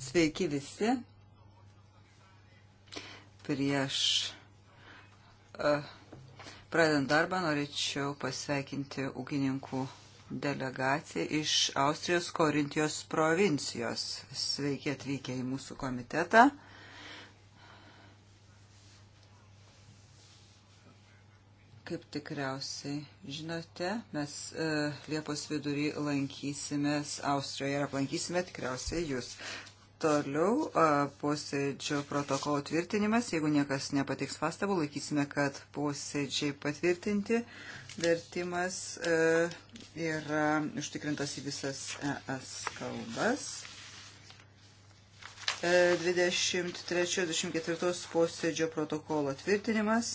Sveiki visi. Prieš e, pradedant darbą norėčiau pasveikinti ūkininkų delegaciją iš Austrijos Korintijos provincijos. Sveiki atvykę į mūsų komitetą. kaip tikriausiai žinote, mes e, Liepos vidurį lankysimės Austrijoje ir aplankysime tikriausiai jūs. Toliau posėdžio protokolo tvirtinimas. Jeigu niekas nepateiks pastabų, laikysime, kad posėdžiai patvirtinti. Vertimas e, yra užtikrintas į visas ES kalbas. 23-24 e, posėdžio protokolo tvirtinimas.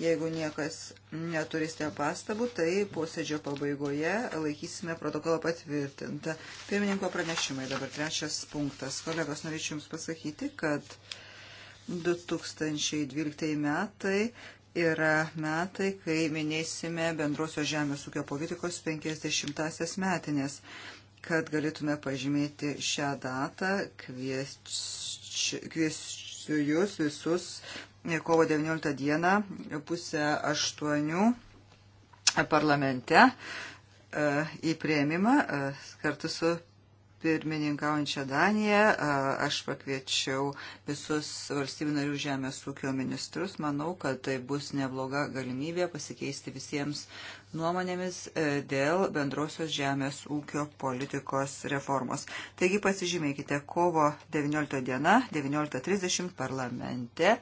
Jeigu niekas neturistė pastabų, tai posėdžio pabaigoje laikysime protokolą patvirtintą. Pirmininko pranešimai dabar trečias punktas. Kolegos, norėčiau Jums pasakyti, kad 2012 metai yra metai, kai minėsime bendrosios žemės ūkio politikos 50-asias metinės. Kad galėtume pažymėti šią datą, kviečiu, kviečiu jūs visus kovo 19 dieną pusę aštuonių parlamente e, į prieimimą e, kartu su pirmininkaujančią Daniją. E, aš pakviečiau visus valstybių narių žemės ūkio ministrus. Manau, kad tai bus nebloga galimybė pasikeisti visiems nuomonėmis dėl bendrosios žemės ūkio politikos reformos. Taigi pasižymėkite kovo 19 diena, 19.30 parlamente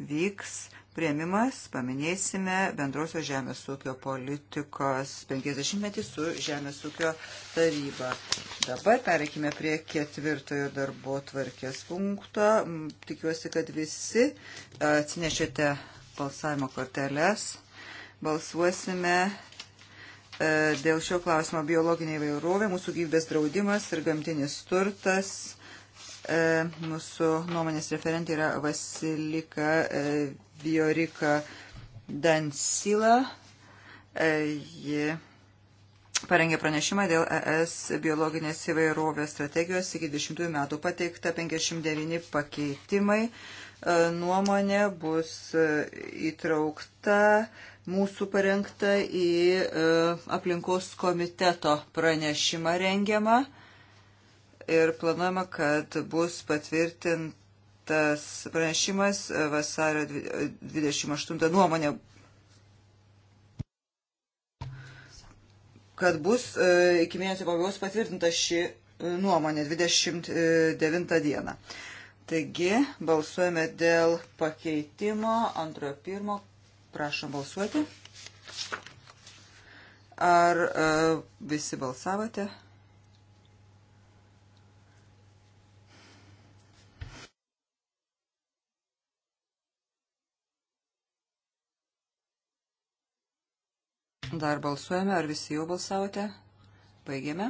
vyks prieimimas, paminėsime bendrosios žemės ūkio politikos 50-metį su žemės ūkio taryba. Dabar pereikime prie ketvirtojo darbo tvarkės punkto. Tikiuosi, kad visi atsinešėte balsavimo korteles. Balsuosime e, dėl šio klausimo biologinė įvairovė, mūsų gyvybės draudimas ir gamtinis turtas E, mūsų nuomonės referentė yra Vasilika e, Viorika Dansila. E, ji parengė pranešimą dėl ES biologinės įvairovės strategijos iki 10 metų pateikta 59 pakeitimai. Nuomonė bus įtraukta mūsų parengta į aplinkos komiteto pranešimą rengiamą ir planuojama, kad bus patvirtintas pranešimas e, vasario 28 e, nuomonė, kad bus e, iki mėnesio pabaigos patvirtinta ši nuomonė 29 dieną. Taigi, balsuojame dėl pakeitimo antrojo pirmo. Prašom balsuoti. Ar uh, visi balsavote? Dar balsuojame, ar visi jau balsavote? Baigėme.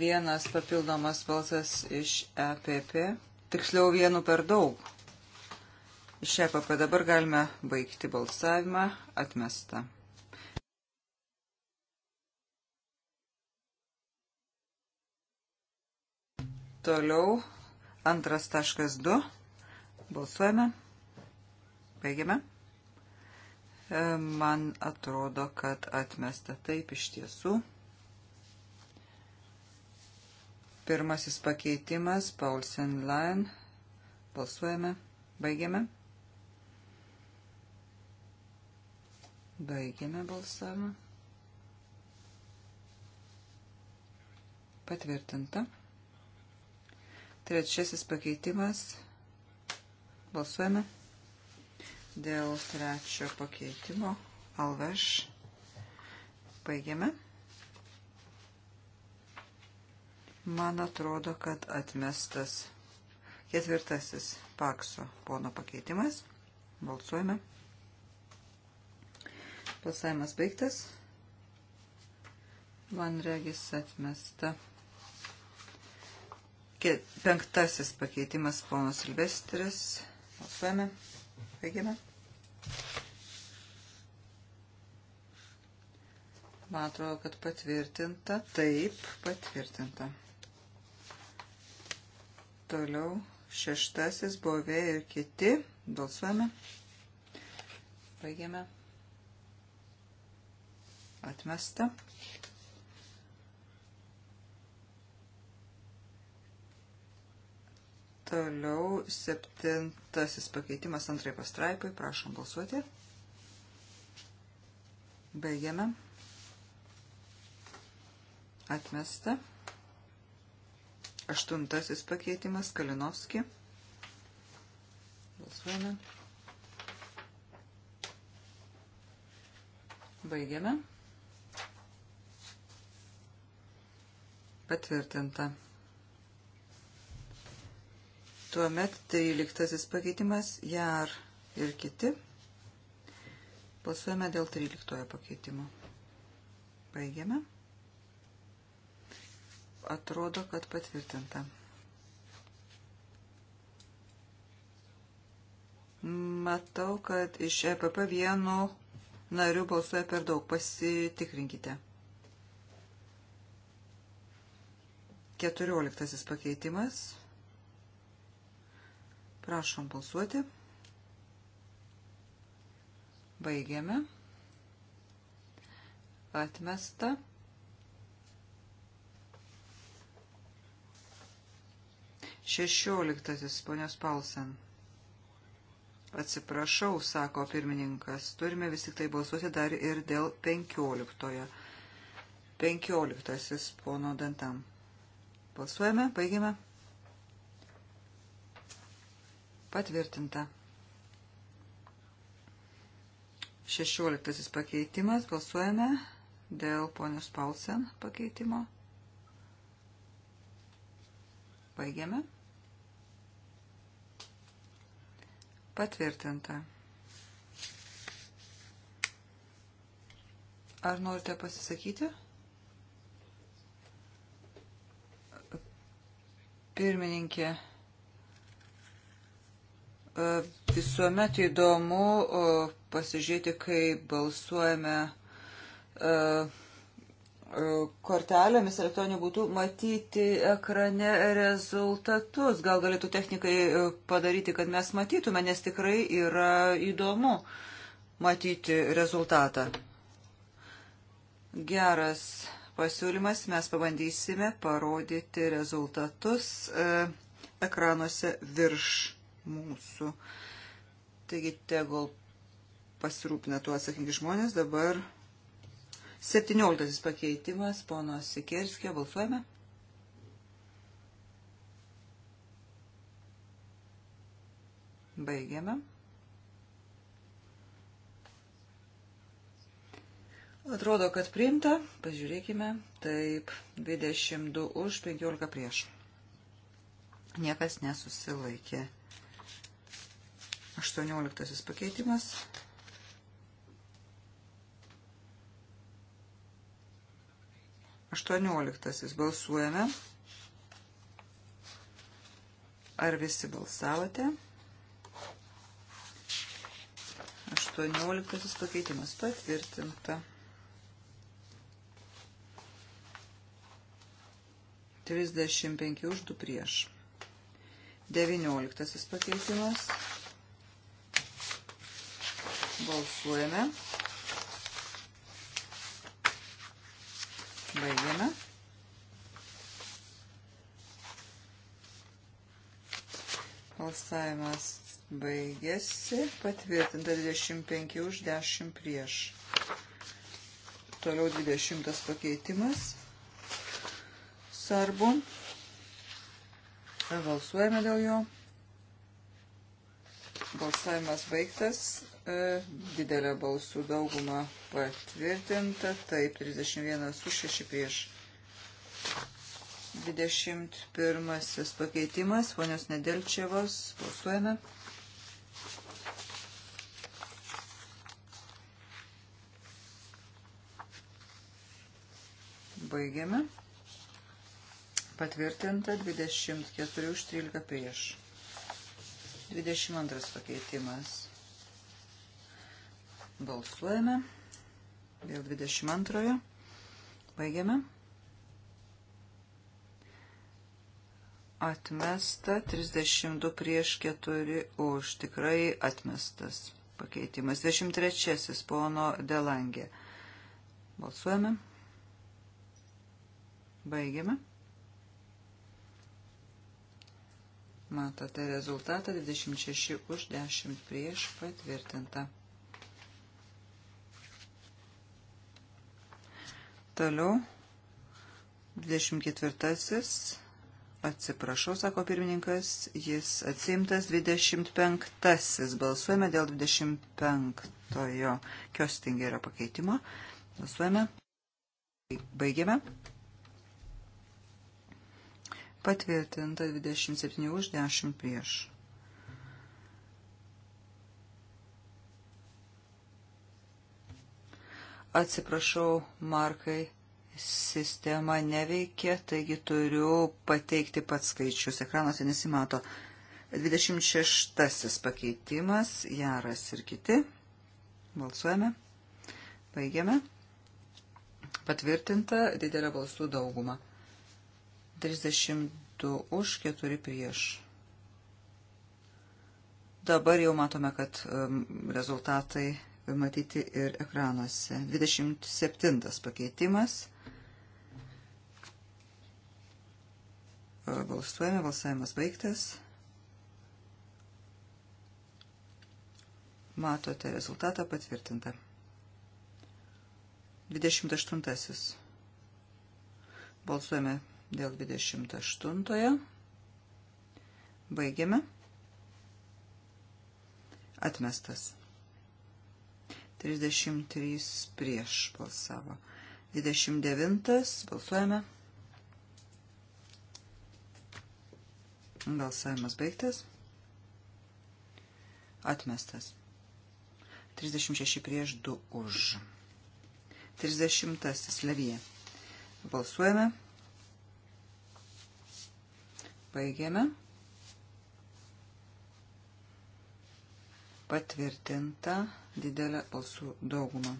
Vienas papildomas balsas iš EPP. Tiksliau vienu per daug. Iš EPP dabar galime baigti balsavimą. Atmesta. Toliau antras taškas 2. Balsuojame. Baigiame. E, man atrodo, kad atmesta taip iš tiesų. Pirmasis pakeitimas, Paulsen Line. Balsuojame. Baigiame. Baigiame balsavimą. Patvirtinta. Trečiasis pakeitimas Balsuojame dėl trečio pakeitimo. Alveš. Baigiame. Man atrodo, kad atmestas ketvirtasis pakso pono pakeitimas. Balsuojame. Balsavimas baigtas. Man regis atmesta. Penktasis pakeitimas ponas Silvestris. Balsuojame. Baigime. Man atrodo, kad patvirtinta. Taip, patvirtinta. Toliau šeštasis bovė ir kiti. Balsuojame. Baigiame. Atmesta. Toliau septintasis pakeitimas antrai pastraipai. Prašom balsuoti. Baigiame. Atmesta. Aštuntasis pakeitimas Kalinovski. Balsuojame. Baigiame. Patvirtinta. Tuomet 13 pakeitimas, JAR ir kiti. Balsuojame dėl 13 pakeitimo. Baigiame. Atrodo, kad patvirtinta. Matau, kad iš EPP vienu nariu balsuoja per daug. Pasitikrinkite. 14 pakeitimas. Prašom balsuoti. Baigiame. Atmesta. Šešioliktasis, ponios Palsen. Atsiprašau, sako pirmininkas, turime vis tik tai balsuoti dar ir dėl penkioliktojo. Penkioliktasis, pono Dantam. Balsuojame, baigiame. Patvirtinta. Šešioliktasis pakeitimas. Balsuojame dėl ponios Paulsen pakeitimo. Baigiame. Patvirtinta. Ar norite pasisakyti? Pirmininkė. E, visuomet įdomu e, pasižiūrėti, kai balsuojame e, kortelėmis elektroniniu būtų matyti ekrane rezultatus. Gal galėtų technikai padaryti, kad mes matytume, nes tikrai yra įdomu matyti rezultatą. Geras pasiūlymas, mes pabandysime parodyti rezultatus ekranuose virš mūsų. Taigi tegul pasirūpina tuo atsakingi žmonės. Dabar 17 pakeitimas, pono Sikerskio, balsuojame. Baigiame. Atrodo, kad priimta. Pažiūrėkime. Taip, 22 už, 15 prieš. Niekas nesusilaikė. 18 pakeitimas. Aštuonioliktasis balsuojame. Ar visi balsavote? Aštuonioliktasis pakeitimas patvirtinta. Trisdešimt penki už du prieš. Devinioliktasis pakeitimas. Balsuojame. Baigiame. Balsavimas baigėsi. Patvirtinta 25 už 10 prieš. Toliau 20 pakeitimas. Sarbu. Balsuojame dėl jo. Balsavimas baigtas. E, didelę balsų daugumą patvirtinta, taip 31 už 6 prieš. 21 pakeitimas, ponios Nedelčiavos, balsuojame. Baigiame. Patvirtinta 24 už 13 prieš. 22 pakeitimas. Balsuojame. Dėl 22. Baigiame. Atmesta 32 prieš 4 už tikrai atmestas pakeitimas. 23. Pono Delangė. Balsuojame. Baigiame. Matote rezultatą 26 už 10 prieš patvirtintą. Toliau. 24. Atsiprašau, sako pirmininkas, jis atsimtas 25. Balsuojame dėl 25. Kiostingerio pakeitimo. Balsuojame. Baigiame. Patvirtinta 27 už 10 prieš. Atsiprašau, Markai, sistema neveikia, taigi turiu pateikti pats skaičius. Ekranuose nesimato. 26 pakeitimas, Jaras ir kiti. Balsuojame. Baigiame. Patvirtinta didelė balsų dauguma. 32 už, 4 prieš. Dabar jau matome, kad um, rezultatai matyti ir ekranuose. 27 pakeitimas. Balsuojame, balsavimas baigtas. Matote rezultatą patvirtintą. 28. Balsuojame dėl 28. Baigiame. Atmestas. 33 prieš balsavo. 29 balsuojame. Balsavimas baigtas. Atmestas. 36 prieš 2 už. 30 levyje. Balsuojame. Baigiame. patvirtinta didelė balsų dauguma.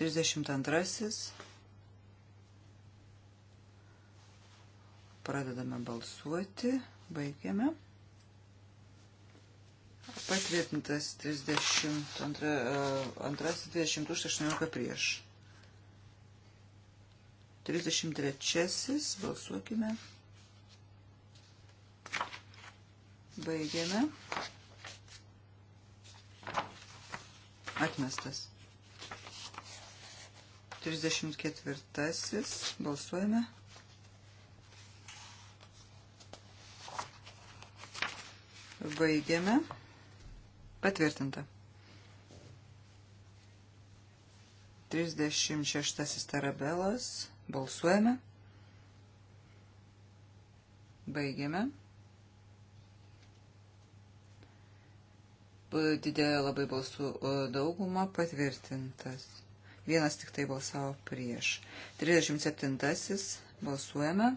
32. Pradedame balsuoti, baigiame. Patvirtintas 32.18 e, prieš. 33. Balsuokime. Baigiame. Atmestas. 34. Balsuojame. Baigiame. Patvirtinta. 36. Tarabelas. Balsuojame. Baigiame. didelė labai balsų e, dauguma patvirtintas. Vienas tik tai balsavo prieš. 37. Balsuojame.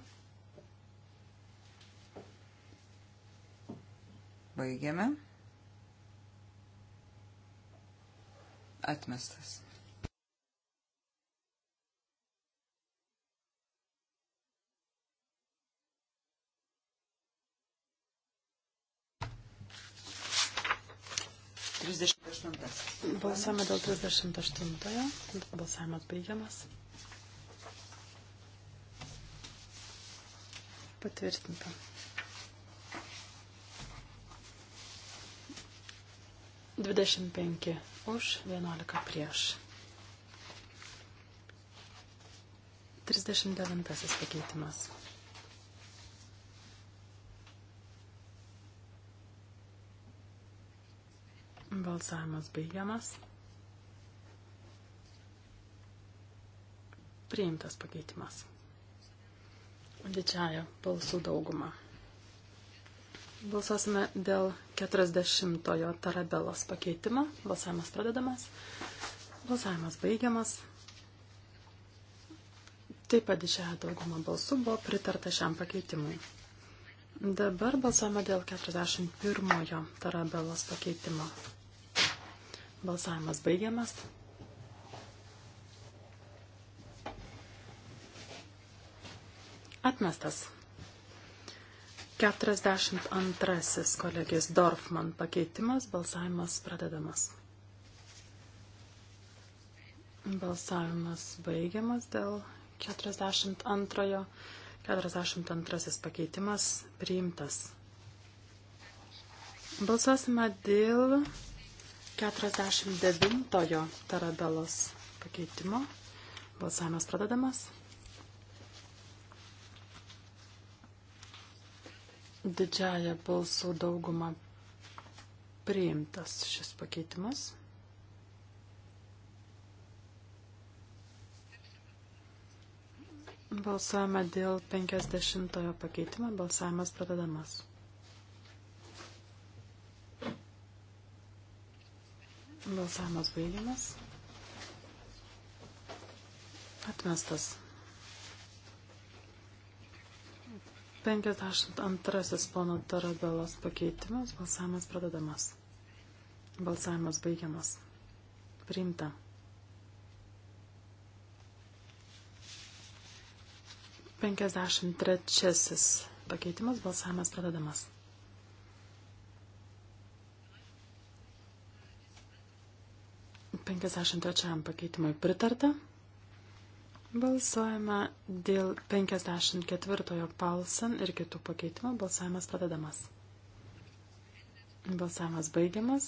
Baigiame. Atmestas. 38. Balsuojame dėl 38. Balsavimas baigiamas. Patvirtinta. Dvidešimt penki už, vienuolika prieš. Trisdešimt devintasis pakeitimas. Balsavimas baigiamas. Priimtas pakeitimas. Didžiaja balsų dauguma. Balsuosime dėl 40-ojo tarabelos pakeitimo. Balsavimas pradedamas. Balsavimas baigiamas. Taip pat didžiaja dauguma balsų buvo pritarta šiam pakeitimui. Dabar balsuojame dėl 41-ojo tarabelos pakeitimo. Balsavimas baigiamas. Atmestas. 42 kolegės Dorfman pakeitimas. Balsavimas pradedamas. Balsavimas baigiamas dėl 42. 42 pakeitimas priimtas. Balsuosime dėl 49 tarabelos pakeitimo. Balsavimas pradedamas. Didžiaja balsų dauguma priimtas šis pakeitimas. Balsavimą dėl 50 pakeitimo. Balsavimas pradedamas. Balsavimas baigiamas. Atmestas. 52 pono Tarabelos pakeitimas. Balsavimas pradedamas. Balsavimas baigiamas. Priimta. Penkiasdešimt trečiasis pakeitimas balsavimas pradedamas. 53 pakeitimui pritarta. Balsuojame dėl 54 Paulsen ir kitų pakeitimų. Balsavimas pradedamas. Balsavimas baigiamas.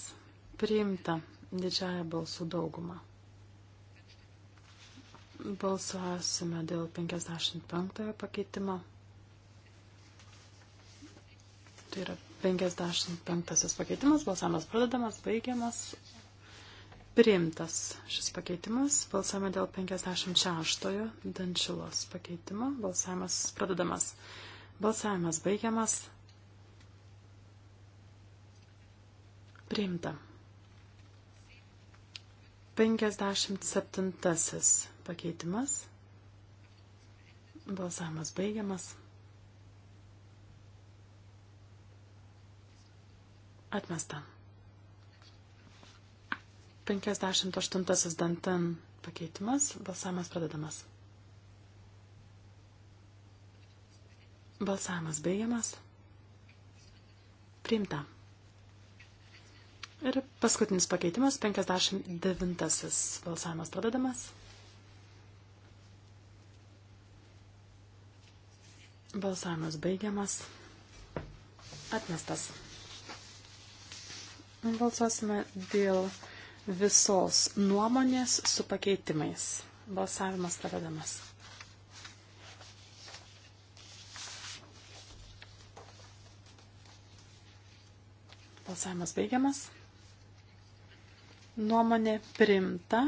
Priimta didžiaja balsų dauguma. Balsuosime dėl 55 pakeitimo. Tai yra 55 pakeitimas, balsavimas pradedamas, baigiamas, Priimtas šis pakeitimas. Balsavome dėl 56-ojo Dančilos pakeitimo. Balsavimas pradedamas. Balsavimas baigiamas. Priimta. 57-asis pakeitimas. Balsavimas baigiamas. Atmesta. 58 dantan pakeitimas. Balsavimas pradedamas. Balsavimas baigiamas. Priimta. Ir paskutinis pakeitimas, 59 balsavimas pradedamas. Balsavimas baigiamas. Atmestas. Balsuosime dėl visos nuomonės su pakeitimais. Balsavimas pradedamas. Balsavimas baigiamas. Nuomonė primta.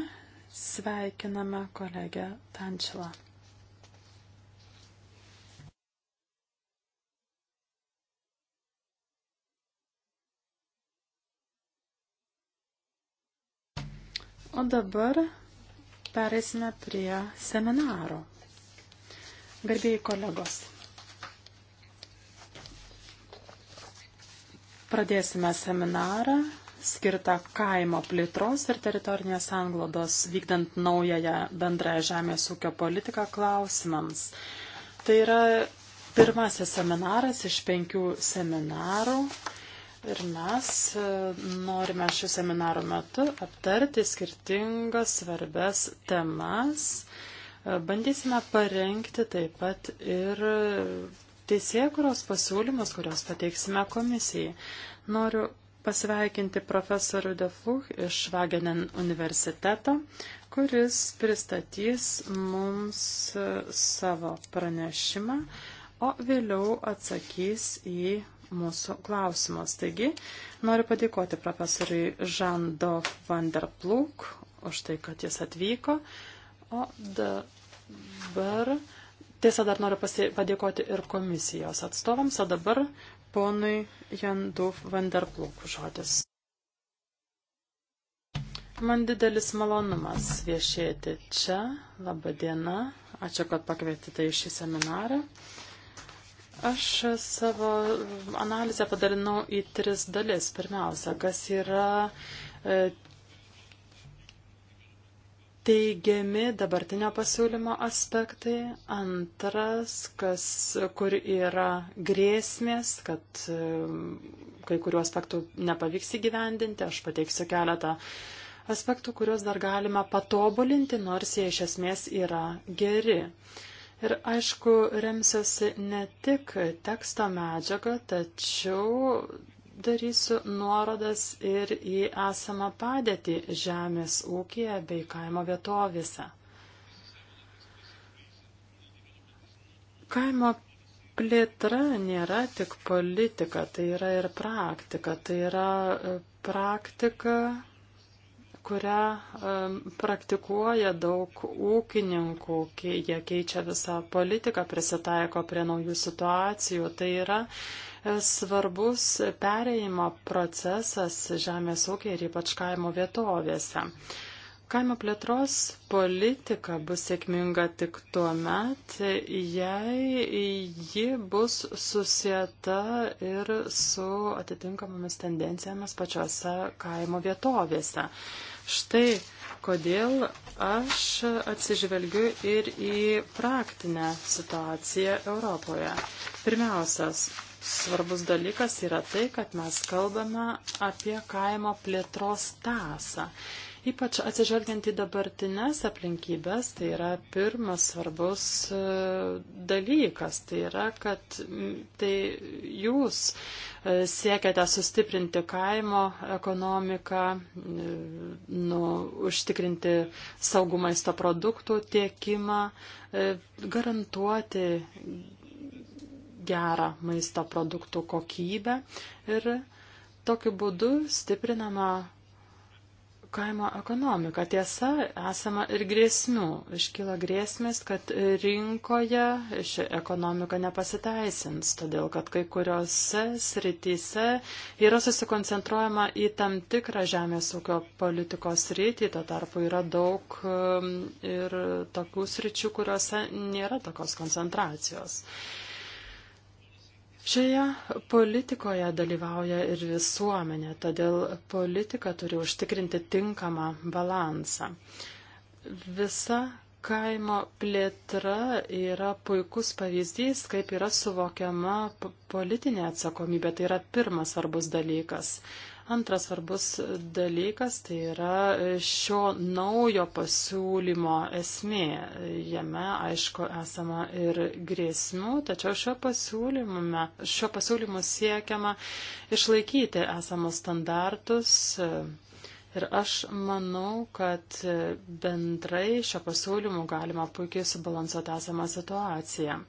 Sveikiname kolegę Tančilą. O dabar pereisime prie seminaro. Garbėjai kolegos. Pradėsime seminarą skirtą kaimo plėtros ir teritorinės anglodos vykdant naująją bendrąją žemės ūkio politiką klausimams. Tai yra pirmasis seminaras iš penkių seminarų Ir mes e, norime šių seminarų metu aptarti skirtingas svarbes temas. E, bandysime parengti taip pat ir teisėkuros pasiūlymus, kurios pateiksime komisijai. Noriu pasveikinti profesorių Defuch iš Vagenen universiteto, kuris pristatys mums e, savo pranešimą, o vėliau atsakys į mūsų klausimas. Taigi, noriu padėkoti profesoriui Žando van der Pluk už tai, kad jis atvyko. O dabar, tiesa, dar noriu pasie, padėkoti ir komisijos atstovams, o dabar ponui Janduf van der Pluk žodis. Man didelis malonumas viešėti čia. Labą dieną. Ačiū, kad pakvietėte į šį seminarą. Uh, Aš savo analizę padalinau į tris dalis. Pirmiausia, kas yra e, teigiami dabartinio pasiūlymo aspektai. Antras, kas, kur yra grėsmės, kad e, kai kuriuo aspektų nepavyks įgyvendinti. Aš pateiksiu keletą aspektų, kuriuos dar galima patobulinti, nors jie iš esmės yra geri. Uh, Ir aišku, remsiuosi ne tik teksto medžiagą, tačiau darysiu nuorodas ir į esamą padėtį žemės ūkija bei kaimo vietovėse. Kaimo plėtra nėra tik politika, tai yra ir praktika. Tai yra e, praktika kurią praktikuoja daug ūkininkų, kai jie keičia visą politiką, prisitaiko prie naujų situacijų. Tai yra e, svarbus pereimo procesas žemės ūkiai ir ypač kaimo vietovėse. Kaimo plėtros politika bus sėkminga tik tuo met, jei ji bus susieta ir su atitinkamomis tendencijomis pačiose kaimo vietovėse. Štai kodėl aš atsižvelgiu ir į praktinę situaciją Europoje. Pirmiausias svarbus dalykas yra tai, kad mes kalbame apie kaimo plėtros tasą. Ypač atsižvelgiant į dabartinės aplinkybės, tai yra pirmas svarbus e, dalykas, tai yra, kad tai jūs e, siekiate sustiprinti kaimo ekonomiką, e, nu, užtikrinti saugų maisto produktų tiekimą, garantuoti gerą maisto produktų kokybę ir tokiu būdu stiprinama kaimo ekonomiką. Tiesa, esama ir grėsmių. Iškyla grėsmės, kad rinkoje ši ekonomika nepasiteisins, todėl kad kai kuriuose srityse yra susikoncentruojama į tam tikrą žemės ūkio politikos sritį, tuo tarpu yra daug um, ir tokių sričių, kuriuose nėra tokios koncentracijos. Šioje politikoje dalyvauja ir visuomenė, todėl politika turi užtikrinti tinkamą balansą. Visa kaimo plėtra yra puikus pavyzdys, kaip yra suvokiama politinė atsakomybė. Tai yra pirmas svarbus dalykas. Antras svarbus dalykas tai yra šio naujo pasiūlymo esmė. Jame, aišku, esama ir grėsmių, tačiau šio pasiūlymu, šio pasiūlymu siekiama išlaikyti esamus standartus Ir aš manau, kad bendrai šio pasiūlymu galima puikiai subalansuoti esamą situaciją.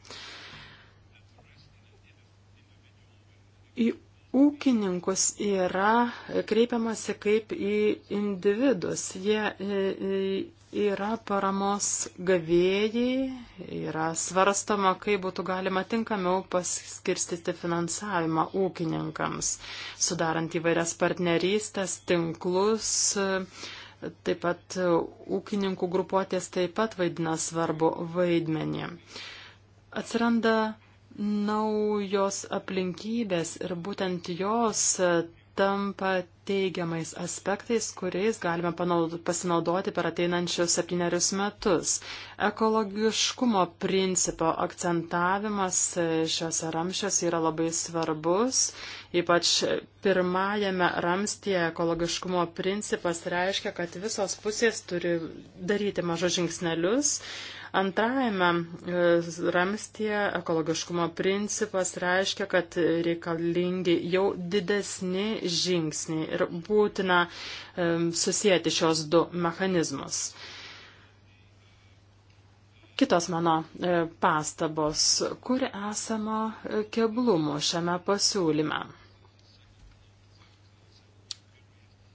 Į ūkininkus yra kreipiamasi kaip į individus. Jie e, e, yra paramos gavėjai, yra svarstama, kaip būtų galima tinkamiau paskirstyti finansavimą ūkininkams, sudarant įvairias partnerystės, tinklus. Taip pat ūkininkų grupuotės taip pat vaidina svarbu vaidmenį. Atsiranda naujos aplinkybės ir būtent jos e, tampa teigiamais aspektais, kuriais galime pasinaudoti per ateinančius septynerius metus. Ekologiškumo principo akcentavimas e, šiuose ramščiuose yra labai svarbus, ypač pirmajame ramstėje ekologiškumo principas reiškia, kad visos pusės turi daryti mažus žingsnelius, Antrajame e, ramstie ekologiškumo principas reiškia, kad reikalingi jau didesni žingsniai ir būtina e, susijęti šios du mechanizmus. Kitos mano e, pastabos, kur esama keblumų šiame pasiūlyme.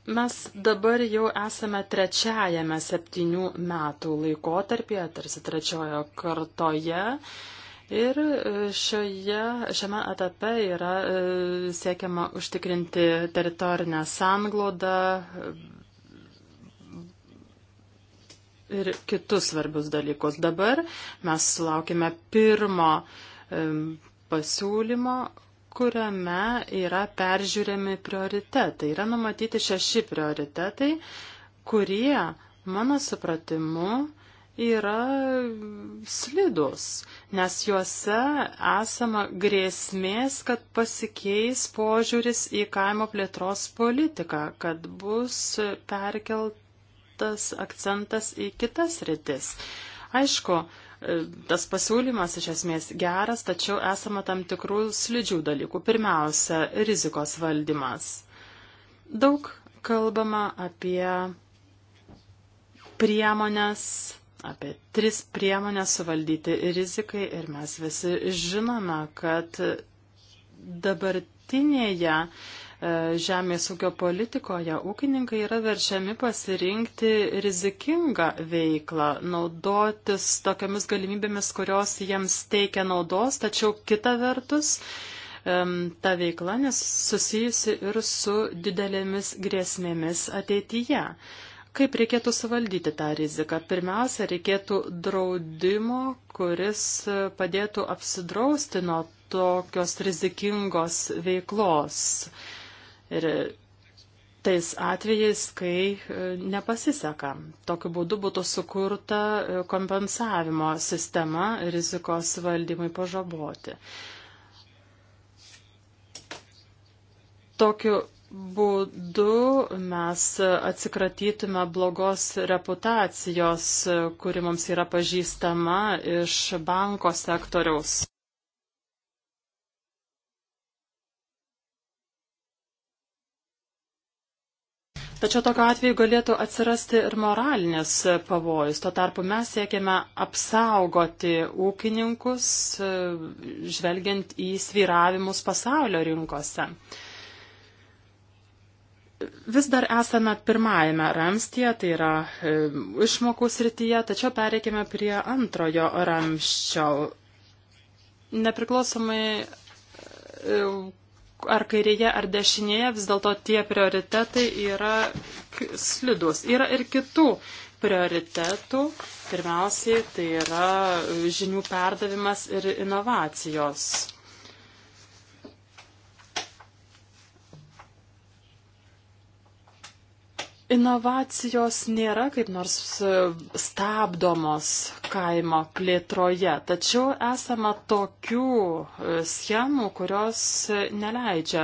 Mes dabar jau esame trečiajame septynių metų laikotarpyje, tarsi trečiojo kartoje. Ir e, šioje, šiame etape yra e, siekiama užtikrinti teritorinę sanglodą e, ir kitus svarbius dalykus. Dabar mes sulaukime pirmo pasiūlymo, kuriame yra peržiūrėmi prioritetai. Yra numatyti šeši prioritetai, kurie, mano supratimu, yra slidus, nes juose esama grėsmės, kad pasikeis požiūris į kaimo plėtros politiką, kad bus perkeltas akcentas į kitas rytis. Aišku, E, tas pasiūlymas iš esmės geras, tačiau esama tam tikrų slidžių dalykų. Pirmiausia, rizikos valdymas. Daug kalbama apie priemonės, apie tris priemonės suvaldyti rizikai ir mes visi žinome, kad dabartinėje E, žemės ūkio politikoje ūkininkai yra verčiami pasirinkti rizikingą veiklą, naudotis tokiamis galimybėmis, kurios jiems teikia naudos, tačiau kita vertus ta veikla nesusijusi ir su didelėmis grėsmėmis ateityje. Kaip reikėtų suvaldyti tą riziką? Pirmiausia, reikėtų draudimo, kuris padėtų apsidrausti nuo tokios rizikingos veiklos. Ir tais atvejais, kai e, nepasiseka. Tokiu būdu būtų sukurta e, kompensavimo sistema rizikos valdymui pažaboti. Tokiu būdu mes atsikratytume blogos reputacijos, kuri mums yra pažįstama iš banko sektoriaus. Tačiau tokio atveju galėtų atsirasti ir moralinės pavojus. Tuo tarpu mes siekiame apsaugoti ūkininkus, žvelgiant į sviravimus pasaulio rinkose. Vis dar esame pirmajame ramstyje, tai yra e, išmokų srityje, tačiau pereikime prie antrojo ramščio. Nepriklausomai e, ar kairėje, ar dešinėje, vis dėlto tie prioritetai yra slidus. Yra ir kitų prioritetų. Pirmiausiai tai yra žinių perdavimas ir inovacijos. Inovacijos nėra kaip nors e, stabdomos kaimo plėtroje, tačiau esama tokių e, schemų, kurios e, neleidžia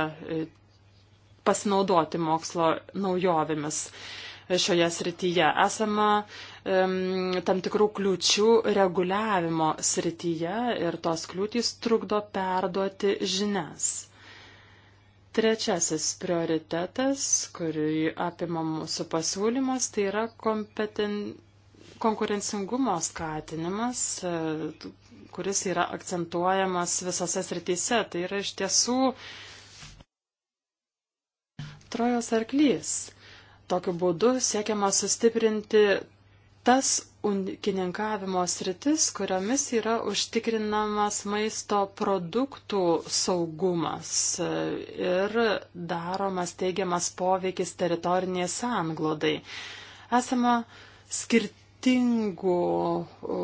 pasinaudoti mokslo naujovėmis šioje srityje. Esama um, tam tikrų kliučių reguliavimo srityje ir tos kliūtys trukdo perduoti žinias. Trečiasis prioritetas, kurį apima mūsų pasiūlymas, tai yra kompeten... konkurencingumo skatinimas, e, kuris yra akcentuojamas visose srityse. Tai yra iš tiesų trojos arklys. Tokiu būdu siekiama sustiprinti tas unikininkavimo sritis, kuriomis yra užtikrinamas maisto produktų saugumas e, ir daromas teigiamas poveikis teritoriniai sanglodai. Esama skirtingų e,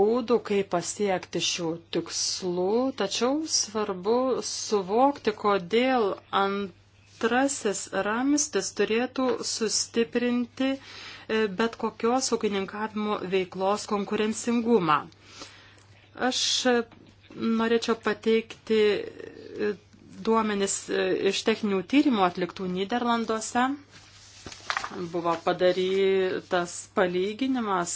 būdų, kaip pasiekti šių tikslų, tačiau svarbu suvokti, kodėl antrasis ramstis turėtų sustiprinti E, bet kokios ūkininkavimo veiklos konkurencingumą. Aš e, norėčiau pateikti e, duomenis iš techninių tyrimų atliktų Niderlanduose. Buvo padarytas palyginimas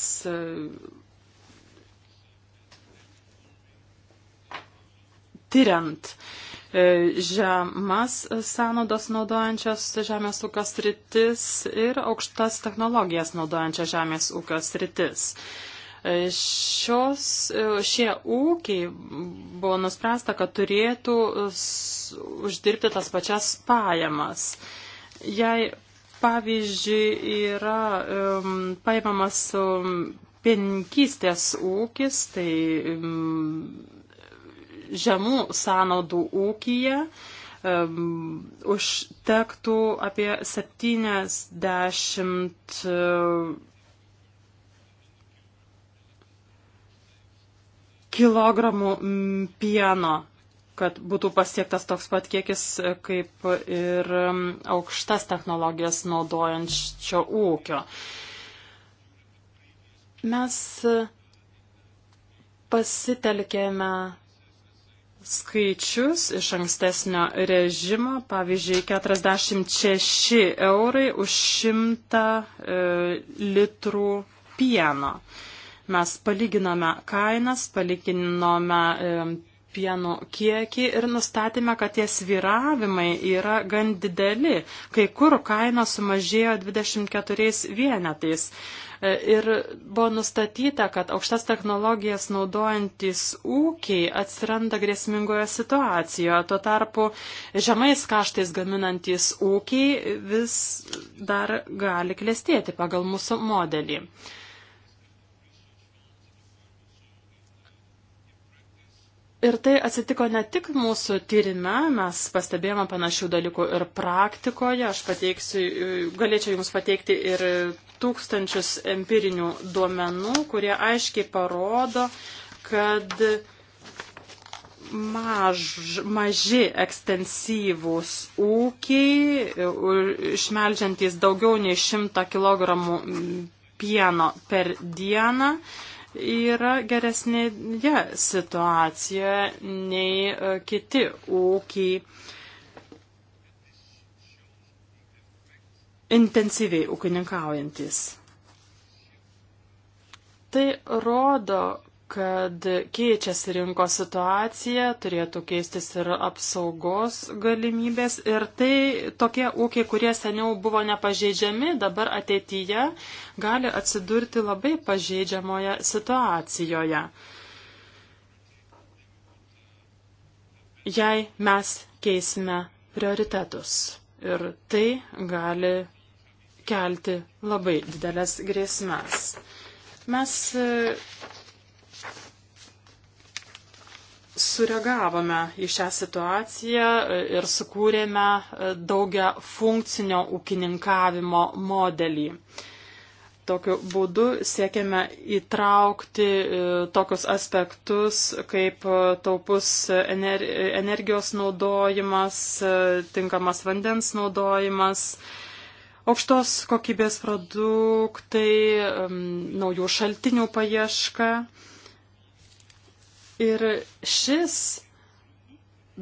tyriant uh, E, žemas sąnaudos naudojančias žemės ūkio sritis ir aukštas technologijas naudojančias žemės ūkio sritis. E, šios, e, šie ūkiai buvo nuspręsta, kad turėtų uždirbti tas pačias pajamas. Jei, pavyzdžiui, yra um, paimamas um, pieninkystės ūkis, tai um, žemų sąnaudų ūkyje užtektų apie 70 e, kilogramų pieno, kad būtų pasiektas toks pat kiekis e, kaip ir aukštas technologijas naudojančio ūkio. Mes e, pasitelkėme skaičius iš ankstesnio režimo, pavyzdžiui, 46 eurai už 100 e, litrų pieno. Mes palyginome kainas, palyginome e, pieno kiekį ir nustatėme, kad tie sviravimai yra gan dideli. Kai kur kaina sumažėjo 24 vienetais. E, ir buvo nustatyta, kad aukštas technologijas naudojantis ūkiai atsiranda grėsmingoje situacijoje. Tuo tarpu žemais kaštais gaminantis ūkiai vis dar gali klestėti pagal mūsų modelį. Ir tai atsitiko ne tik mūsų tyrime, mes pastebėjome panašių dalykų ir praktikoje. Aš pateiksiu, galėčiau Jums pateikti ir tūkstančius empirinių duomenų, kurie aiškiai parodo, kad maž, maži ekstensyvūs ūkiai, išmelžiantys daugiau nei 100 kg pieno per dieną, yra geresnėje situacijoje nei e, kiti ūkiai intensyviai ūkininkaujantis. Tai rodo, kad keičiasi rinkos situacija, turėtų keistis ir apsaugos galimybės. Ir tai tokie ūkiai, kurie seniau buvo nepažeidžiami, dabar ateityje gali atsidurti labai pažeidžiamoje situacijoje. Jei mes keisime prioritetus. Ir tai gali kelti labai didelės grėsmes. Mes e, sureagavome į šią situaciją e, ir sukūrėme e, daugia funkcinio ūkininkavimo modelį. Tokiu būdu siekiame įtraukti tokius aspektus kaip taupus energijos naudojimas, tinkamas vandens naudojimas, aukštos kokybės produktai, naujų šaltinių paieška. Ir šis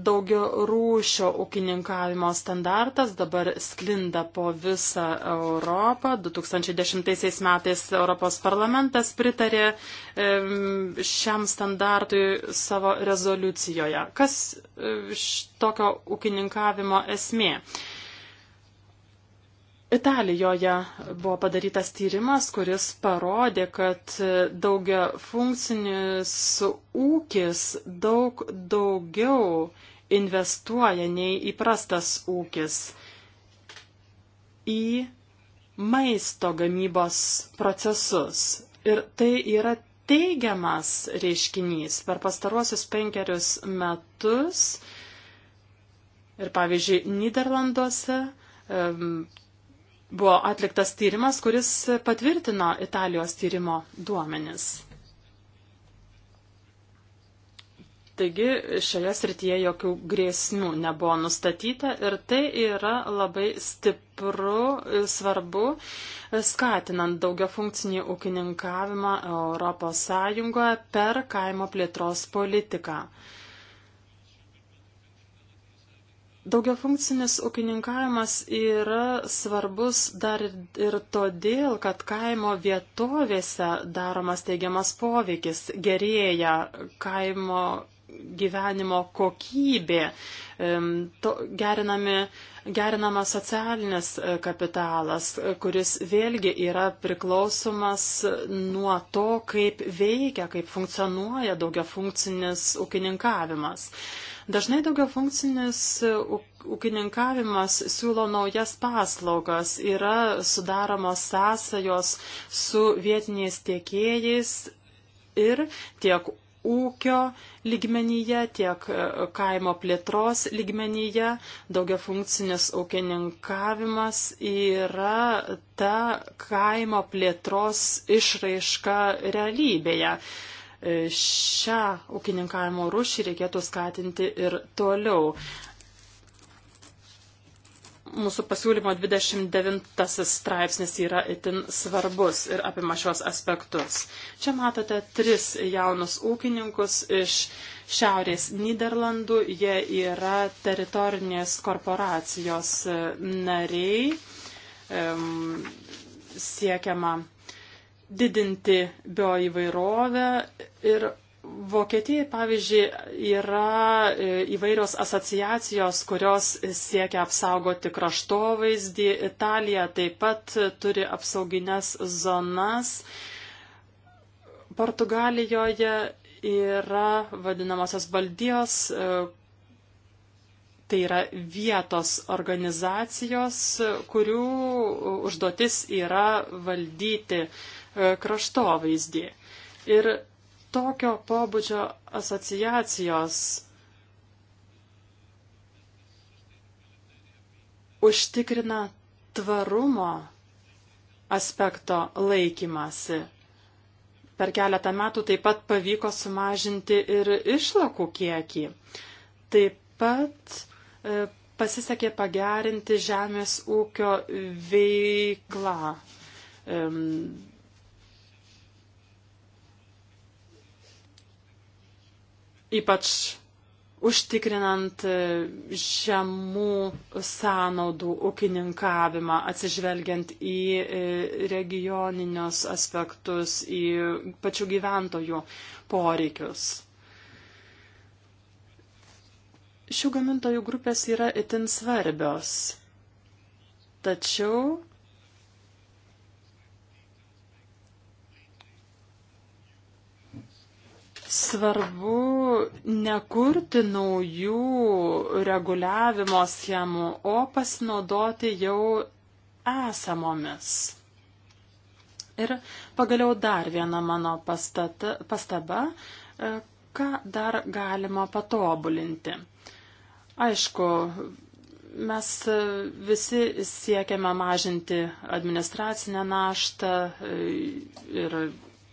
daugio rūšio ūkininkavimo standartas dabar sklinda po visą Europą. 2010 metais Europos parlamentas pritarė šiam standartui savo rezoliucijoje. Kas e, tokio ūkininkavimo esmė? Italijoje buvo padarytas tyrimas, kuris parodė, kad daugia funkcinis ūkis daug daugiau investuoja nei įprastas ūkis į maisto gamybos procesus. Ir tai yra teigiamas reiškinys. Per pastaruosius penkerius metus ir pavyzdžiui Niderlanduose buvo atliktas tyrimas, kuris patvirtino Italijos tyrimo duomenis. Taigi šioje srityje jokių grėsmių nebuvo nustatyta ir tai yra labai stipru, svarbu, skatinant daugia funkcinį ūkininkavimą ES per kaimo plėtros politiką. Daugiafunkcinis ūkininkavimas yra svarbus dar ir todėl, kad kaimo vietovėse daromas teigiamas poveikis, gerėja kaimo gyvenimo kokybė, to, gerinami, gerinamas socialinis e, kapitalas, kuris vėlgi yra priklausomas nuo to, kaip veikia, kaip funkcionuoja daugia funkcinis ūkininkavimas. Dažnai daugia funkcinis e, ūkininkavimas siūlo naujas paslaugas, yra sudaromos sąsajos su vietiniais tiekėjais ir tiek ūkio lygmenyje, tiek e, kaimo plėtros lygmenyje daugiafunkcinis ūkininkavimas yra ta kaimo plėtros išraiška realybėje. E, šią ūkininkavimo rūšį reikėtų skatinti ir toliau mūsų pasiūlymo 29 straipsnis yra itin svarbus ir apima šios aspektus. Čia matote tris jaunus ūkininkus iš Šiaurės Niderlandų. Jie yra teritorinės korporacijos e, nariai. Siekiama didinti bioįvairovę ir Vokietijai, pavyzdžiui, yra e, įvairios asociacijos, kurios siekia apsaugoti kraštovaizdį. Italija taip pat turi apsauginės zonas. Portugalijoje yra vadinamosios valdijos, e, tai yra vietos organizacijos, kurių užduotis yra valdyti e, kraštovaizdį. Ir tokio pobūdžio asociacijos užtikrina tvarumo aspekto laikymasi. Per keletą metų taip pat pavyko sumažinti ir išlakų kiekį. Taip pat e, pasisekė pagerinti žemės ūkio veiklą. ypač užtikrinant e, žemų sąnaudų ūkininkavimą, atsižvelgiant į e, regioninius aspektus, į pačių gyventojų poreikius. Šių gamintojų grupės yra itin svarbios, tačiau Svarbu nekurti naujų reguliavimo schemų, o pasinaudoti jau esamomis. Ir pagaliau dar viena mano pastata, pastaba, e, ką dar galima patobulinti. Aišku, mes visi siekiame mažinti administracinę naštą e, ir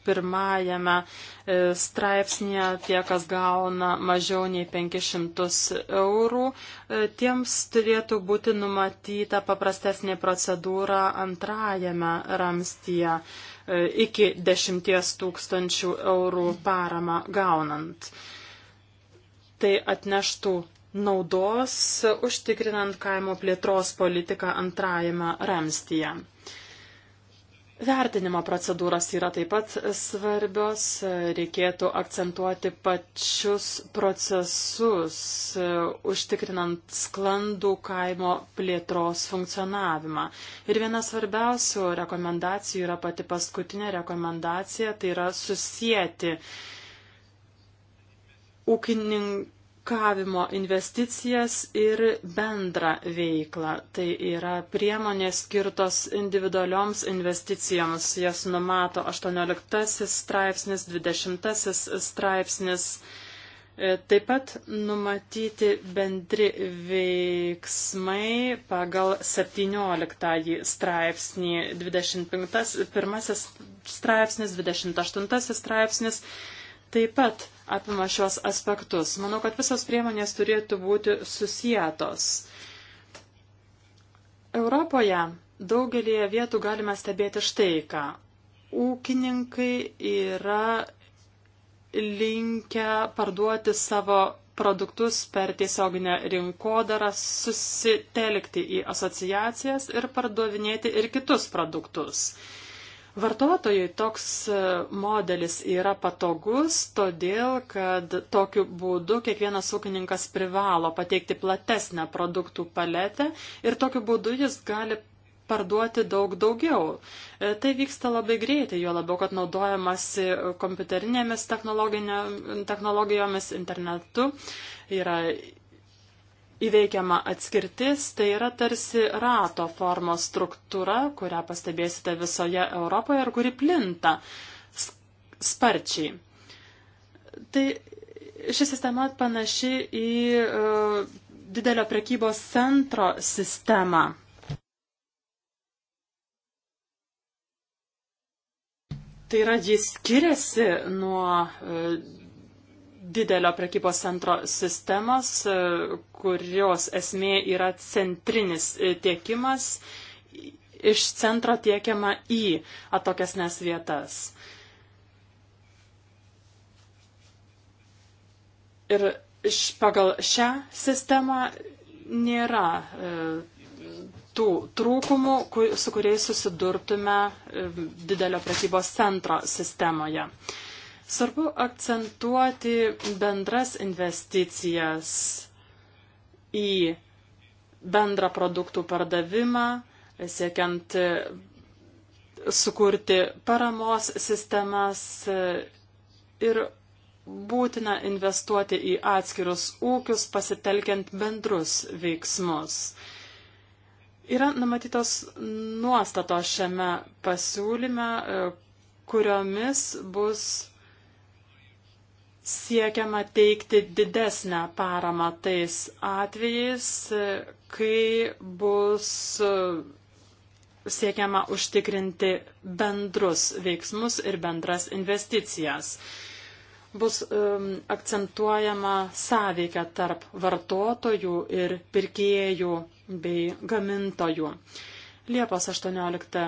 pirmajame e, straipsnėje tie, kas gauna mažiau nei 500 eurų, e, tiems turėtų būti numatyta paprastesnė procedūra antrajame ramstyje e, iki 10 tūkstančių eurų paramą gaunant. Tai atneštų naudos užtikrinant kaimo plėtros politiką antrajame ramstyje. Vertinimo procedūros yra taip pat svarbios, reikėtų akcentuoti pačius procesus, užtikrinant sklandų kaimo plėtros funkcionavimą. Ir viena svarbiausių rekomendacijų yra pati paskutinė rekomendacija, tai yra susijęti ūkininkai kavimo investicijas ir bendrą veiklą. Tai yra priemonės skirtos individualioms investicijoms. Jas numato 18 straipsnis, 20 straipsnis. E, taip pat numatyti bendri veiksmai pagal 17 straipsnį, 21 straipsnis, 28 straipsnis. Taip pat apima šios aspektus. Manau, kad visos priemonės turėtų būti susijėtos. Europoje daugelėje vietų galime stebėti štai ką. Ūkininkai yra linkę parduoti savo produktus per tiesioginę rinkodarą, susitelkti į asociacijas ir pardavinėti ir kitus produktus. Vartotojui toks e, modelis yra patogus, todėl kad tokiu būdu kiekvienas ūkininkas privalo pateikti platesnę produktų paletę ir tokiu būdu jis gali parduoti daug daugiau. E, tai vyksta labai greitai, jo labiau, kad naudojamasi kompiuterinėmis technologijomis, internetu, yra įveikiama atskirtis, tai yra tarsi rato formos struktūra, kurią pastebėsite visoje Europoje ir kuri plinta sparčiai. Tai ši sistema panaši į uh, didelio prekybos centro sistemą. Tai yra, jis skiriasi nuo uh, didelio prekybos centro sistemos, e, kurios esmė yra centrinis e, tiekimas iš centro tiekiama į atokesnės vietas. Ir pagal šią sistemą nėra e, tų trūkumų, su kuriais susidurtume didelio prekybos centro sistemoje. Svarbu akcentuoti bendras investicijas į bendrą produktų pardavimą, siekiant e, sukurti paramos sistemas e, ir būtina investuoti į atskirus ūkius, pasitelkiant bendrus veiksmus. Yra numatytos nuostatos šiame pasiūlyme, e, kuriomis bus siekiama teikti didesnę paramą tais atvejais, kai bus e, siekiama užtikrinti bendrus veiksmus ir bendras investicijas. Bus um, akcentuojama sąveikia tarp vartotojų ir pirkėjų bei gamintojų. Liepos 18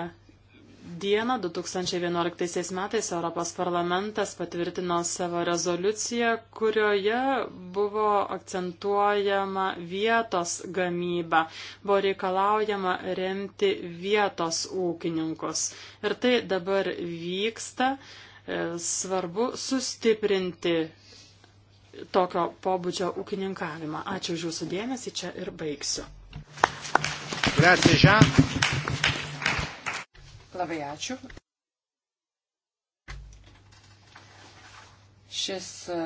dieną 2011 metais Europos parlamentas patvirtino savo rezoliuciją, kurioje buvo akcentuojama vietos gamyba, buvo reikalaujama remti vietos ūkininkus. Ir tai dabar vyksta. E, svarbu sustiprinti tokio pobūdžio ūkininkavimą. Ačiū už Jūsų dėmesį, čia ir baigsiu. Grazie, Jean. Labai ačiū. Šis e,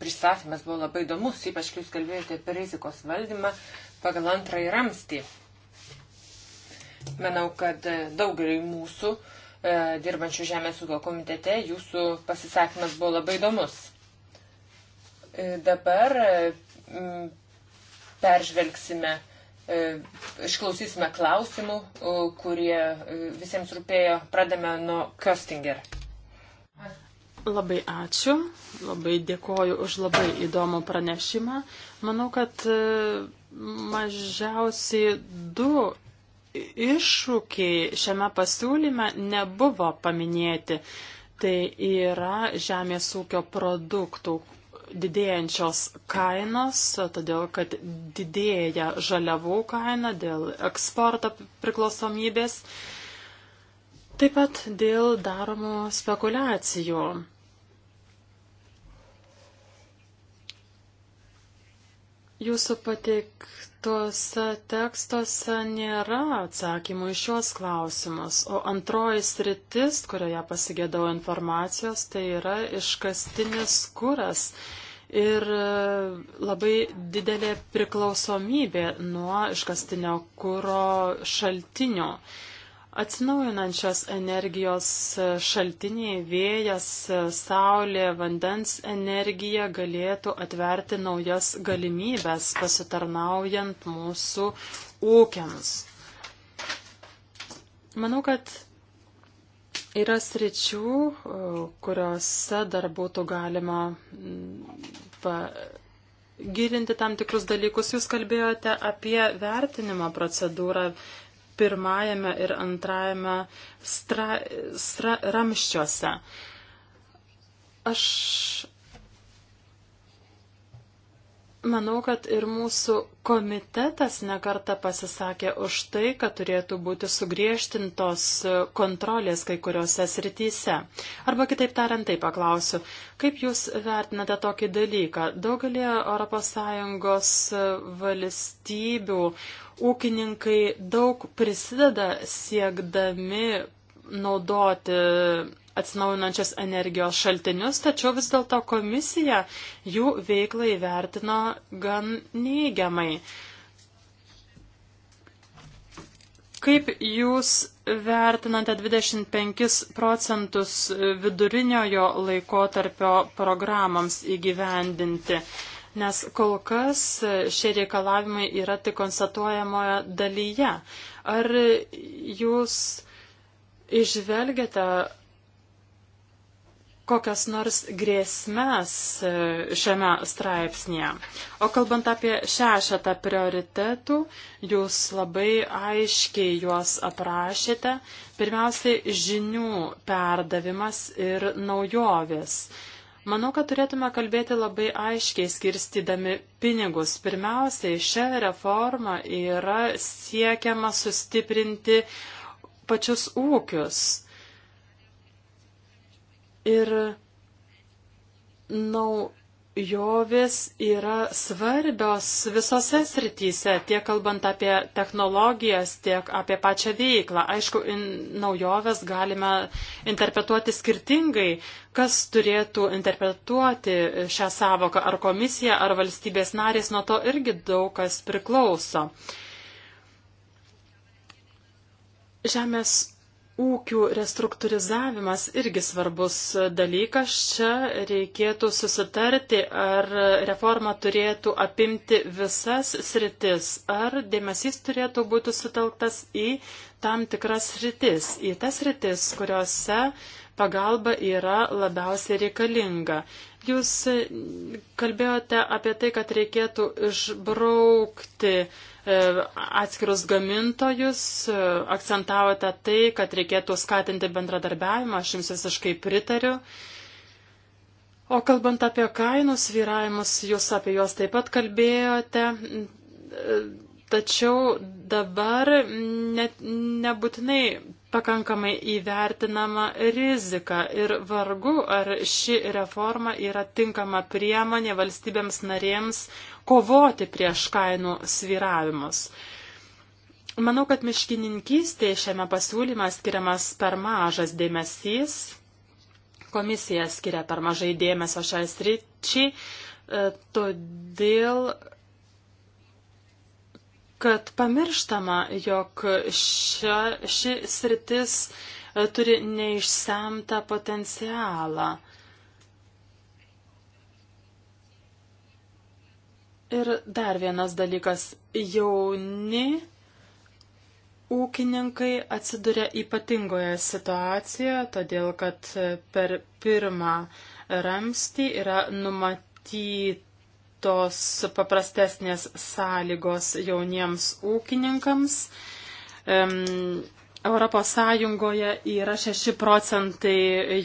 pristatymas buvo labai įdomus, ypač kai jūs kalbėjote apie rizikos valdymą pagal antrąjį ramstį. Manau, kad e, daugeliai mūsų e, dirbančių Žemės ūkio komitete jūsų pasisakymas buvo labai įdomus. Dabar peržvelgsime E, išklausysime klausimų, e, kurie e, visiems rūpėjo. Pradame nuo Köstinger. Labai ačiū, labai dėkoju už labai įdomų pranešimą. Manau, kad mažiausiai du iššūkiai šiame pasiūlyme nebuvo paminėti. Tai yra žemės ūkio produktų didėjančios kainos, todėl kad didėja žaliavų kaina dėl eksporto priklausomybės, taip pat dėl daromų spekulacijų. Jūsų pateiktose tekstuose nėra atsakymų iš šios klausimus, o antroji sritis, kurioje pasigėdau informacijos, tai yra iškastinis kuras ir e, labai didelė priklausomybė nuo iškastinio kūro šaltinio. Atsinaujinančios energijos šaltiniai vėjas, saulė, vandens energija galėtų atverti naujas galimybės pasitarnaujant mūsų ūkiams. Manau, kad Yra sričių, e, kuriuose dar būtų galima mm, gilinti tam tikrus dalykus. Jūs kalbėjote apie vertinimo procedūrą pirmajame ir antrajame stra, stra, ramščiuose. Aš Manau, kad ir mūsų komitetas nekarta pasisakė už tai, kad turėtų būti sugriežtintos e, kontrolės kai kuriuose srityse. Arba kitaip tariant, tai paklausiu, kaip Jūs vertinate tokį dalyką? Daugelį ES e, valstybių ūkininkai daug prisideda siekdami naudoti atsinaujinančios energijos šaltinius, tačiau vis dėlto komisija jų veiklą įvertino gan neigiamai. Kaip jūs vertinate 25 procentus viduriniojo laikotarpio programams įgyvendinti? Nes kol kas šie reikalavimai yra tik konstatuojamoje dalyje. Ar jūs išvelgiate kokias nors grėsmes e, šiame straipsnėje. O kalbant apie šešetą prioritetų, jūs labai aiškiai juos aprašėte. Pirmiausiai žinių perdavimas ir naujovės. Manau, kad turėtume kalbėti labai aiškiai skirstydami pinigus. Pirmiausiai, šią reformą yra siekiama sustiprinti pačius ūkius. Ir naujovės yra svarbios visose srityse, tiek kalbant apie technologijas, tiek apie pačią veiklą. Aišku, in, naujovės galime interpretuoti skirtingai, kas turėtų interpretuoti šią savoką, ar komisija, ar valstybės narės, nuo to irgi daug kas priklauso. Žemės ūkių restruktūrizavimas irgi svarbus dalykas. Čia reikėtų susitarti, ar reforma turėtų apimti visas sritis, ar dėmesys turėtų būti sutelktas į tam tikras sritis, į tas sritis, kuriuose pagalba yra labiausiai reikalinga. Jūs kalbėjote apie tai, kad reikėtų išbraukti uh, E, atskirus gamintojus, e, akcentavote tai, kad reikėtų skatinti bendradarbiavimą, aš jums visiškai pritariu. O kalbant apie kainų sviravimus, jūs apie juos taip pat kalbėjote, e, tačiau dabar net nebūtinai pakankamai įvertinama rizika ir vargu, ar ši reforma yra tinkama priemonė valstybėms narėms kovoti prieš kainų sviravimus. Manau, kad miškininkystėje šiame pasiūlyme skiriamas per mažas dėmesys, komisija skiria per mažai dėmesio šiai sričiai, e, todėl kad pamirštama, jog šia, ši sritis e, turi neišsemtą potencialą. Ir dar vienas dalykas. Jauni ūkininkai atsiduria ypatingoje situacijoje, todėl kad per pirmą ramstį yra numatyta tos paprastesnės sąlygos jauniems ūkininkams. Um, Europos Sąjungoje yra 6 procentai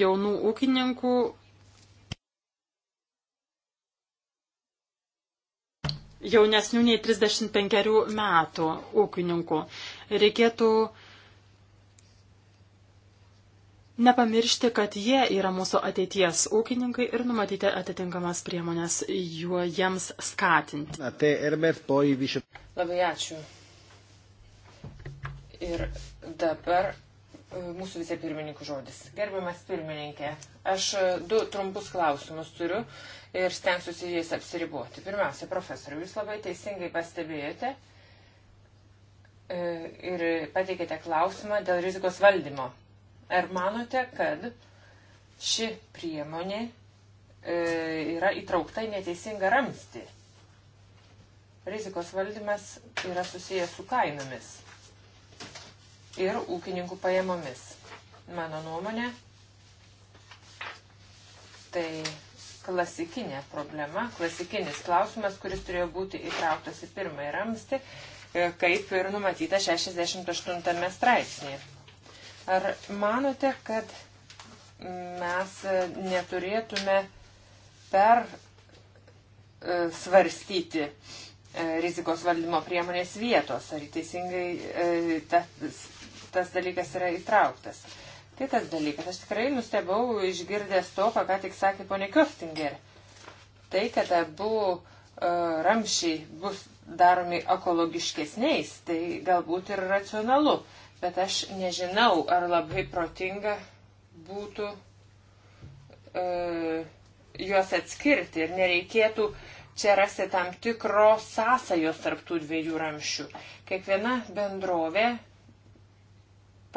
jaunų ūkininkų. Jaunesnių nei 35 metų ūkininkų. Reikėtų uh, nepamiršti, kad jie yra mūsų ateities ūkininkai ir numatyti atitinkamas priemonės juo jiems skatinti. Na, tai Herbert, poi vyšė. Labai ačiū. Ir dabar e, mūsų vicepirmininkų žodis. Gerbiamas pirmininkė, aš e, du trumpus klausimus turiu ir stengsiuosi jais apsiriboti. Pirmiausia, profesoriu, jūs labai teisingai pastebėjote e, ir pateikėte klausimą dėl rizikos valdymo Ar manote, kad ši priemonė e, yra įtraukta į neteisingą ramstį? Rizikos valdymas yra susijęs su kainomis ir ūkininkų pajamomis. Mano nuomonė, tai klasikinė problema, klasikinis klausimas, kuris turėjo būti įtrauktas į pirmąjį ramstį, e, kaip ir numatyta 68 straipsnėje. Ar manote, kad mes neturėtume per e, svarstyti e, rizikos valdymo priemonės vietos, ar teisingai e, tas, tas dalykas yra įtrauktas. Kitas dalykas, aš tikrai nustebau išgirdęs to, ką, ką tik sakė ponė Kjostinger. Tai, kad abu uh, ramšiai bus daromi ekologiškesniais, tai galbūt ir racionalu. Uh, Bet aš nežinau, ar labai protinga būtų e, juos atskirti ir nereikėtų čia rasti tam tikros sąsajos tarptų dviejų ramščių. Kiekviena bendrovė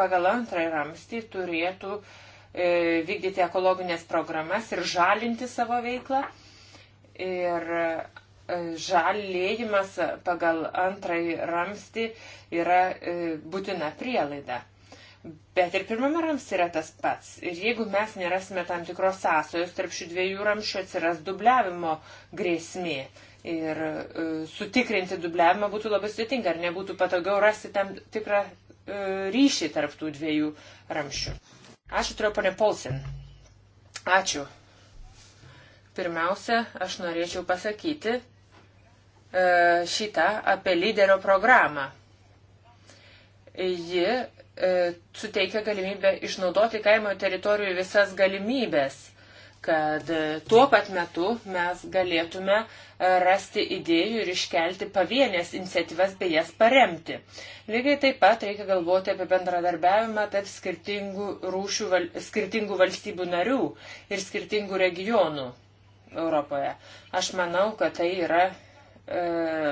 pagal antrąjį ramstį turėtų e, vykdyti ekologinės programas ir žalinti savo veiklą. Ir žalėjimas pagal antrąjį ramstį yra e, būtina prielaida. Bet ir pirmame ramstį yra tas pats. Ir jeigu mes nerasime tam tikros sąsojos tarp šių dviejų ramščių, atsiras dubliavimo grėsmė. Ir e, sutikrinti dubliavimą būtų labai sudėtinga, ar nebūtų patogiau rasti tam tikrą e, ryšį tarp tų dviejų ramščių. Ačiū, turiu ponė Polsin. Ačiū. Pirmiausia, aš norėčiau pasakyti, E, šitą apie lyderio programą. Ji e, suteikia galimybę išnaudoti kaimo teritorijų visas galimybės, kad e, tuo pat metu mes galėtume rasti idėjų ir iškelti pavienės iniciatyvas bei jas paremti. Lygiai taip pat reikia galvoti apie bendradarbiavimą tarp skirtingų, rūšių, val, skirtingų valstybių narių ir skirtingų regionų Europoje. Aš manau, kad tai yra E,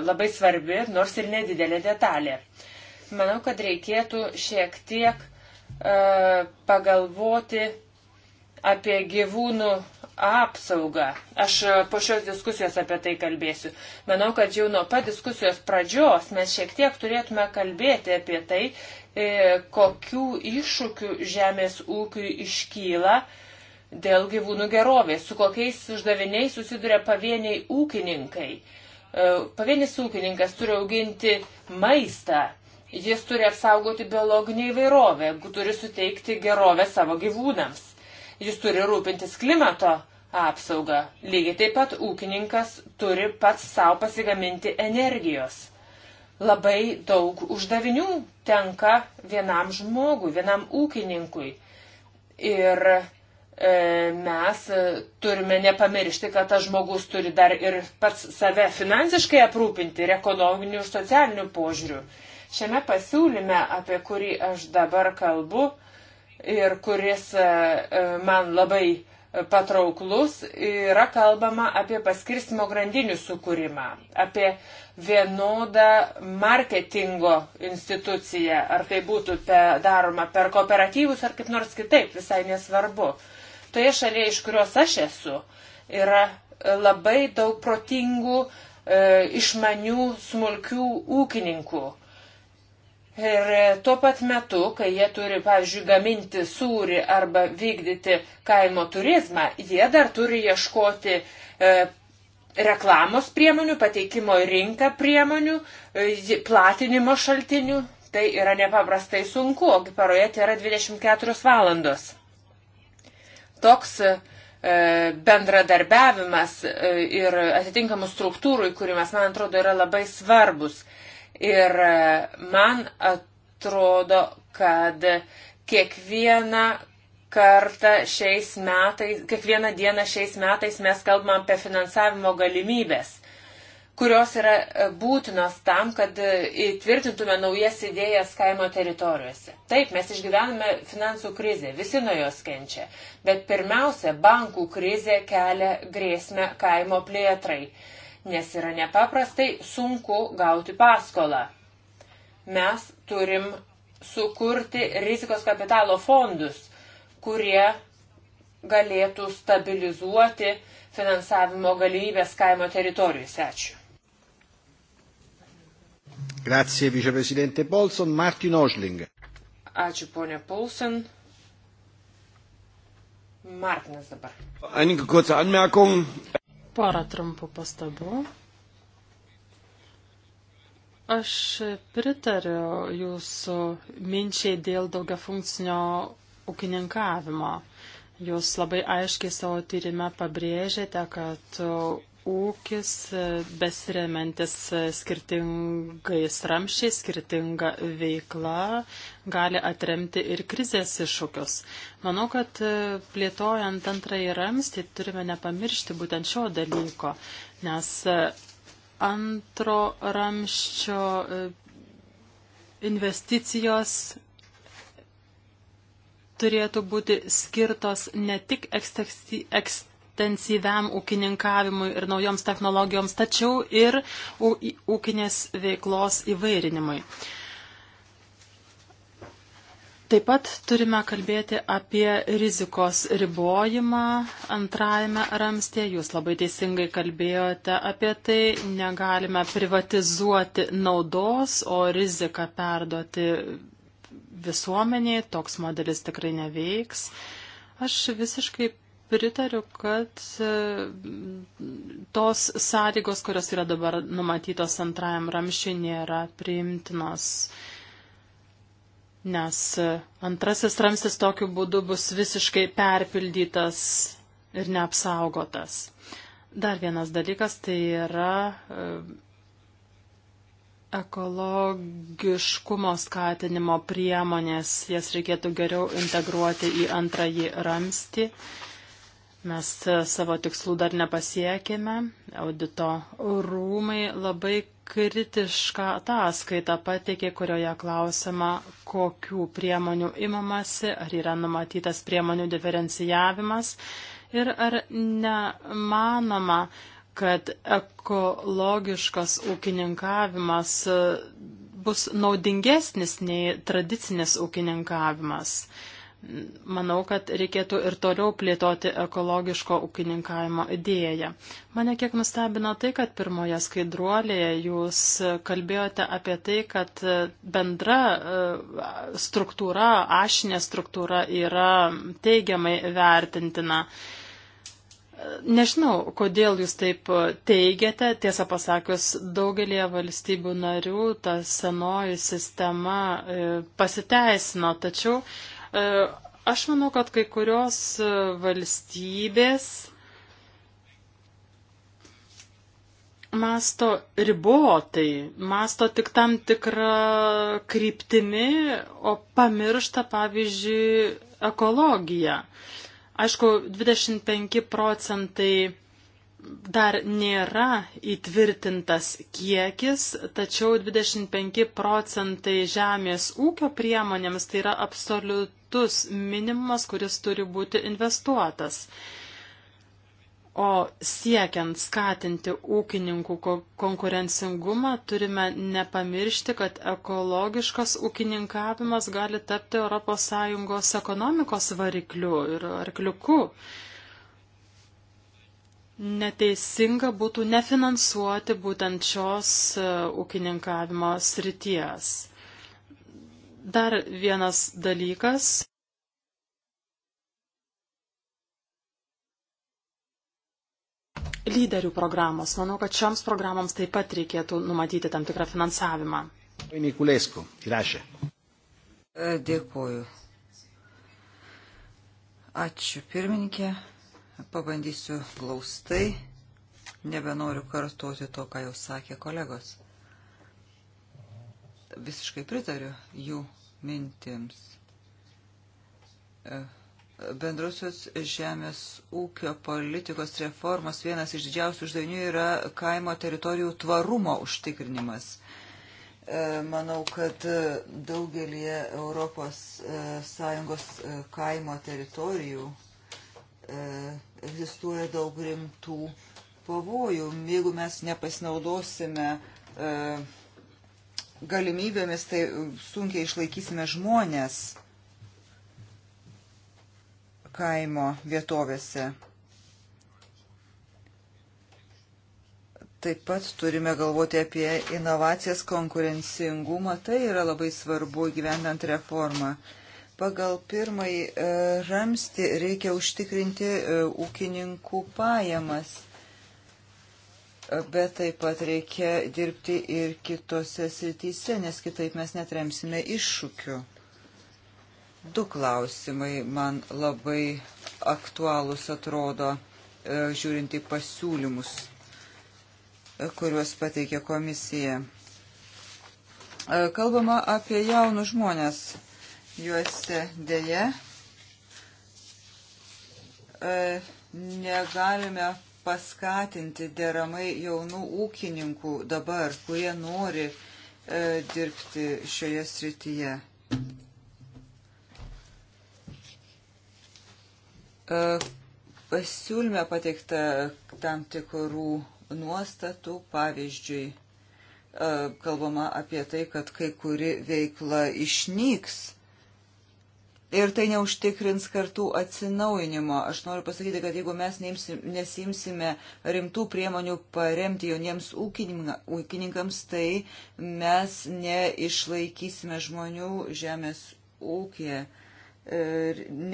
labai svarbi, nors ir nedidelė detalė. Manau, kad reikėtų šiek tiek e, pagalvoti apie gyvūnų apsaugą. Aš po šios diskusijos apie tai kalbėsiu. Manau, kad jau nuo pat diskusijos pradžios mes šiek tiek turėtume kalbėti apie tai, e, kokių iššūkių žemės ūkiui iškyla dėl gyvūnų gerovės, su kokiais uždaviniais susiduria pavieniai ūkininkai. Uh, E, pavienis ūkininkas turi auginti maistą, jis turi apsaugoti biologinį įvairovę, turi suteikti gerovę savo gyvūnams, jis turi rūpintis klimato apsaugą. Lygiai taip pat ūkininkas turi pats savo pasigaminti energijos. Labai daug uždavinių tenka vienam žmogui, vienam ūkininkui. Ir E, mes turime nepamiršti, kad tas žmogus turi dar ir pats save finansiškai aprūpinti ir ekonominių ir socialinių požiūrių. Šiame pasiūlyme, apie kurį aš dabar kalbu ir kuris e, e, man labai patrauklus, yra kalbama apie paskirstimo grandinių sukūrimą, apie vienodą marketingo instituciją, ar tai būtų pe, daroma per kooperatyvus ar kaip nors kitaip, visai nesvarbu. Uh, toje šalyje, iš kurios aš esu, yra e, labai daug protingų, e, išmanių, smulkių ūkininkų. Ir e, tuo pat metu, kai jie turi, pavyzdžiui, gaminti sūrį arba vykdyti kaimo turizmą, jie dar turi ieškoti e, reklamos priemonių, pateikimo į rinką priemonių, e, platinimo šaltinių. Tai yra nepaprastai sunku, ogi paroje tai yra 24 valandos. Toks e, bendradarbiavimas e, ir atitinkamų struktūrų įkūrimas, man atrodo, yra labai svarbus. Ir e, man atrodo, kad kiekvieną kartą šiais metais, kiekvieną dieną šiais metais mes kalbam apie finansavimo galimybės kurios yra e, būtinos tam, kad e, įtvirtintume naujas idėjas kaimo teritorijose. Taip, mes išgyvename finansų krizę, visi nuo jos kenčia, bet pirmiausia, bankų krizė kelia grėsmę kaimo plėtrai, nes yra nepaprastai sunku gauti paskolą. Mes turim sukurti rizikos kapitalo fondus, kurie galėtų stabilizuoti finansavimo galimybės kaimo teritorijose. Ačiū. Grazie, viceprezidente Polson. Martin Ošling. Ačiū, ponė Polson. Martinas dabar. Einige kurze Anmerkungen. Porą trumpų pastabų. Aš pritariu jūsų minčiai dėl daugiafunkcinio ūkininkavimo. Jūs labai aiškiai savo tyrimę pabrėžėte, kad ūkis, e, besiremantis e, skirtingais ramšiais, skirtinga veikla, gali atremti ir krizės iššūkius. Manau, kad e, plėtojant antrąjį ramstį turime nepamiršti būtent šio dalyko, nes antro ramščio investicijos turėtų būti skirtos ne tik eksteks, ekst, intensyviam ūkininkavimui ir naujoms technologijoms, tačiau ir ūkinės veiklos įvairinimui. Taip pat turime kalbėti apie rizikos ribojimą antrajame ramstėje. Jūs labai teisingai kalbėjote apie tai. Negalime privatizuoti naudos, o riziką perduoti visuomeniai. Toks modelis tikrai neveiks. Aš visiškai pritariu, kad e, tos sąlygos, kurios yra dabar numatytos antrajam ramšiai, nėra priimtinos, nes e, antrasis ramstis tokiu būdu bus visiškai perpildytas ir neapsaugotas. Dar vienas dalykas tai yra e, ekologiškumo skatinimo priemonės, jas reikėtų geriau integruoti į antrąjį ramstį. Mes e, savo tikslų dar nepasiekėme. Audito rūmai labai kritišką ataskaitą pateikė, kurioje klausima, kokių priemonių imamasi, ar yra numatytas priemonių diferencijavimas ir ar nemanoma, kad ekologiškas ūkininkavimas e, bus naudingesnis nei tradicinis ūkininkavimas manau, kad reikėtų ir toliau plėtoti ekologiško ūkininkavimo idėją. Mane kiek nustebino tai, kad pirmoje skaidruolėje jūs kalbėjote apie tai, kad e, bendra e, struktūra, ašinė struktūra yra teigiamai vertintina. Nežinau, kodėl jūs taip teigiate, tiesą pasakius, daugelie valstybių narių ta senoji sistema e, pasiteisino, tačiau E, aš manau, kad kai kurios e, valstybės masto ribotai, masto tik tam tikrą kryptimi, o pamiršta, pavyzdžiui, ekologiją. Aišku, 25 procentai dar nėra įtvirtintas kiekis, tačiau 25 procentai žemės ūkio priemonėms tai yra absoliut metus minimumas, kuris turi būti investuotas. O siekiant skatinti ūkininkų konkurencingumą, turime nepamiršti, kad ekologiškas ūkininkavimas gali tapti ES ekonomikos varikliu ir arkliuku. Neteisinga būtų nefinansuoti būtent šios e, ūkininkavimo srities. Dar vienas dalykas. Lyderių programos. Manau, kad šioms programoms taip pat reikėtų numatyti tam tikrą finansavimą. Mikulėsku, įrašė. E, Dėkuoju. Ačiū pirmininkė. Pabandysiu glaustai. Nebenoriu kartuoti to, ką jau sakė kolegos. Visiškai pritariu jų mintims. Bendrusios žemės ūkio politikos reformos vienas iš didžiausių uždavinių yra kaimo teritorijų tvarumo užtikrinimas. E, manau, kad daugelį ES e, e, kaimo teritorijų egzistuoja daug rimtų pavojų. Jeigu mes nepasinaudosime uh, galimybėmis, tai sunkiai išlaikysime žmonės kaimo vietovėse. Taip pat turime galvoti apie inovacijas, konkurencingumą. Tai yra labai svarbu gyvendant reformą. Pagal pirmąjį e, ramsti reikia užtikrinti e, ūkininkų pajamas bet taip pat reikia dirbti ir kitose srityse, nes kitaip mes netremsime iššūkių. Du klausimai man labai aktualūs atrodo, e, žiūrint į pasiūlymus, e, kuriuos pateikė komisija. E, kalbama apie jaunus žmonės. Juose dėje negalime paskatinti deramai jaunų ūkininkų dabar, kurie nori e, dirbti šioje srityje. E, pasiūlyme pateikta tam tikrų nuostatų, pavyzdžiui, e, kalbama apie tai, kad kai kuri veikla išnyks ir tai neužtikrins kartų atsinaujinimo. Aš noriu pasakyti, kad jeigu mes nesimsime rimtų priemonių paremti jauniems ūkininkams, tai mes neišlaikysime žmonių žemės ūkėje.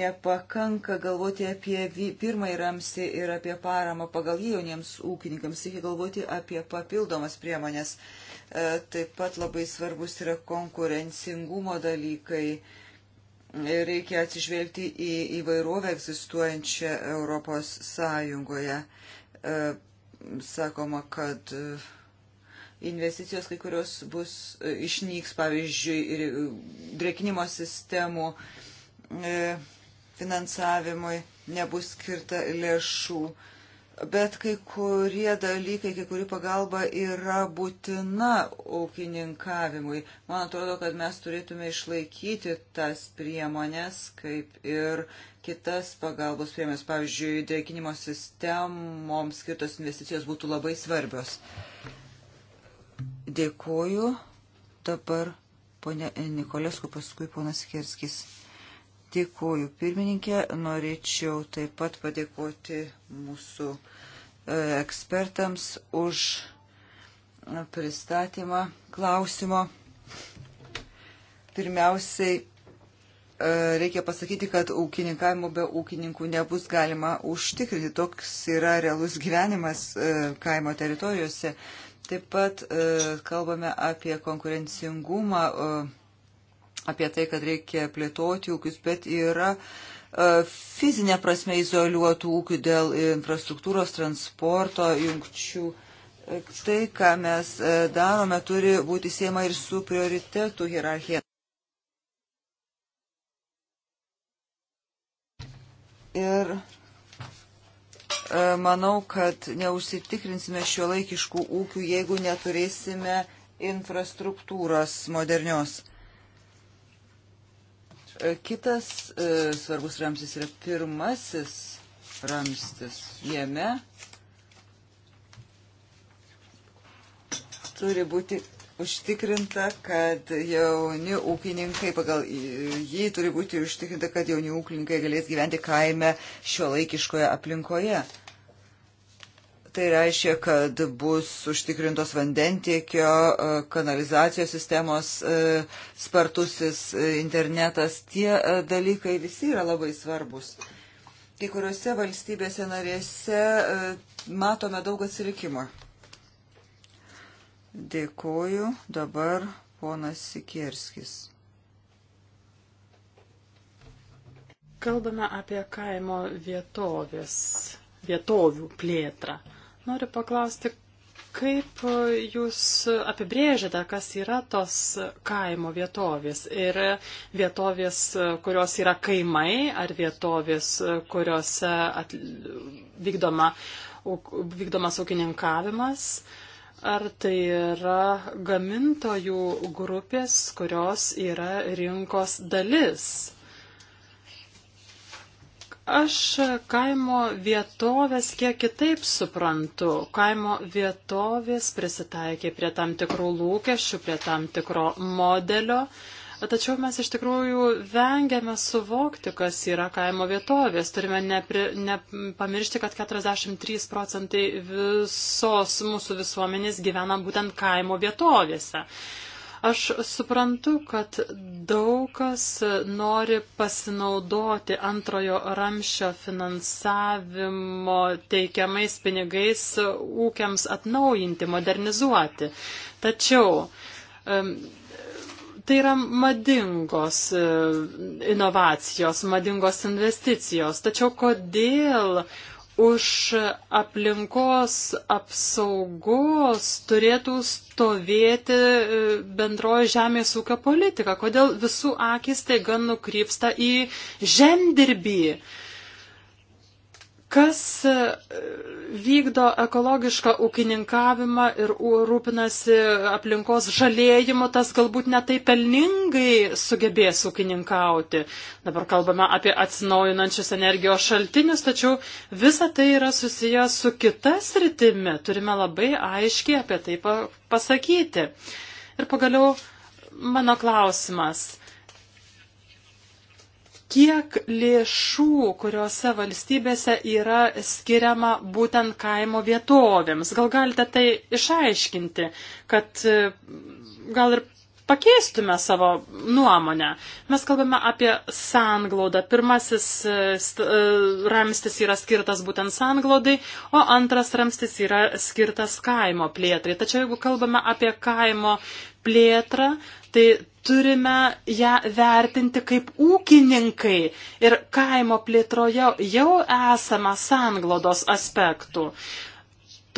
Nepakanka galvoti apie pirmąjį ramsį ir apie paramą pagal jį jauniems ūkininkams, reikia galvoti apie papildomas priemonės. E, taip pat labai svarbus yra konkurencingumo dalykai reikia atsižvelgti į įvairovę egzistuojančią Europos Sąjungoje. E, sakoma, kad e, investicijos kai kurios bus e, išnyks, pavyzdžiui, ir drekinimo sistemų finansavimui nebus skirta lėšų bet kai kurie dalykai, kai kurių pagalba yra būtina ūkininkavimui. Man atrodo, kad mes turėtume išlaikyti tas priemonės, kaip ir kitas pagalbos priemonės. Pavyzdžiui, drėkinimo sistemoms skirtos investicijos būtų labai svarbios. Dėkuoju. Dabar ponė Nikolesku, paskui ponas Kerskis. Dėkuoju pirmininkė, norėčiau taip pat padėkoti mūsų e, ekspertams už pristatymą klausimo. Pirmiausiai, e, reikia pasakyti, kad ūkininkavimo be ūkininkų nebus galima užtikrinti. Toks yra realus gyvenimas e, kaimo teritorijose. Taip pat kalbame apie konkurencingumą apie tai, kad reikia plėtoti ūkius, bet yra e, fizinė prasme izoliuotų ūkių dėl infrastruktūros, transporto, jungčių. E, tai, ką mes e, darome, turi būti siema ir su prioritetų hierarchija. Ir manau, kad neužsitikrinsime šio laikiškų ūkių, jeigu neturėsime infrastruktūros modernios. E, kitas e, svarbus ramstis yra pirmasis ramstis. Jame turi būti užtikrinta, kad jauni ūkininkai, pagal jį turi būti užtikrinta, kad jauni ūkininkai galės gyventi kaime šio laikiškoje aplinkoje. Tai reiškia, kad bus užtikrintos vandentiekio, e, kanalizacijos sistemos, e, spartusis e, internetas. Tie dalykai visi yra labai svarbus. Kai kuriuose valstybėse narėse matome daug atsilikimo. Dėkuoju. Dabar ponas Sikierskis. Kalbame apie kaimo vietovės, vietovių plėtrą. Noriu paklausti, kaip jūs apibrėžiate, kas yra tos kaimo vietovės? Ir vietovės, kurios yra kaimai, ar vietovės, kuriuose at, vykdoma, vykdomas ūkininkavimas? Ar tai yra gamintojų grupės, kurios yra rinkos dalis? Aš kaimo vietovės kiek kitaip suprantu. Kaimo vietovės prisitaikė prie tam tikrų lūkesčių, prie tam tikro modelio. Tačiau mes iš tikrųjų vengiame suvokti, kas yra kaimo vietovės. Turime nepamiršti, kad 43 procentai visos mūsų visuomenės gyvena būtent kaimo vietovėse. Aš suprantu, kad daug kas nori pasinaudoti antrojo ramšio finansavimo teikiamais pinigais ūkiams atnaujinti, modernizuoti. Tačiau tai yra madingos e, inovacijos, madingos investicijos. Tačiau kodėl už aplinkos apsaugos turėtų stovėti e, bendroji žemės ūkio politika? Kodėl visų akis taiga nukrypsta į žemdirbį? kas e, vykdo ekologišką ūkininkavimą ir rūpinasi aplinkos žalėjimu, tas galbūt netai pelningai sugebės ūkininkauti. Dabar kalbame apie atsinaujinančius energijos šaltinius, tačiau visa tai yra susiję su kita sritimi. Turime labai aiškiai apie tai pasakyti. Ir pagaliau mano klausimas kiek lėšų, kuriuose valstybėse yra skiriama būtent kaimo vietovėms. Gal galite tai išaiškinti, kad e, gal ir pakeistume savo nuomonę. Mes kalbame apie sanglaudą. Pirmasis e, e, ramstis yra skirtas būtent sanglaudai, o antras ramstis yra skirtas kaimo plėtrai. Tačiau jeigu kalbame apie kaimo plėtrą, tai turime ją vertinti kaip ūkininkai ir kaimo plėtroje jau esama sanglodos aspektų.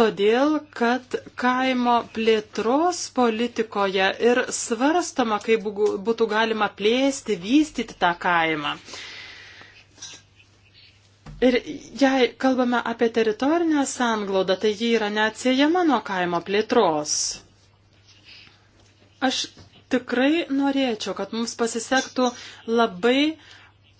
Todėl, kad kaimo plėtros politikoje ir svarstama, kaip būtų galima plėsti, vystyti tą kaimą. Ir jei kalbame apie teritorinę sanglaudą, tai ji yra neatsiejama nuo kaimo plėtros. Aš tikrai norėčiau, kad mums pasisektų labai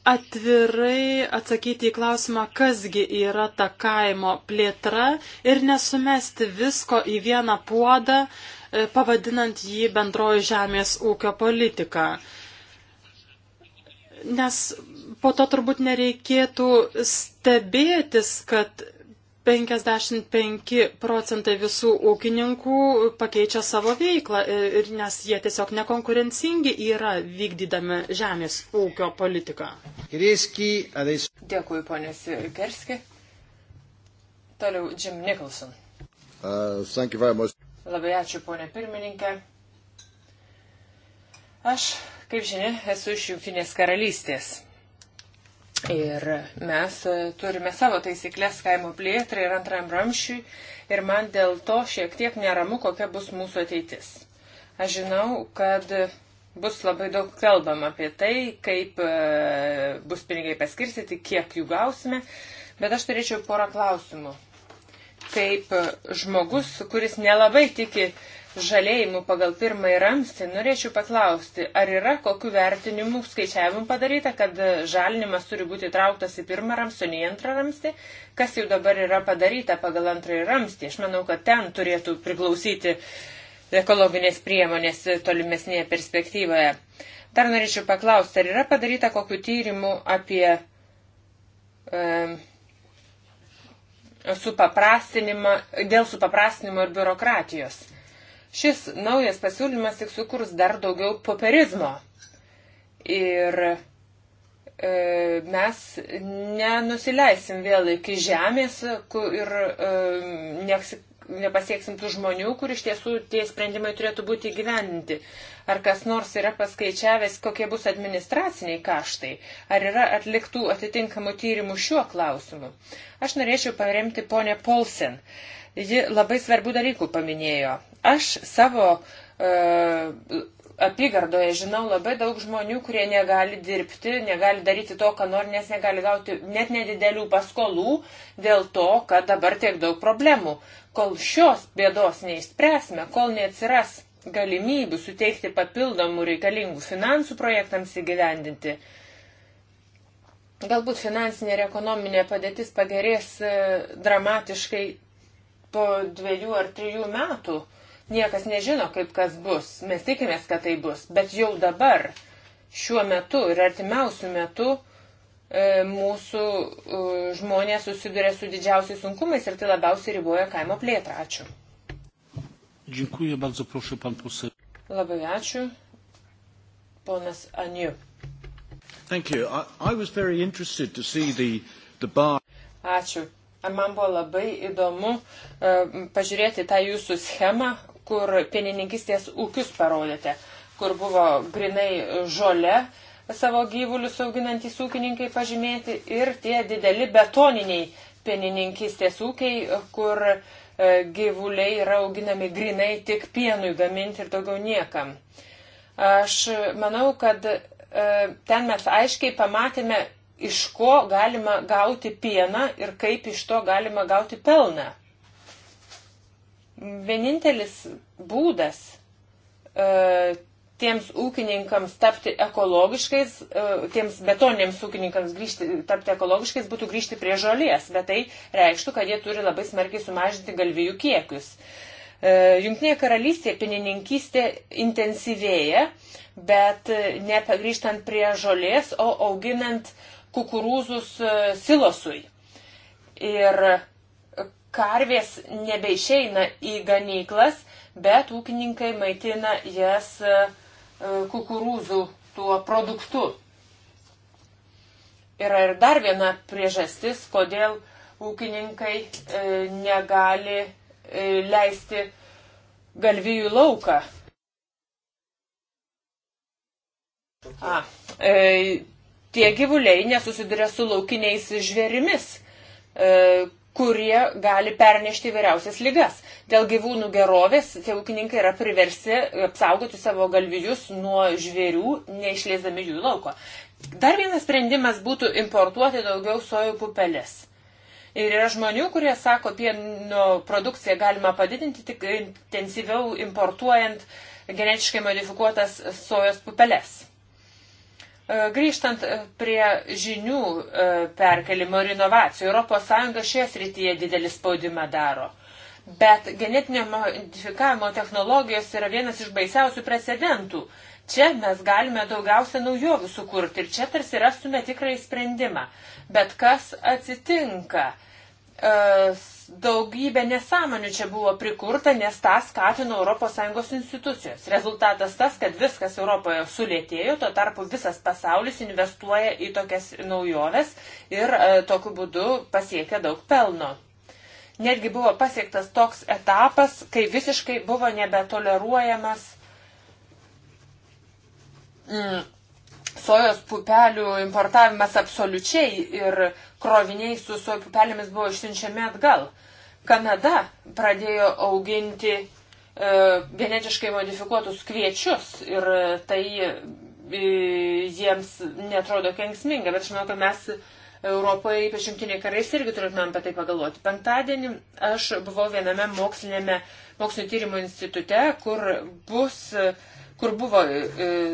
atvirai atsakyti į klausimą, kasgi yra ta kaimo plėtra ir nesumesti visko į vieną puodą, e, pavadinant jį bendroji žemės ūkio politika. Nes po to turbūt nereikėtų stebėtis, kad 55 procentai visų ūkininkų pakeičia savo veiklą, e, ir, nes jie tiesiog nekonkurencingi yra vykdydami žemės ūkio politiką. Dėkui, ponė Kerski. Toliau Jim Nicholson. Uh, Labai ačiū, ponė pirmininkė. Aš, kaip žinia, esu iš Junktinės karalystės Ir mes e, turime savo taisyklės kaimo plėtrai ir antrajam ramšiui ir man dėl to šiek tiek neramu, kokia bus mūsų ateitis. Aš žinau, kad bus labai daug kalbama apie tai, kaip e, bus pinigai paskirstyti, kiek jų gausime, bet aš turėčiau porą klausimų. Kaip e, žmogus, kuris nelabai tiki uh, žalėjimu pagal pirmąjį ramstį, norėčiau paklausti, ar yra kokiu vertinimu skaičiavimu padaryta, kad žalinimas turi būti trauktas į pirmą ramstį, ne į antrą ramstį, kas jau dabar yra padaryta pagal antrąjį ramstį. Aš manau, kad ten turėtų priklausyti ekologinės priemonės tolimesnėje perspektyvoje. Dar norėčiau paklausti, ar yra padaryta kokiu tyrimu apie e, supaprastinimą, dėl supaprastinimo ir biurokratijos. Šis naujas pasiūlymas tik sukurs dar daugiau popierizmo. Ir e, mes nenusileisim vėl iki žemės ir e, neksi, nepasieksim tų žmonių, kur iš tiesų tie sprendimai turėtų būti įgyvendinti. Ar kas nors yra paskaičiavęs, kokie bus administraciniai kaštai, ar yra atliktų atitinkamų tyrimų šiuo klausimu. Aš norėčiau paremti ponę Polsen. Ji labai svarbių dalykų paminėjo. Aš savo e, apygardoje žinau labai daug žmonių, kurie negali dirbti, negali daryti to, ką nori, nes negali gauti net nedidelių paskolų dėl to, kad dabar tiek daug problemų. Kol šios bėdos neišspręsime, kol neatsiras galimybių suteikti papildomų reikalingų finansų projektams įgyvendinti. Galbūt finansinė ir ekonominė padėtis pagerės e, dramatiškai po dviejų ar trijų metų. Niekas nežino, kaip kas bus. Mes tikimės, kad tai bus. Bet jau dabar, šiuo metu ir artimiausių metų, e, mūsų e, žmonės susiduria su didžiausiais sunkumais ir tai labiausiai riboja kaimo plėtrą. Ačiū. Dziękuję bardzo, proszę pan poseł. Labai ačiū. Ponas Aniu. Thank you. I, I was very interested to see the, the bar. Ačiū man buvo labai įdomu e, pažiūrėti tą jūsų schemą, kur pienininkistės ūkius parodėte, kur buvo grinai žole savo gyvulius auginantys ūkininkai pažymėti ir tie dideli betoniniai pienininkistės ūkiai, kur e, gyvuliai yra auginami grinai tik pienui gaminti ir daugiau niekam. Aš manau, kad e, ten mes aiškiai pamatėme iš ko galima gauti pieną ir kaip iš to galima gauti pelną. Vienintelis būdas e, tiems ūkininkams tapti ekologiškais, e, tiems betoniniams ūkininkams grįžti, tapti ekologiškais būtų grįžti prie žolės, bet tai reikštų, kad jie turi labai smarkiai sumažinti galvijų kiekius. E, Junktinėje karalystėje pinininkystė intensyvėja, bet e, ne grįžtant prie žolės, o auginant uh, kukurūzus e, silosui. Ir karvės nebeišeina į ganyklas, bet ūkininkai maitina jas e, e, kukurūzų tuo produktu. Yra ir dar viena priežastis, kodėl ūkininkai negali leisti galvijų lauką. A, e, tie gyvuliai nesusiduria su laukiniais žvėrimis, e, kurie gali pernešti įvairiausias lygas. Dėl gyvūnų gerovės tie ūkininkai yra priversi apsaugoti savo galvijus nuo žvėrių, neišleisdami jų lauko. Dar vienas sprendimas būtų importuoti daugiau sojų pupelės. Ir yra žmonių, kurie sako, pieno produkciją galima padidinti tik intensyviau importuojant genetiškai modifikuotas sojos pupeles. E, grįžtant e, prie žinių e, perkelimo ir inovacijų, ES šioje srityje didelį spaudimą daro. Bet genetinio modifikavimo technologijos yra vienas iš baisiausių precedentų. Čia mes galime daugiausia naujovių sukurti ir čia tarsi rastume tikrai sprendimą. Bet kas atsitinka? Uh, daugybė nesąmonių čia buvo prikurta, nes tą skatino ES institucijos. Rezultatas tas, kad viskas Europoje sulėtėjo, tuo tarpu visas pasaulis investuoja į tokias naujoves ir e, tokiu būdu pasiekia daug pelno. Netgi buvo pasiektas toks etapas, kai visiškai buvo nebetoleruojamas mm, sojos pupelių importavimas absoliučiai ir e, kroviniai su suopių pelėmis buvo išsiunčiami atgal. Kanada pradėjo auginti e, genetiškai modifikuotus kviečius ir e, tai e, jiems netrodo kengsminga, bet aš manau, kad mes Europoje, ypač jungtiniai karais, irgi turėtumėm apie tai pagalvoti. Penktadienį aš buvau viename mokslinėme mokslinio tyrimo institute, kur bus kur buvo e,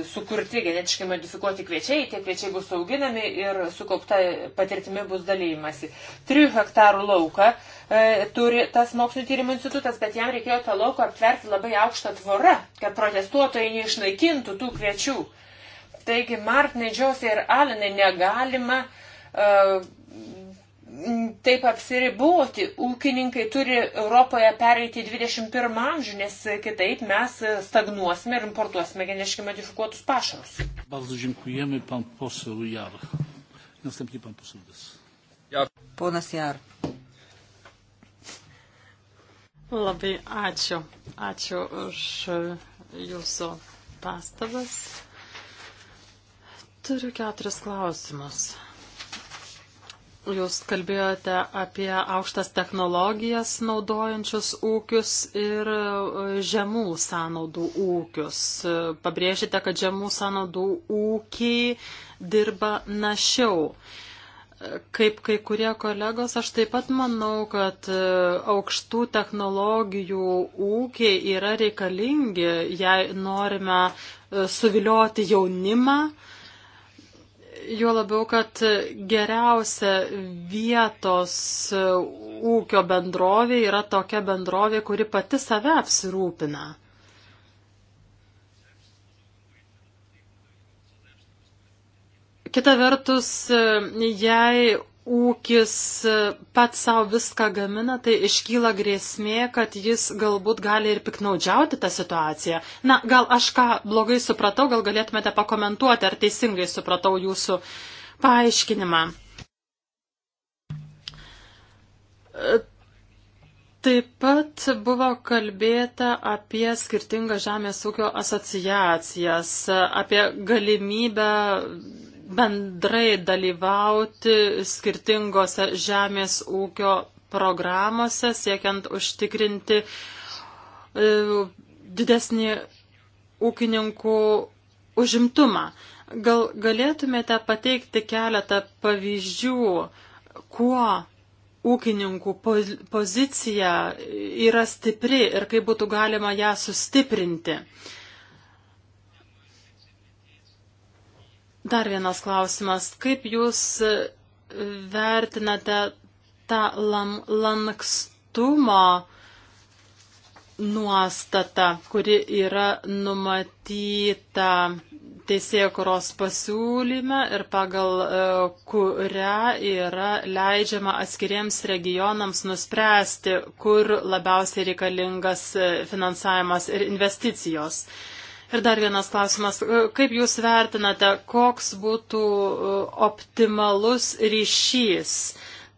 sukurti genetiškai modifikuoti kviečiai, tie kviečiai bus auginami ir sukaupta patirtimi bus dalymasi. 3 hektarų lauką e, turi tas mokslinio tyrimų institutas, bet jam reikėjo tą lauką aptverti labai aukštą tvorą, kad protestuotojai neišnaikintų tų kviečių. Taigi Martinai, Džiosiai ir Alinai negalima uh, e, taip apsiriboti. Ūkininkai turi Europoje pereiti 21 amžių, nes kitaip mes stagnuosime ir importuosime geniškai modifikuotus pašarus. Bardzo dziękujemy, pan poseł Jar. Następnie pan poseł Des. Jar. Ponas Jar. Labai ačiū. Ačiū už jūsų pastabas. Turiu keturis klausimus. Jūs kalbėjote apie aukštas technologijas naudojančius ūkius ir e, žemų sąnaudų ūkius. Pabrėžite, kad žemų sąnaudų ūkiai dirba našiau. Kaip kai kurie kolegos, aš taip pat manau, kad e, aukštų technologijų ūkiai yra reikalingi, jei norime e, suvilioti jaunimą, uh, Juo labiau, kad geriausia vietos ūkio bendrovė yra tokia bendrovė, kuri pati save apsirūpina. Kita vertus, jei ūkis pats savo viską gamina, tai iškyla grėsmė, kad jis galbūt gali ir piknaudžiauti tą situaciją. Na, gal aš ką blogai supratau, gal galėtumėte pakomentuoti, ar teisingai supratau jūsų paaiškinimą. Taip pat buvo kalbėta apie skirtingą žemės ūkio asociacijas, apie galimybę bendrai dalyvauti skirtingose žemės ūkio programuose, siekiant užtikrinti e, didesnį ūkininkų užimtumą. Gal galėtumėte pateikti keletą pavyzdžių, kuo ūkininkų pozicija yra stipri ir kaip būtų galima ją sustiprinti. Dar vienas klausimas. Kaip jūs e, vertinate tą lankstumo nuostatą, kuri yra numatyta teisėkuros pasiūlyme ir pagal e, kurią yra leidžiama atskiriems regionams nuspręsti, kur labiausiai reikalingas e, finansavimas ir investicijos. Ir dar vienas klausimas. E, kaip Jūs vertinate, koks būtų e, optimalus ryšys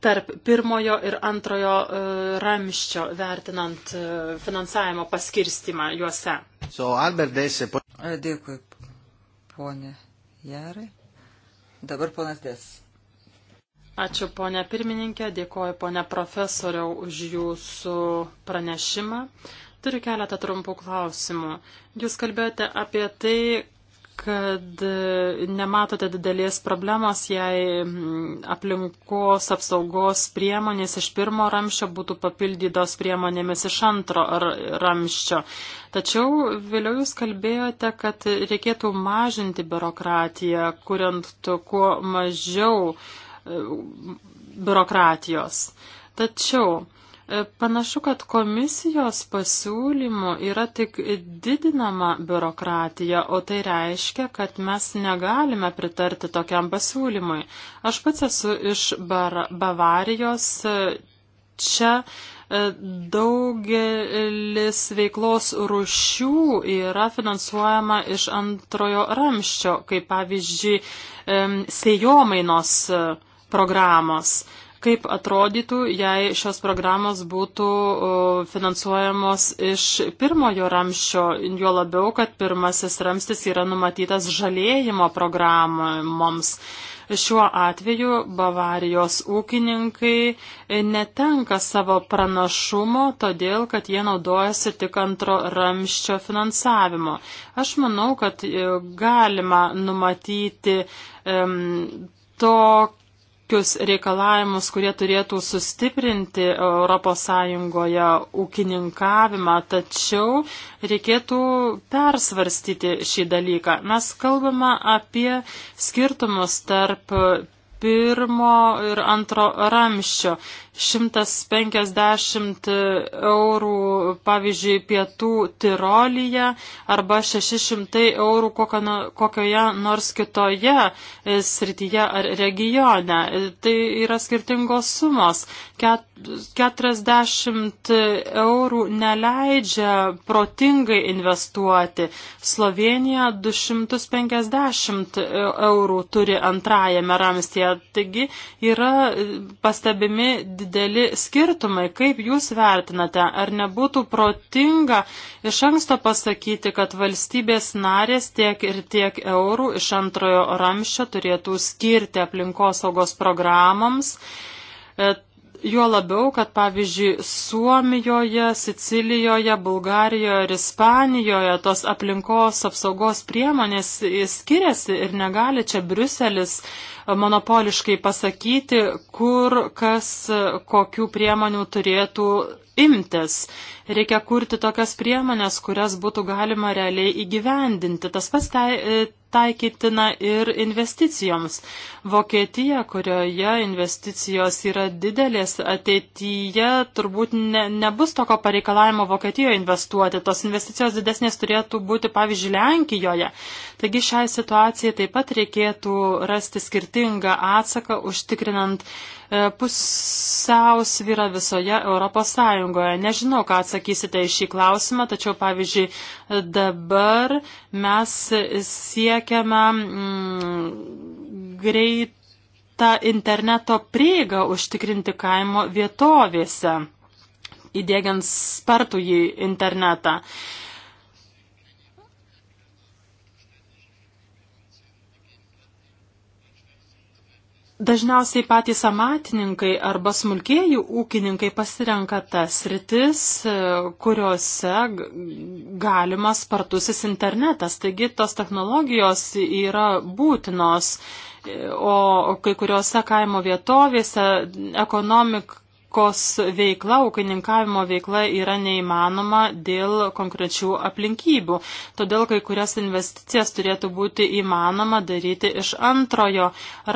tarp pirmojo ir antrojo e, ramščio vertinant finansavimo paskirstimą juose? So, Albertese... Dėkui, ponė Jarai. Dabar ponas Des. Ačiū ponė pirmininkė, dėkoju ponė profesoriau už jūsų pranešimą. Uh, Turiu keletą trumpų klausimų. Jūs kalbėjote apie tai, kad nematote didelės problemos, jei aplinkos apsaugos priemonės iš pirmo ramščio būtų papildytos priemonėmis iš antro ramščio. Tačiau vėliau jūs kalbėjote, kad reikėtų mažinti biurokratiją, kuriant kuo mažiau e, biurokratijos. Tačiau E, panašu, kad komisijos pasiūlymų yra tik didinama biurokratija, o tai reiškia, kad mes negalime pritarti tokiam pasiūlymui. Aš pats esu iš Bar Bavarijos. E, čia e, daugelis veiklos rušių yra finansuojama iš antrojo ramščio, kaip pavyzdžiui, sėjomainos programos kaip atrodytų, jei šios programos būtų finansuojamos iš pirmojo ramščio, juo labiau, kad pirmasis ramstis yra numatytas žalėjimo programoms. Šiuo atveju Bavarijos ūkininkai netenka savo pranašumo, todėl kad jie naudojasi tik antro ramščio finansavimo. Aš manau, kad e, galima numatyti um, tokį tokius reikalavimus, kurie turėtų sustiprinti ES ūkininkavimą, tačiau reikėtų persvarstyti šį dalyką. Mes kalbame apie skirtumus tarp pirmo ir antro ramščio. 150 eurų, pavyzdžiui, pietų Tirolyje arba 600 eurų kokioje nors kitoje e, srityje ar regione. E, tai yra skirtingos sumos. 40 eurų neleidžia protingai investuoti. Slovenija 250 eurų turi antrajame ramstėje. Taigi yra e, pastebimi dideli skirtumai. Kaip Jūs vertinate, ar nebūtų protinga iš anksto pasakyti, kad valstybės narės tiek ir tiek eurų iš antrojo ramščio turėtų skirti aplinkosaugos programams? E, juo labiau, kad pavyzdžiui, Suomijoje, Sicilijoje, Bulgarijoje ir Ispanijoje tos aplinkos apsaugos priemonės skiriasi ir negali čia Bruselis uh, monopoliškai pasakyti, kur kas kokių priemonių turėtų imtis. Reikia kurti tokias priemonės, kurias būtų galima realiai įgyvendinti. Tas pats tai, taikytina ir investicijoms. Vokietija, kurioje investicijos yra didelės, ateityje turbūt ne, nebus tokio pareikalavimo Vokietijoje investuoti. Tos investicijos didesnės turėtų būti, pavyzdžiui, Lenkijoje. Taigi šiai situacijai taip pat reikėtų rasti skirtingą atsaką, užtikrinant E, pusiausvyra visoje Europos Sąjungoje. Nežinau, ką atsakysite į šį klausimą, tačiau, pavyzdžiui, dabar mes siekiame mm, greitą interneto prieigą užtikrinti kaimo vietovėse, įdėgiant spartų į internetą. Uh, Dažniausiai patys amatininkai arba smulkėjų ūkininkai pasirenka tas rytis, e, kuriuose galimas spartusis internetas. Taigi tos technologijos yra būtinos, e, o kai kuriuose kaimo vietovėse ekonomik ūkos veikla, ūkininkavimo veikla yra neįmanoma dėl konkrečių aplinkybių. Todėl kai kurias investicijas turėtų būti įmanoma daryti iš antrojo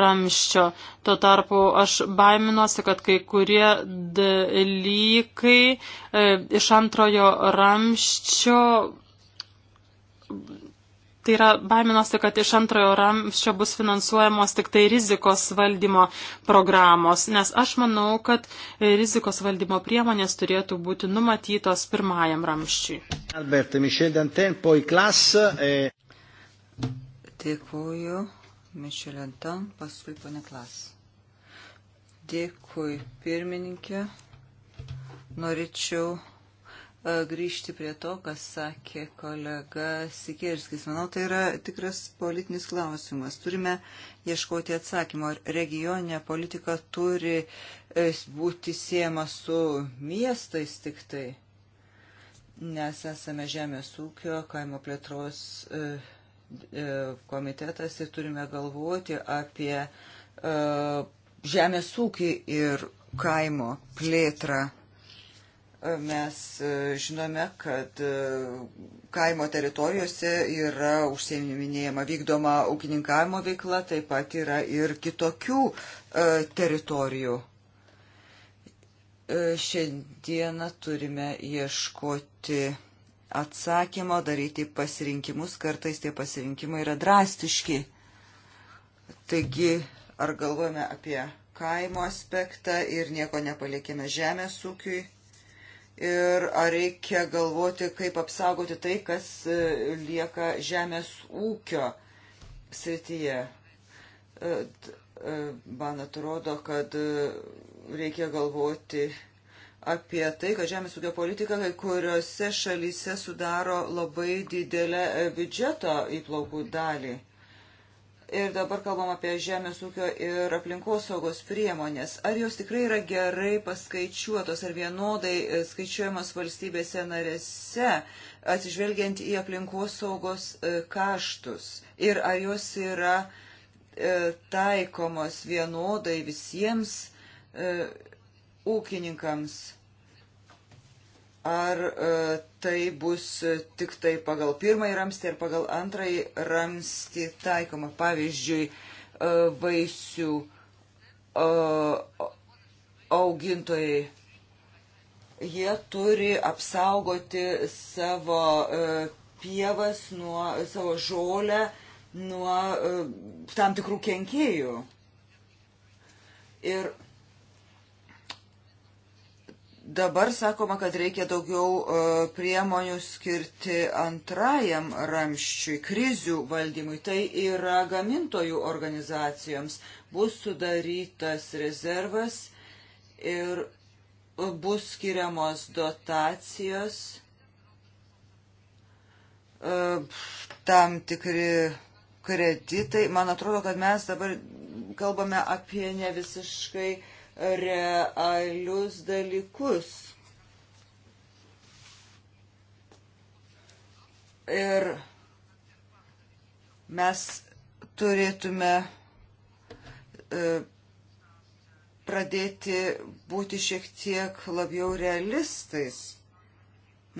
ramščio. Tuo tarpu aš baiminuosi, kad kai kurie dalykai e, iš antrojo ramščio tai yra baiminosi, kad iš antrojo ramščio bus finansuojamos tik tai rizikos valdymo programos, nes aš manau, kad rizikos valdymo priemonės turėtų būti numatytos pirmajam ramščiui. Albert, Michel Dantin, poi klas. E... Dėkuoju, Michel Dantin, paskui pone klas. Dėkui, pirmininkė. Norėčiau grįžti prie to, kas sakė kolega Sikerskis. Manau, tai yra tikras politinis klausimas. Turime ieškoti atsakymo, ar regioninė politika turi e, būti siejama su miestais tik tai. Nes esame žemės ūkio, kaimo plėtros e, e, komitetas ir turime galvoti apie žemės ūkį ir kaimo plėtrą mes e, žinome, kad e, kaimo teritorijose yra užsieminėjama vykdoma ūkininkavimo veikla, taip pat yra ir kitokių e, teritorijų. Šiandieną turime ieškoti atsakymo, daryti pasirinkimus, kartais tie pasirinkimai yra drastiški. Taigi, ar galvojame apie kaimo aspektą ir nieko nepalikime žemės ūkiui, ir ar reikia galvoti, kaip apsaugoti tai, kas e, lieka žemės ūkio srityje. E, e, man atrodo, kad reikia galvoti apie tai, kad žemės ūkio politika kai kuriuose šalyse sudaro labai didelę biudžeto įplaukų dalį ir dabar kalbam apie žemės ūkio ir aplinkosaugos priemonės. Ar jos tikrai yra gerai paskaičiuotos, ar vienodai e, skaičiuojamos valstybėse narėse, atsižvelgiant į aplinkosaugos e, kaštus? Ir ar jos yra e, taikomos vienodai visiems ūkininkams? ar e, tai bus tik tai pagal pirmąjį ramstį ar pagal antrąjį ramstį taikoma. Pavyzdžiui, e, vaisių e, augintojai. Jie turi apsaugoti savo pievas nuo savo žolę nuo tam tikrų kenkėjų. Ir Dabar sakoma, kad reikia daugiau e, priemonių skirti antrajam ramščiui, krizių valdymui. Tai yra gamintojų organizacijoms. Bus sudarytas rezervas ir bus skiriamos dotacijos, e, tam tikri kreditai. Man atrodo, kad mes dabar kalbame apie ne visiškai realius dalykus. Ir mes turėtume e, pradėti būti šiek tiek labiau realistais.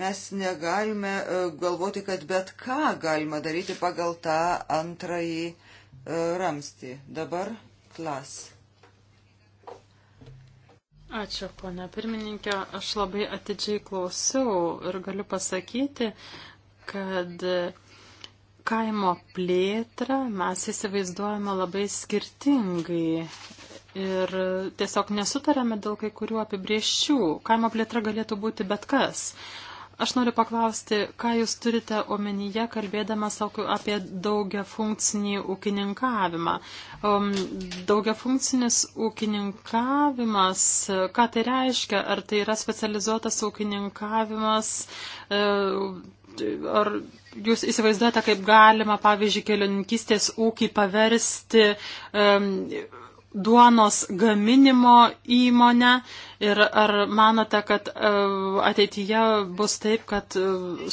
Mes negalime e, galvoti, kad bet ką galima daryti pagal tą antrąjį e, ramstį. Dabar klas. Ačiū, ponia pirmininkė. Aš labai atidžiai klausiau ir galiu pasakyti, kad kaimo plėtrą mes įsivaizduojame labai skirtingai. Ir tiesiog nesutarėme dėl kai kurių apibrieščių. Kaimo plėtra galėtų būti bet kas. Aš noriu paklausti, ką Jūs turite omenyje, kalbėdamas apie daugia funkcinį ūkininkavimą. Um, daugia funkcinis ūkininkavimas, ką tai reiškia? Ar tai yra specializuotas ūkininkavimas? Uh, ar Jūs įsivaizduojate, kaip galima, pavyzdžiui, kelioninkystės ūkį paversti um, duonos gaminimo įmonę? Ir ar manote, kad e, ateityje bus taip, kad e,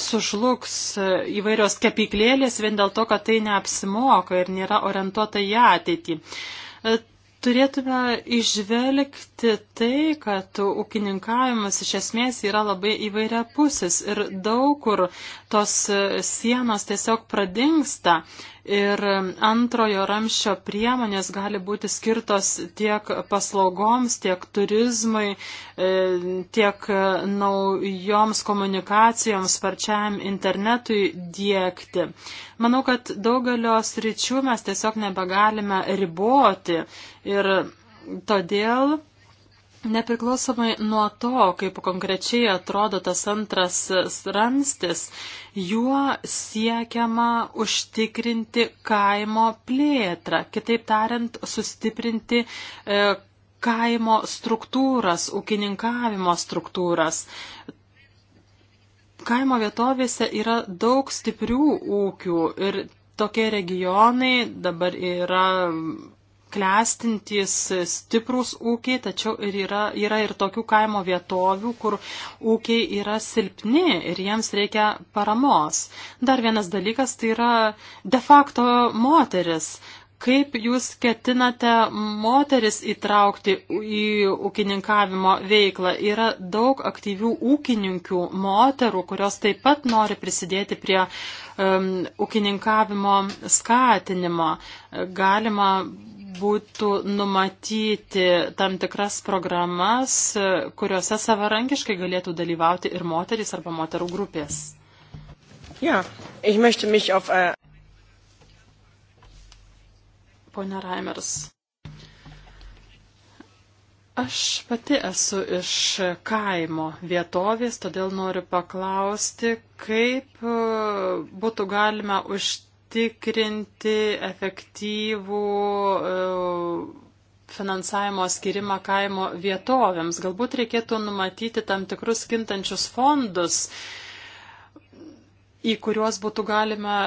sužlugs e, įvairios kepyklėlės vien dėl to, kad tai neapsimoka ir nėra orientuota į ateitį? Turėtume išvelgti tai, kad ūkininkavimas iš esmės yra labai įvairia pusis ir daug kur tos sienos tiesiog pradingsta Ir antrojo ramščio priemonės gali būti skirtos tiek paslaugoms, tiek turizmui, e, tiek naujoms komunikacijoms, sparčiam internetui dėkti. Manau, kad daugelio sričių mes tiesiog nebegalime riboti ir todėl Nepriklausomai nuo to, kaip konkrečiai atrodo tas antras ramstis, juo siekiama užtikrinti kaimo plėtrą, kitaip tariant, sustiprinti e, kaimo struktūras, ūkininkavimo struktūras. Kaimo vietovėse yra daug stiprių ūkių ir tokie regionai dabar yra klestintys stiprūs ūkiai, tačiau ir yra, yra ir tokių kaimo vietovių, kur ūkiai yra silpni ir jiems reikia paramos. Dar vienas dalykas tai yra de facto moteris. Kaip jūs ketinate moteris įtraukti į ūkininkavimo veiklą? Yra daug aktyvių ūkininkių moterų, kurios taip pat nori prisidėti prie um, ūkininkavimo skatinimo. Galima būtų numatyti tam tikras programas, kuriuose savarankiškai galėtų dalyvauti ir moterys arba moterų grupės. Ja, ich möchte mich auf. Äh Pone Reimers. Aš pati esu iš kaimo vietovės, todėl noriu paklausti, kaip e, būtų galima užtikrinti užtikrinti efektyvų e, finansavimo skirimą kaimo vietovėms. Galbūt reikėtų numatyti tam tikrus kintančius fondus, į kuriuos būtų galima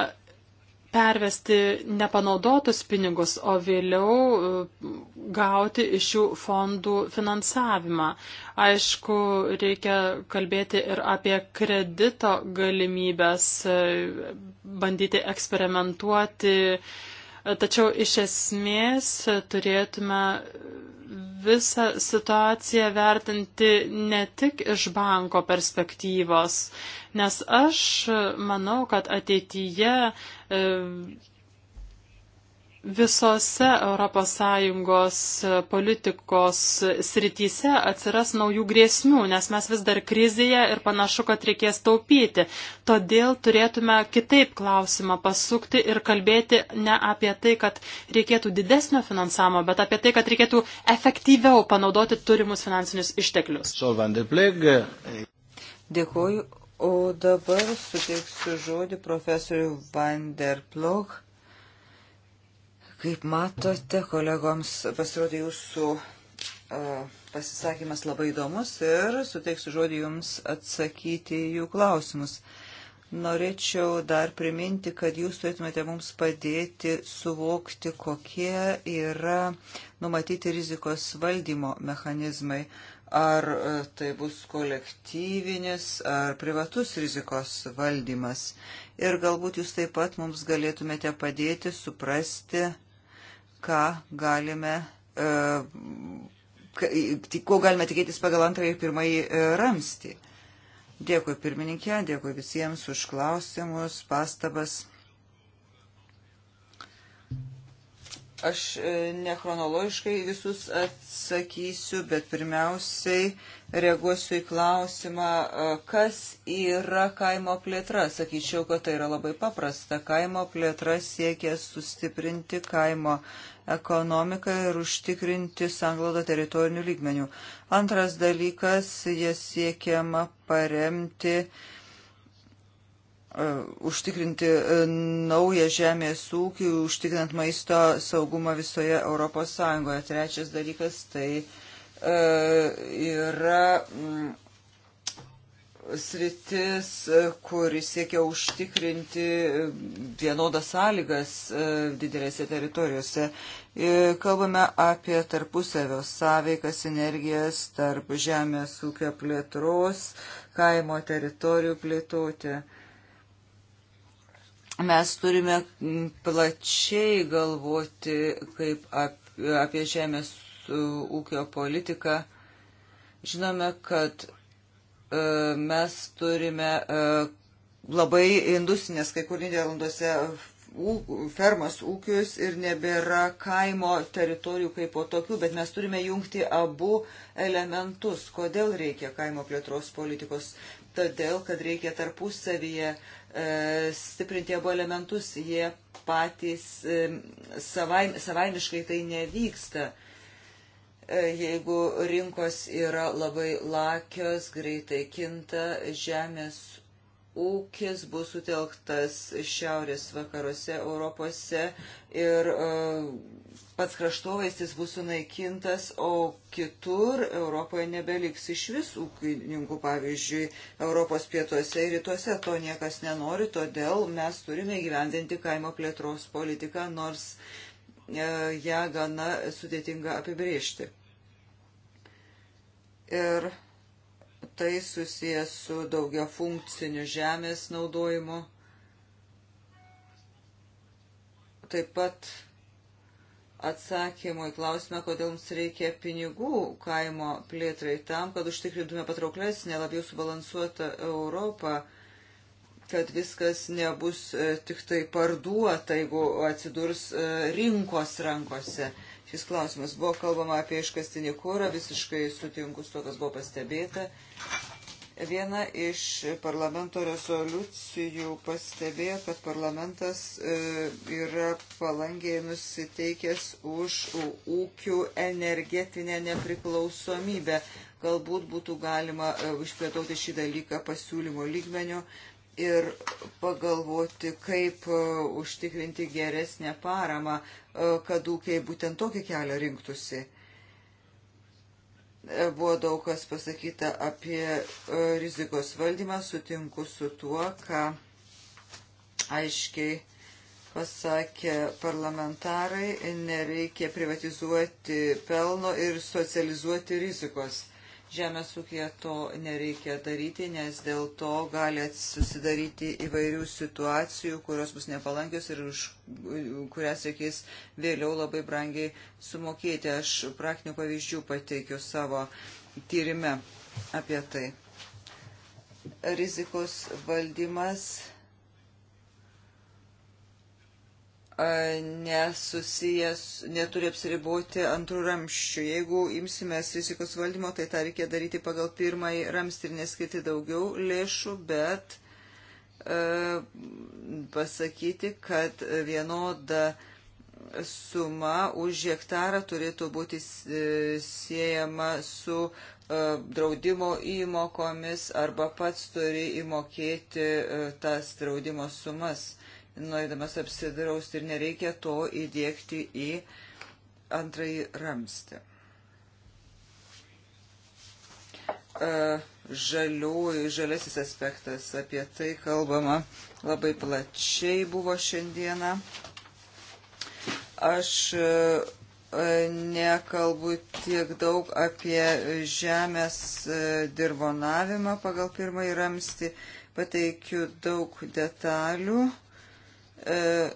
pervesti nepanaudotus pinigus, o vėliau e, gauti iš šių fondų finansavimą. Aišku, reikia kalbėti ir apie kredito galimybės, e, bandyti eksperimentuoti, tačiau iš esmės turėtume visą situaciją vertinti ne tik iš banko perspektyvos, nes aš manau, kad ateityje e, visose ES politikos srityse atsiras naujų grėsmių, nes mes vis dar krizėje ir panašu, kad reikės taupyti. Todėl turėtume kitaip klausimą pasukti ir kalbėti ne apie tai, kad reikėtų didesnio finansavimo, bet apie tai, kad reikėtų efektyviau panaudoti turimus finansinius išteklius. Dėkuoju. O dabar suteiksiu žodį profesoriui Vanderploch Kaip matote, kolegoms pasirodė jūsų uh, pasisakymas labai įdomus ir suteiksiu žodį jums atsakyti jų klausimus. Norėčiau dar priminti, kad jūs turėtumėte mums padėti suvokti, kokie yra numatyti rizikos valdymo mechanizmai. Ar e, tai bus kolektyvinis, ar privatus rizikos valdymas. Ir galbūt jūs taip pat mums galėtumėte padėti suprasti ką galime, e, ko galime tikėtis pagal antrąjį ir pirmąjį e, ramstį. Dėkui pirmininkė, dėkui visiems už klausimus, pastabas. Aš e, nechronologiškai visus atsakysiu, bet pirmiausiai reaguosiu į klausimą, e, kas yra kaimo plėtra. Sakyčiau, kad tai yra labai paprasta. Kaimo plėtra siekia sustiprinti kaimo ekonomiką ir užtikrinti sanglodą teritorinių lygmenių. Antras dalykas, jie siekiama paremti uh, E, užtikrinti e, naują žemės ūkį, užtikrinant maisto saugumą visoje Europos Sąjungoje. Trečias dalykas tai e, yra mm, sritis, kuris siekia užtikrinti vienodas sąlygas didelėse teritorijose. Kalbame apie tarpusavio sąveiką, sinergijas tarp žemės ūkio plėtros, kaimo teritorijų plėtotė mes turime plačiai galvoti kaip apie žemės ūkio politiką. Žinome, kad e, mes turime e, labai industrinės, kai kur Niderlanduose fermas ūkius ir nebėra kaimo teritorijų kaip po tokių, bet mes turime jungti abu elementus. Kodėl reikia kaimo plėtros politikos? Todėl, kad reikia tarpusavyje E, stiprinti abu elementus, jie patys e, savaim, savaimiškai tai nevyksta. E, jeigu rinkos yra labai lakios, greitai kinta, žemės ūkis bus sutelktas šiaurės vakaruose Europose ir uh, pats kraštovaizdis bus sunaikintas, o kitur Europoje nebeliks iš vis ūkininkų, pavyzdžiui, Europos pietuose ir rytuose. To niekas nenori, todėl mes turime gyvendinti kaimo plėtros politiką, nors uh, ją gana sudėtinga apibriežti. Ir uh, tai susijęs su daugia funkciniu žemės naudojimu. Taip pat atsakymo į klausimą, kodėl mums reikia pinigų kaimo plėtrai tam, kad užtikrintume patrauklesnę, labiau subalansuotą Europą, kad viskas nebus e, tik tai parduota, jeigu atsidurs e, rinkos rankose šis klausimas. Buvo kalbama apie iškastinį kūrą, visiškai sutinku su to, kas buvo pastebėta. Viena iš parlamento rezoliucijų pastebėjo, kad parlamentas e, yra palangiai nusiteikęs už ūkių energetinę nepriklausomybę. Galbūt būtų galima e, išplėtoti šį dalyką pasiūlymo lygmenio. Uh, ir pagalvoti, kaip e, užtikrinti geresnę paramą, e, kad ūkiai būtent tokį kelią rinktųsi. E, buvo daug kas pasakyta apie rizikos valdymą, sutinku su tuo, ką aiškiai pasakė parlamentarai, nereikia privatizuoti pelno ir socializuoti rizikos Žemės ūkija to nereikia daryti, nes dėl to gali susidaryti įvairių situacijų, kurios bus nepalankios ir už kurias reikės vėliau labai brangiai sumokėti. Aš praktinių pavyzdžių pateikiu savo tyrime apie tai. Rizikos valdymas nesusijęs, neturi apsiriboti antrų ramščių. Jeigu imsimės rizikos valdymo, tai tą reikia daryti pagal pirmąjį ramstį ir neskirti daugiau lėšų, bet e, pasakyti, kad vienoda suma už hektarą turėtų būti e, siejama su draudimo įmokomis arba pats turi įmokėti tas draudimo sumas norėdamas apsidrausti ir nereikia to įdėkti į antrąjį ramstį. E, žaliųjų, žalesis aspektas, apie tai kalbama labai plačiai buvo šiandieną. Aš e, nekalbu tiek daug apie žemės e, dirvonavimą pagal pirmąjį ramstį, pateikiu daug detalių E,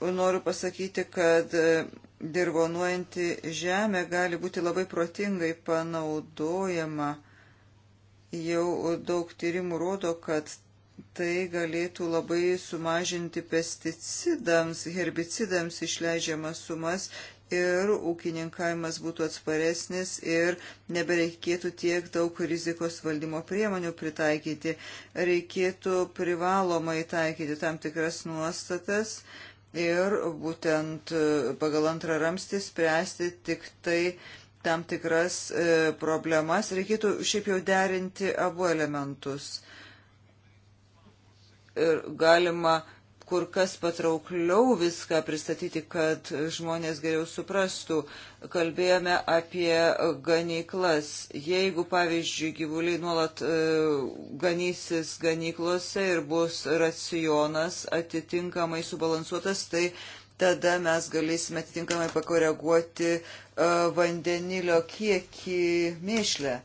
noriu pasakyti, kad e, dirbonuojanti žemė gali būti labai protingai panaudojama. Jau daug tyrimų rodo, kad tai galėtų labai sumažinti pesticidams, herbicidams išleidžiamas sumas ir ūkininkavimas būtų atsparesnis ir nebereikėtų tiek daug rizikos valdymo priemonių pritaikyti. Reikėtų privalomai taikyti tam tikras nuostatas ir būtent e, pagal antrą ramstį spręsti tik tai tam tikras e, problemas. Reikėtų šiaip jau derinti abu elementus. Ir galima uh, kur kas patraukliau viską pristatyti, kad žmonės geriau suprastų. Kalbėjome apie ganyklas. Jeigu, pavyzdžiui, gyvuliai nuolat e, ganysis ganyklose ir bus racionas atitinkamai subalansuotas, tai tada mes galėsime atitinkamai pakoreguoti e, vandenilio kiekį mėšlę.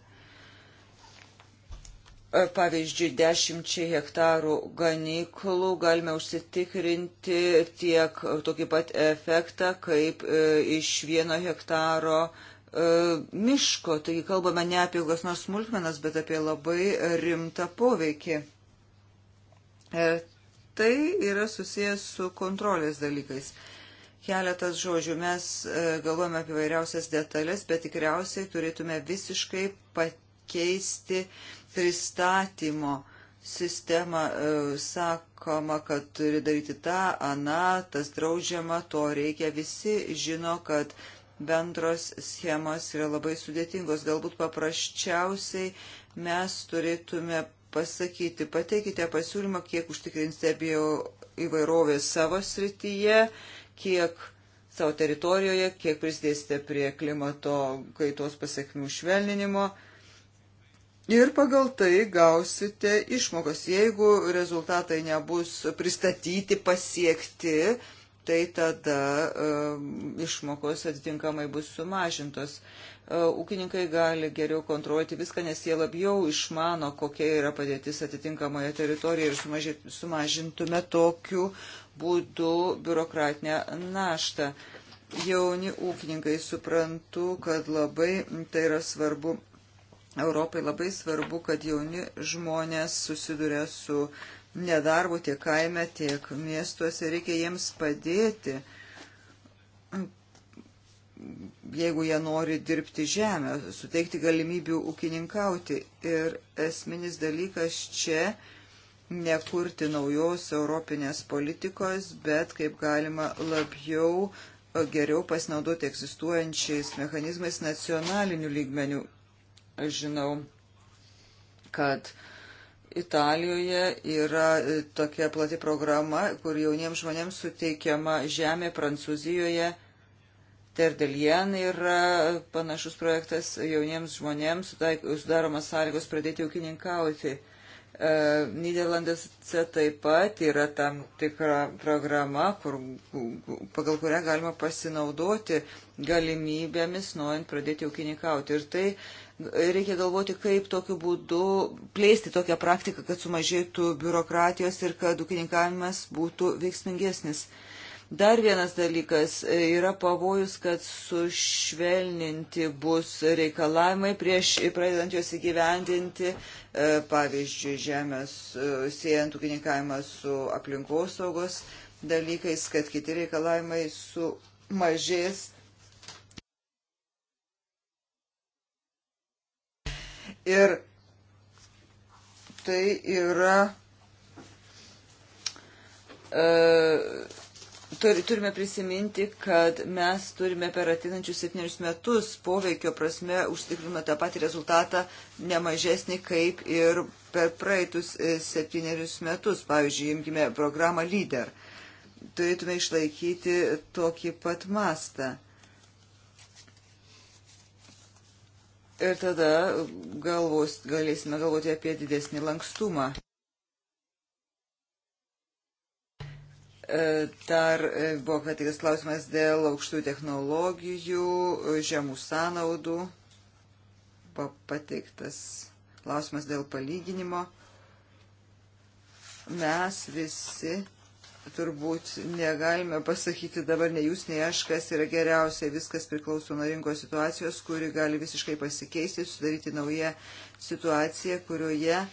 E, pavyzdžiui, dešimčiai hektarų ganyklų galime užsitikrinti tiek tokį pat efektą, kaip e, iš vieno hektaro e, miško. Taigi kalbame ne apie kokias nors smulkmenas, bet apie labai rimtą poveikį. Ir tai yra susijęs su kontrolės dalykais. Keletas žodžių. Mes galvojame apie vairiausias detalės, bet tikriausiai turėtume visiškai pakeisti uh, pristatymo sistemą, e, sakoma, kad turi daryti tą, aną, tas draudžiama, to reikia. Visi žino, kad bendros schemos yra labai sudėtingos. Galbūt paprasčiausiai mes turėtume pasakyti, pateikite pasiūlymą, kiek užtikrinsite bio įvairovės savo srityje, kiek savo teritorijoje, kiek prisidėsite prie klimato kaitos pasiekmių švelninimo ir pagal tai gausite išmokas. Jeigu rezultatai nebus pristatyti, pasiekti, tai tada um, išmokos atitinkamai bus sumažintos. Uh, ūkininkai gali geriau kontroliuoti viską, nes jie labiau išmano, kokia yra padėtis atitinkamoje teritorijoje ir sumažintume tokiu būdu biurokratinę naštą. Jauni ūkininkai suprantu, kad labai tai yra svarbu Europai labai svarbu, kad jauni žmonės susiduria su nedarbu tiek kaime, tiek miestuose. Reikia jiems padėti, jeigu jie nori dirbti žemę, suteikti galimybių ūkininkauti. Ir esminis dalykas čia nekurti naujos europinės politikos, bet kaip galima labiau geriau pasinaudoti egzistuojančiais mechanizmais nacionaliniu lygmeniu žinau, kad Italijoje yra e, tokia plati programa, kur jauniems žmonėms suteikiama žemė Prancūzijoje. Terdelien yra panašus projektas jauniems žmonėms sudaromas sąlygos pradėti ūkininkauti. E, Niderlandėse taip pat yra tam tikra programa, kur, pagal kurią galima pasinaudoti galimybėmis, norint pradėti ūkininkauti. Ir tai uh, Reikia galvoti, kaip tokiu būdu plėsti tokią praktiką, kad sumažėtų biurokratijos ir kad ūkininkavimas būtų veiksmingesnis. Dar vienas dalykas e, yra pavojus, kad sušvelninti bus reikalavimai prieš pradedant juos įgyvendinti, e, pavyzdžiui, žemės e, siejant ūkininkavimą su aplinkosaugos dalykais, kad kiti reikalavimai sumažės Ir tai yra. E, turime prisiminti, kad mes turime per atinančius septynerius metus poveikio prasme užtikrinome tą patį rezultatą nemažesnį kaip ir per praeitus e, septynerius metus. Pavyzdžiui, imkime programą lyder. Turėtume išlaikyti tokį pat mastą. Ir tada galvos, galėsime galvoti apie didesnį lankstumą. E, dar e, buvo patikęs klausimas dėl aukštų technologijų, žemų sąnaudų. Pateiktas klausimas dėl palyginimo. Mes visi turbūt negalime pasakyti dabar ne jūs, ne aš, kas yra geriausia. Viskas priklauso nuo rinkos situacijos, kuri gali visiškai pasikeisti, sudaryti naują situaciją, kurioje e,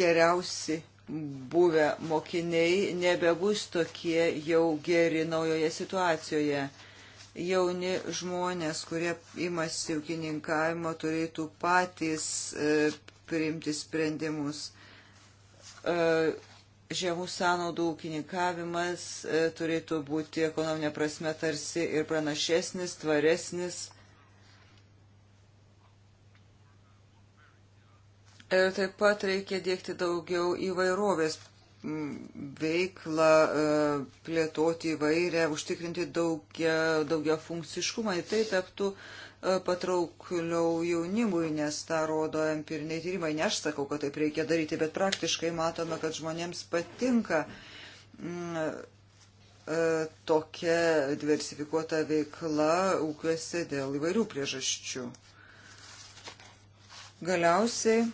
geriausi buvę mokiniai nebebus tokie jau geri naujoje situacijoje jauni žmonės, kurie imasi ūkininkavimo, turėtų patys e, priimti sprendimus. E, žemų sąnaudų ūkininkavimas e, turėtų būti ekonominė prasme tarsi ir pranašesnis, tvaresnis. Ir e, taip pat reikia dėkti daugiau įvairovės veiklą, plėtoti įvairią, užtikrinti daugia, daugia funkciškumą. Ir tai taptų patraukliau jaunimui, nes tą rodo empiriniai tyrimai. Ne aš sakau, kad taip reikia daryti, bet praktiškai matome, kad žmonėms patinka mm, e, tokia diversifikuota veikla ūkiuose dėl įvairių priežasčių. Galiausiai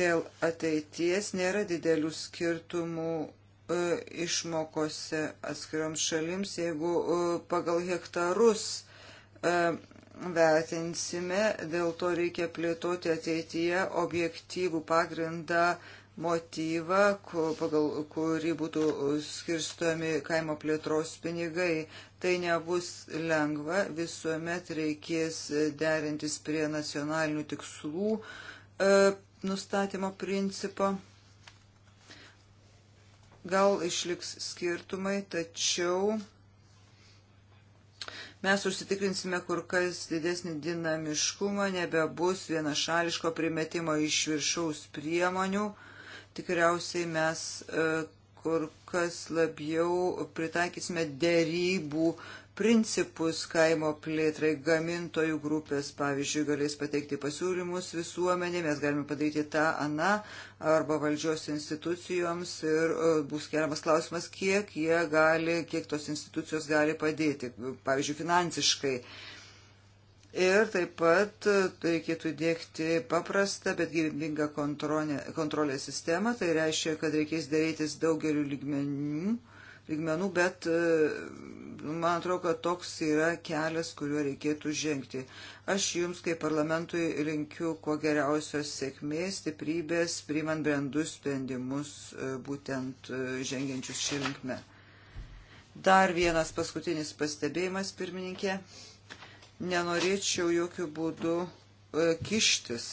dėl ateities nėra didelių skirtumų e, išmokose atskiroms šalims, jeigu e, pagal hektarus vertinsime, dėl to reikia plėtoti ateityje objektyvų pagrindą motyvą, pagal kurį būtų skirstomi kaimo plėtros pinigai. Tai nebus lengva, visuomet reikės derintis prie nacionalinių tikslų e, nustatymo principo. Gal išliks skirtumai, tačiau mes užsitikrinsime kur kas didesnį dinamiškumą, nebebus vienašališko primetimo iš viršaus priemonių. Tikriausiai mes e, kur kas labiau pritaikysime dėrybų principus kaimo plėtrai gamintojų grupės, pavyzdžiui, galės pateikti pasiūlymus visuomenė, mes galime padaryti tą, aną, arba valdžios institucijoms ir e, bus keliamas klausimas, kiek jie gali, kiek tos institucijos gali padėti, pavyzdžiui, finansiškai. Ir taip pat e, reikėtų dėkti paprastą, bet gyvybingą kontrolę, kontrolės sistemą, tai reiškia, kad reikės dėrėtis daugeliu lygmenių lygmenų, bet e, man atrodo, kad toks yra kelias, kuriuo reikėtų žengti. Aš jums kaip parlamentui linkiu kuo geriausios sėkmės, stiprybės, priimant brandus sprendimus e, būtent e, žengiančius šį linkmę. Dar vienas paskutinis pastebėjimas, pirmininkė. Nenorėčiau jokių būdų kištis,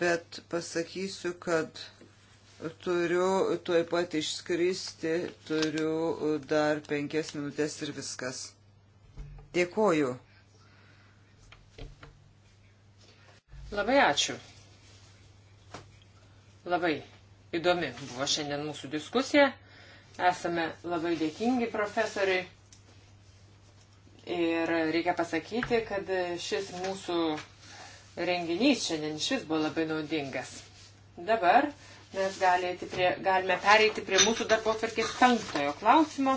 bet pasakysiu, kad Turiu tuoj pat išskristi, turiu dar penkias minutės ir viskas. Dėkoju. Labai ačiū. Labai įdomi buvo šiandien mūsų diskusija. Esame labai dėkingi profesoriui. Ir reikia pasakyti, kad šis mūsų renginys šiandien šis buvo labai naudingas. Dabar mes prie, galime pereiti prie mūsų darbo tvarkės penktojo klausimo.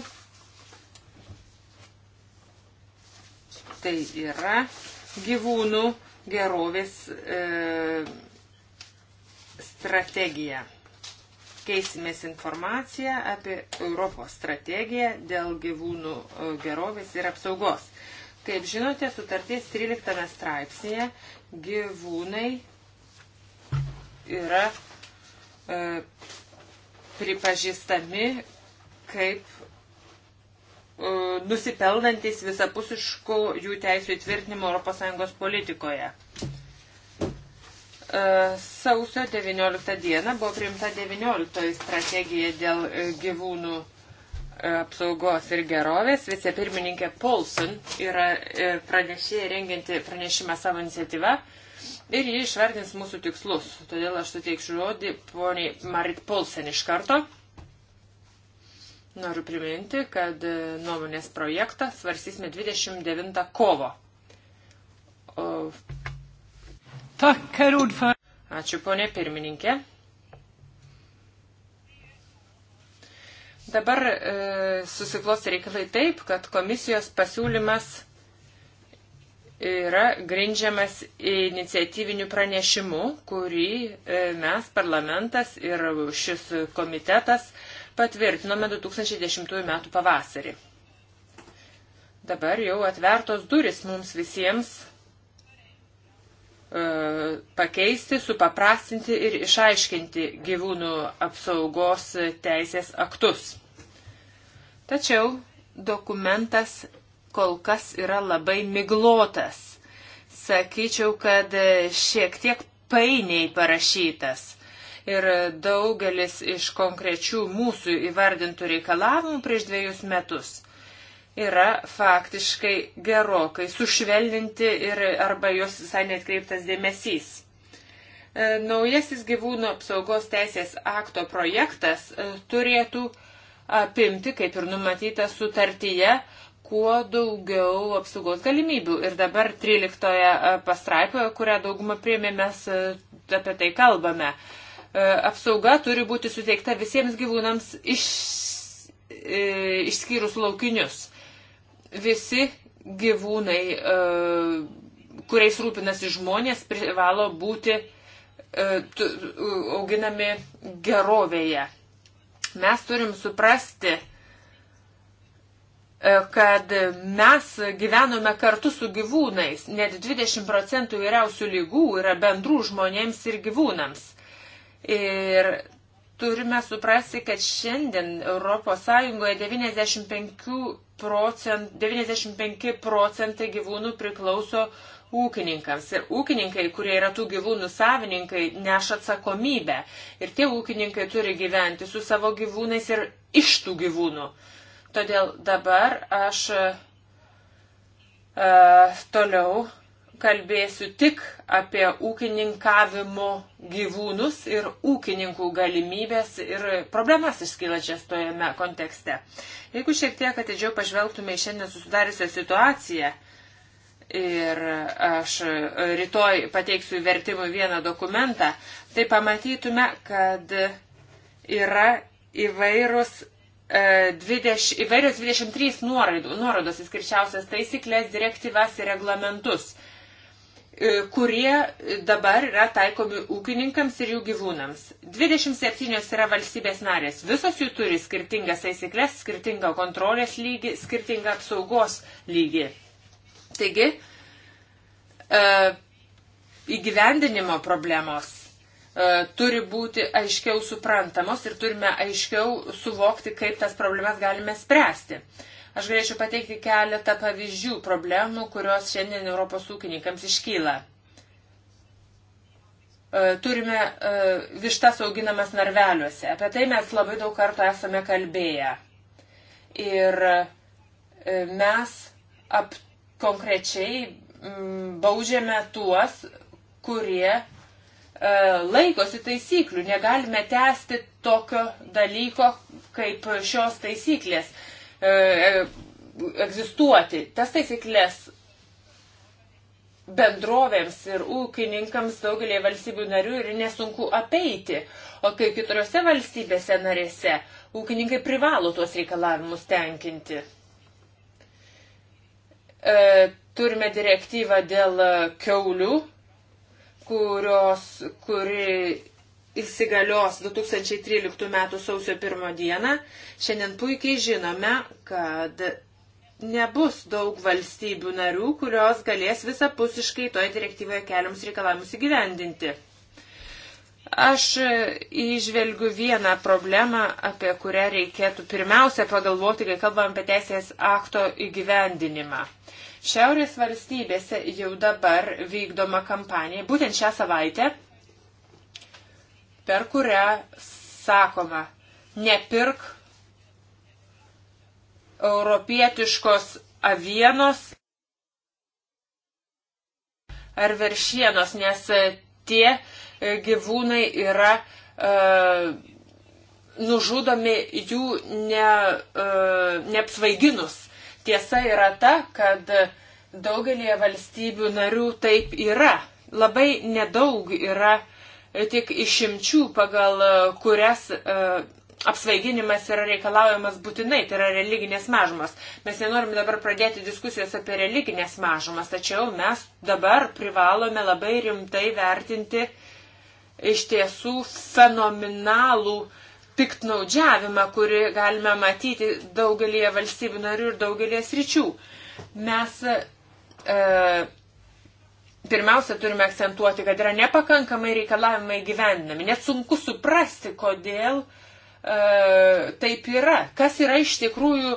Tai yra gyvūnų gerovės e, strategija. Keisimės informaciją apie Europos strategiją dėl gyvūnų e, gerovės ir apsaugos. Kaip žinote, sutarties 13 straipsnėje gyvūnai yra E, pripažįstami kaip e, nusipelnantis visapusiškų jų teisų įtvirtinimo ES politikoje. E, sausio 19 dieną buvo priimta 19 strategija dėl gyvūnų apsaugos ir gerovės. Vicepirmininkė Paulson yra pranešė renginti pranešimą savo iniciatyvą ir ji išvardins mūsų tikslus. Todėl aš suteikšiu žodį poniai Marit Polsen iš karto. Noriu priminti, kad e, nuomonės projektą svarstysime 29 kovo. O... Ačiū, ponė pirmininkė. Dabar e, susiklosti reikalai taip, kad komisijos pasiūlymas yra grindžiamas iniciatyviniu pranešimu, kurį e, mes, parlamentas ir šis komitetas patvirtinome 2010 m. pavasarį. Dabar jau atvertos duris mums visiems e, pakeisti, supaprastinti ir išaiškinti gyvūnų apsaugos teisės aktus. Tačiau dokumentas kol kas yra labai miglotas. Sakyčiau, kad šiek tiek painiai parašytas. Ir daugelis iš konkrečių mūsų įvardintų reikalavimų prieš dviejus metus yra faktiškai gerokai sušvelninti ir arba jos visai netkreiptas dėmesys. E, naujasis gyvūnų apsaugos teisės akto projektas e, turėtų apimti, kaip ir numatyta sutartyje, kuo daugiau apsaugos galimybių. Ir dabar 13 e, pastraipoje, kurią daugumą priemė, mes e, apie tai kalbame. E, apsauga turi būti suteikta visiems gyvūnams iš, išskyrus laukinius. Visi gyvūnai, kuriais rūpinasi žmonės, privalo būti auginami gerovėje. Mes turim suprasti, kad mes gyvenome kartu su gyvūnais. Net 20 procentų įvairiausių lygų yra bendrų žmonėms ir gyvūnams. Ir turime suprasti, kad šiandien ES 95 procent, 95 procentai gyvūnų priklauso ūkininkams. Ir ūkininkai, kurie yra tų gyvūnų savininkai, neša atsakomybę. Ir tie ūkininkai turi gyventi su savo gyvūnais ir iš tų gyvūnų. Uh, Todėl dabar aš e, toliau kalbėsiu tik apie ūkininkavimo gyvūnus ir ūkininkų galimybės ir problemas iškylačias tojame kontekste. Jeigu šiek tiek atidžiau pažvelgtume į šiandien susidariusią situaciją ir aš rytoj pateiksiu vertimui vieną dokumentą, tai pamatytume, kad yra įvairūs 20, e, įvairios 23 nuorodų, nuorodos įskirčiausias taisyklės, direktyvas ir reglamentus, e, kurie dabar yra taikomi ūkininkams ir jų gyvūnams. 27 yra valstybės narės. Visos jų turi skirtingas taisyklės, skirtingą kontrolės lygį, skirtingą apsaugos lygį. Taigi, e, įgyvendinimo problemos E, turi būti aiškiau suprantamos ir turime aiškiau suvokti, kaip tas problemas galime spręsti. Aš galėčiau pateikti keletą pavyzdžių problemų, kurios šiandien Europos ūkininkams iškyla. E, turime e, vištas auginamas narveliuose. Apie tai mes labai daug kartų esame kalbėję. Ir mes ap konkrečiai baudžiame tuos, kurie E, laikosi taisyklių. Negalime tęsti tokio dalyko kaip šios taisyklės e, e, egzistuoti. Tas taisyklės bendrovėms ir ūkininkams daugelį valstybių narių ir nesunku apeiti, o kai kitose valstybėse narėse ūkininkai privalo tuos reikalavimus tenkinti. E, turime direktyvą dėl keulių kurios, kuri įsigalios 2013 m. sausio 1 dieną, šiandien puikiai žinome, kad nebus daug valstybių narių, kurios galės visapusiškai toje direktyvoje keliams reikalavimus įgyvendinti. Aš išvelgiu vieną problemą, apie kurią reikėtų pirmiausia pagalvoti, kai kalbam apie teisės akto įgyvendinimą. Šiaurės valstybėse jau dabar vykdoma kampanija, būtent šią savaitę, per kurią sakoma, nepirk europietiškos avienos ar veršienos, nes tie e, gyvūnai yra e, nužudomi jų ne, e, neapsvaiginus. Tiesa yra ta, kad daugelie valstybių narių taip yra. Labai nedaug yra e, tik išimčių, pagal e, kurias e, apsvaiginimas yra reikalaujamas būtinai, tai yra religinės mažumas. Mes nenorime dabar pradėti diskusijos apie religinės mažumas, tačiau mes dabar privalome labai rimtai vertinti iš tiesų fenomenalų uh, piktnaudžiavimą, kurį galime matyti daugelie valstybių narių ir daugelie sričių. Mes e, pirmiausia turime akcentuoti, kad yra nepakankamai reikalavimai gyvendinami. Net sunku suprasti, kodėl e, taip yra. Kas yra iš tikrųjų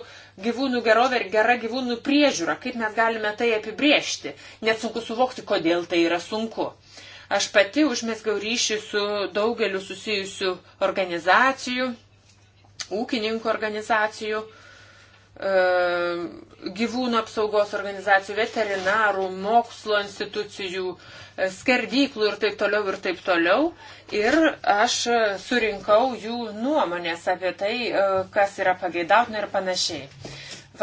gyvūnų gerovė ir gera gyvūnų priežiūra, kaip mes galime tai apibriežti. Net sunku suvokti, kodėl tai yra sunku. E, Aš pati užmėsgau ryšį su daugeliu susijusių organizacijų, ūkininkų organizacijų, e, gyvūnų apsaugos organizacijų, veterinarų, mokslo institucijų, e, skerdyklų ir taip toliau ir taip toliau. Ir aš surinkau jų nuomonės apie tai, e, kas yra pageidautina ir panašiai.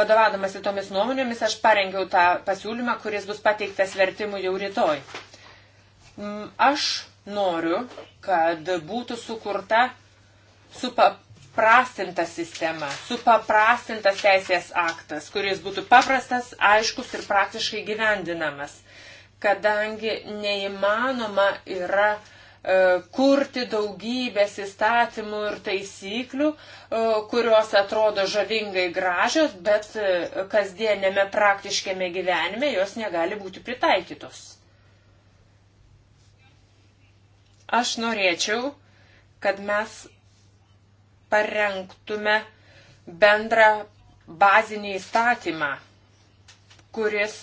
Vadovadamas į tomis nuomonėmis aš parengiau tą pasiūlymą, kuris bus pateiktas vertimu jau rytoj. Mm, aš noriu, kad būtų sukurta supaprastinta sistema, supaprastintas teisės aktas, kuris būtų paprastas, aiškus ir praktiškai gyvendinamas, kadangi neįmanoma yra e, kurti daugybės įstatymų ir taisyklių, e, kurios atrodo žavingai gražios, bet e, kasdienėme praktiškėme gyvenime jos negali būti pritaikytos. Aš norėčiau, kad mes parengtume bendrą bazinį įstatymą, kuris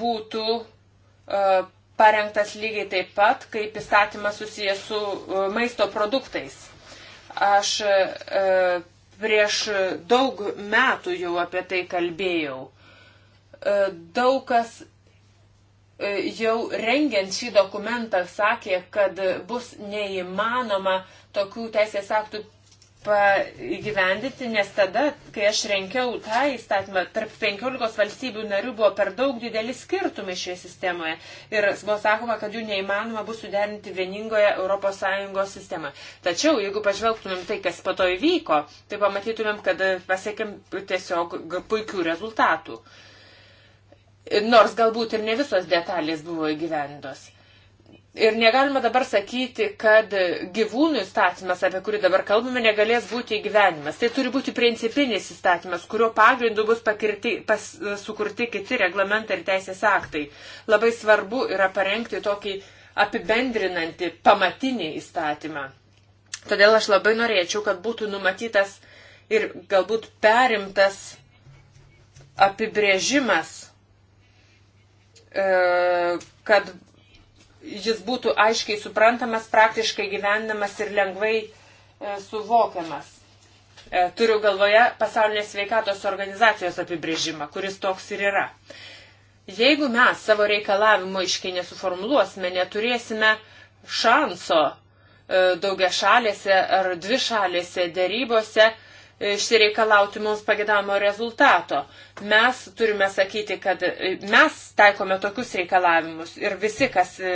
būtų uh, parengtas lygiai taip pat, kaip įstatymas susijęs su uh, maisto produktais. Aš uh, prieš daug metų jau apie tai kalbėjau. Daug kas E, jau rengiant šį dokumentą sakė, kad bus neįmanoma tokių teisės aktų įgyvendinti, nes tada, kai aš renkiau tą įstatymą, tarp 15 valstybių narių buvo per daug dideli skirtumai šioje sistemoje. Ir buvo sakoma, kad jų neįmanoma bus suderinti vieningoje ES sistemoje. Tačiau, jeigu pažvelgtumėm tai, kas po to įvyko, tai pamatytumėm, kad pasiekėm tiesiog puikių rezultatų. Uh, nors galbūt ir ne visos detalės buvo įgyvendos. Ir negalima dabar sakyti, kad gyvūnų įstatymas, apie kurį dabar kalbame, negalės būti įgyvenimas. Tai turi būti principinis įstatymas, kurio pagrindu bus pakirti, pas, sukurti kiti reglamentai ir teisės aktai. Labai svarbu yra parengti tokį apibendrinantį pamatinį įstatymą. Todėl aš labai norėčiau, kad būtų numatytas ir galbūt perimtas apibrėžimas E, kad jis būtų aiškiai suprantamas, praktiškai gyvenamas ir lengvai e, suvokiamas. E, turiu galvoje pasaulinės sveikatos organizacijos apibrėžimą, kuris toks ir yra. Jeigu mes savo reikalavimo iškiai nesuformuluosime, neturėsime šanso daugia šalėse ar dvi šalėse dėrybose išsireikalauti mums pagėdamo rezultato. Mes turime sakyti, kad e, mes taikome tokius reikalavimus ir visi, kas e,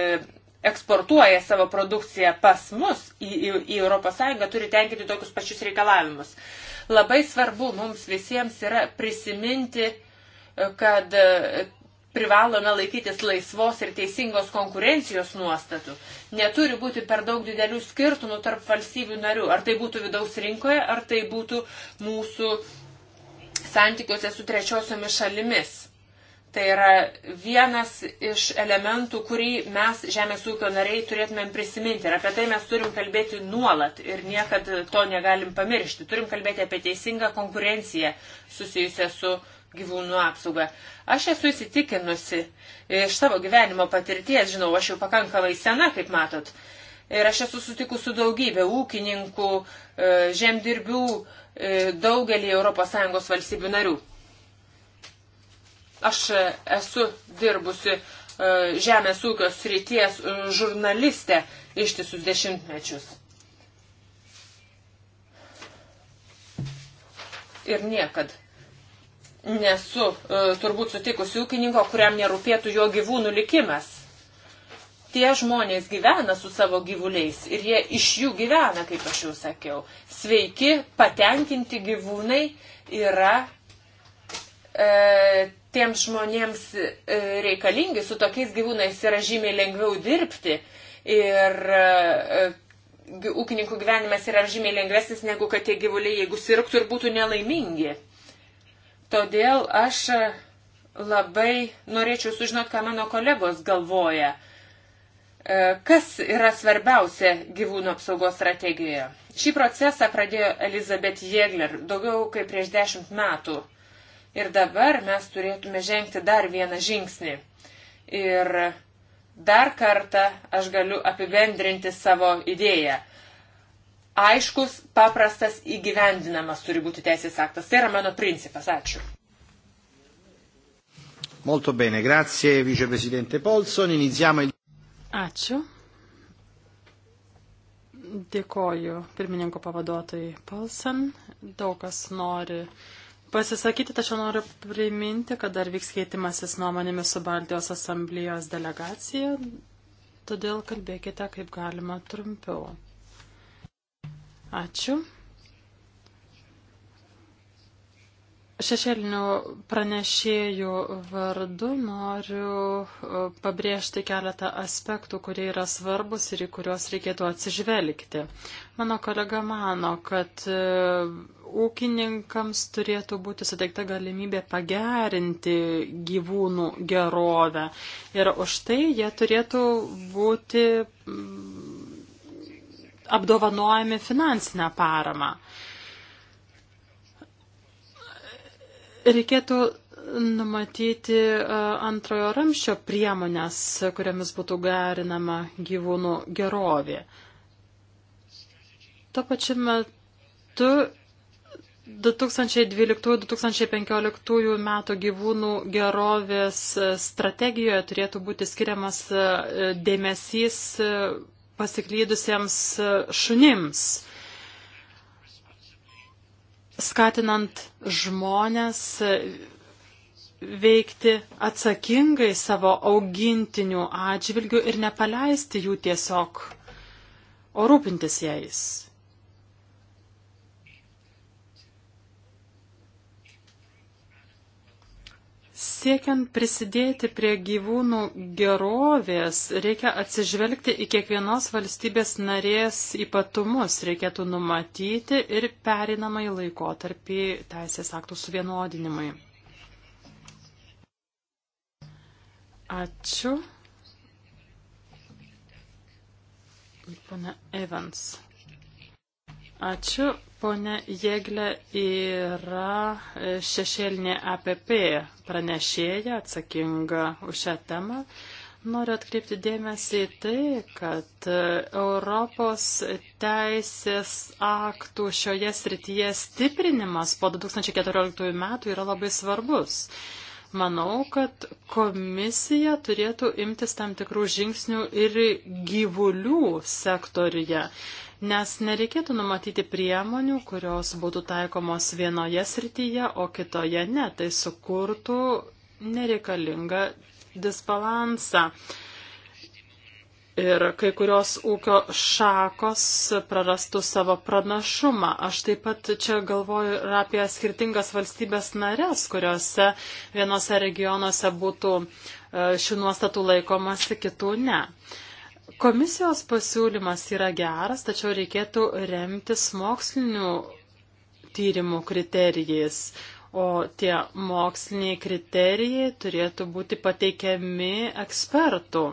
eksportuoja savo produkciją pas mus į, į, į ES, turi tenkinti tokius pačius reikalavimus. Labai svarbu mums visiems yra prisiminti, kad e, privalome laikytis laisvos ir teisingos konkurencijos nuostatų. Neturi būti per daug didelių skirtumų tarp valstybių narių. Ar tai būtų vidaus rinkoje, ar tai būtų mūsų santykiuose su trečiosiomis šalimis. Tai yra vienas iš elementų, kurį mes, žemės ūkio nariai, turėtumėm prisiminti. Ir apie tai mes turim kalbėti nuolat ir niekad to negalim pamiršti. Turim kalbėti apie teisingą konkurenciją susijusią su uh, gyvūnų apsaugą. Aš esu įsitikinusi iš savo gyvenimo patirties, žinau, aš jau pakankamai sena, kaip matot. Ir aš esu sutikus su daugybė ūkininkų, e, žemdirbių, e, daugelį ES valstybių narių. Aš e, esu dirbusi žemės ūkio srities žurnalistė ištisus dešimtmečius. Ir niekad nesu e, turbūt sutikusi ūkininko, kuriam nerūpėtų jo gyvūnų likimas. Tie žmonės gyvena su savo gyvuliais ir jie iš jų gyvena, kaip aš jau sakiau. Sveiki, patenkinti gyvūnai yra e, tiems žmonėms e, reikalingi, su tokiais gyvūnais yra žymiai lengviau dirbti ir e, e ūkininkų gyvenimas yra žymiai lengvesnis negu kad tie gyvuliai, jeigu sirgtų ir būtų nelaimingi. Todėl aš labai norėčiau sužinoti, ką mano kolegos galvoja. E, kas yra svarbiausia gyvūnų apsaugos strategijoje? Šį procesą pradėjo Elizabeth Jėgler daugiau kaip prieš dešimt metų. Ir dabar mes turėtume žengti dar vieną žingsnį. Ir dar kartą aš galiu apibendrinti savo idėją aiškus, paprastas, įgyvendinamas turi būti teisės aktas. Tai yra mano principas. Ačiū. Molto bene, grazie viceprezidente Polson. Iniziamo il... Ačiū. Dėkoju pirmininko pavaduotojai Polson. Daug kas nori pasisakyti, tačiau noriu priminti, kad dar vyks keitimasis nuomonėmis su Baltijos asamblėjos delegacija, todėl kalbėkite kaip galima trumpiau. Ačiū. Šešėlinių pranešėjų vardu noriu e, pabrėžti keletą aspektų, kurie yra svarbus ir į kuriuos reikėtų atsižvelgti. Mano kolega mano, kad e, ūkininkams turėtų būti suteikta galimybė pagerinti gyvūnų gerovę ir už tai jie turėtų būti apdovanojami finansinę paramą. Reikėtų numatyti e, antrojo ramščio priemonės, kuriamis būtų garinama gyvūnų gerovė. Tuo pačiu metu 2012-2015 metų gyvūnų gerovės strategijoje turėtų būti skiriamas e, dėmesys e, pasiklydusiems e, šunims, skatinant žmonės e, veikti atsakingai savo augintinių atžvilgių ir nepaleisti jų tiesiog, o rūpintis jais. Siekiant prisidėti prie gyvūnų gerovės, reikia atsižvelgti į kiekvienos valstybės narės ypatumus, reikėtų numatyti ir perinamai laikotarpį teisės aktų suvienodinimai. Ačiū. Pana Evans. Ačiū. Pone Jėglė yra e, šešėlinė APP pranešėja atsakinga už šią temą. Noriu atkreipti dėmesį į tai, kad e, Europos teisės aktų šioje srityje stiprinimas po 2014 metų yra labai svarbus. Manau, kad komisija turėtų imtis tam tikrų žingsnių ir gyvulių sektoriuje nes nereikėtų numatyti priemonių, kurios būtų taikomos vienoje srityje, o kitoje ne. Tai sukurtų nereikalingą disbalansą. Ir kai kurios ūkio šakos prarastų savo pranašumą. Aš taip pat čia galvoju ir apie skirtingas valstybės narės, kuriuose vienose regionuose būtų e, šių nuostatų laikomasi, kitų ne. Uh, Komisijos pasiūlymas yra geras, tačiau reikėtų remtis mokslinių tyrimų kriterijais, o tie moksliniai kriterijai turėtų būti pateikiami ekspertų.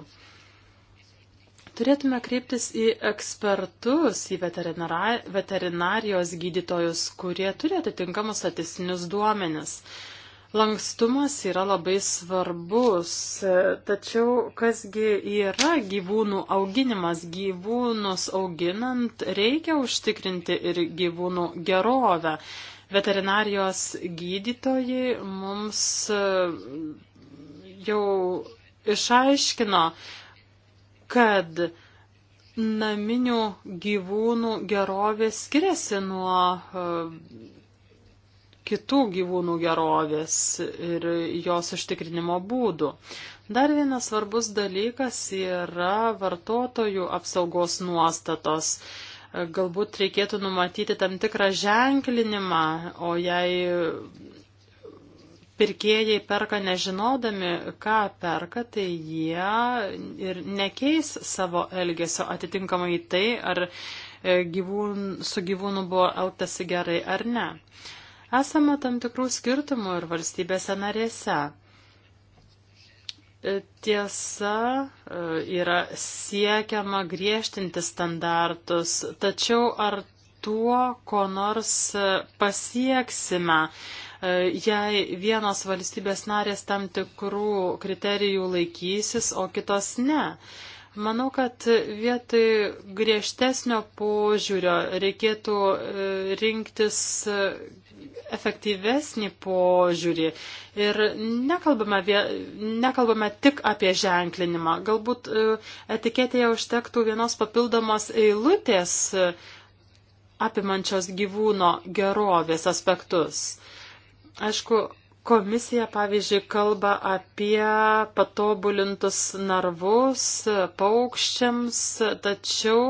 Turėtume kreiptis į ekspertus, į veterinarijos gydytojus, kurie turėtų tinkamus statistinius duomenis. Lankstumas yra labai svarbus, tačiau kasgi yra gyvūnų auginimas, gyvūnus auginant reikia užtikrinti ir gyvūnų gerovę. Veterinarijos gydytojai mums e, jau išaiškino, kad naminių gyvūnų gerovė skiriasi nuo e, kitų gyvūnų gerovės ir jos užtikrinimo būdų. Dar vienas svarbus dalykas yra vartotojų apsaugos nuostatos. Galbūt reikėtų numatyti tam tikrą ženklinimą, o jei pirkėjai perka nežinodami, ką perka, tai jie ir nekeis savo elgesio atitinkamai tai, ar e, gyvūn, su gyvūnu buvo elgtasi gerai ar ne. Uh, Esama tam tikrų skirtumų ir valstybėse narėse. E, tiesa, e, yra siekiama griežtinti standartus, tačiau ar tuo, ko nors pasieksime, e, jei vienos valstybės narės tam tikrų kriterijų laikysis, o kitos ne. Manau, kad vietoj griežtesnio požiūrio reikėtų rinktis efektyvesnį požiūrį ir nekalbame, vie, nekalbame tik apie ženklinimą. Galbūt e, etiketėje užtektų vienos papildomos eilutės e, apimančios gyvūno gerovės aspektus. Aišku, komisija, pavyzdžiui, kalba apie patobulintus narvus paukščiams, tačiau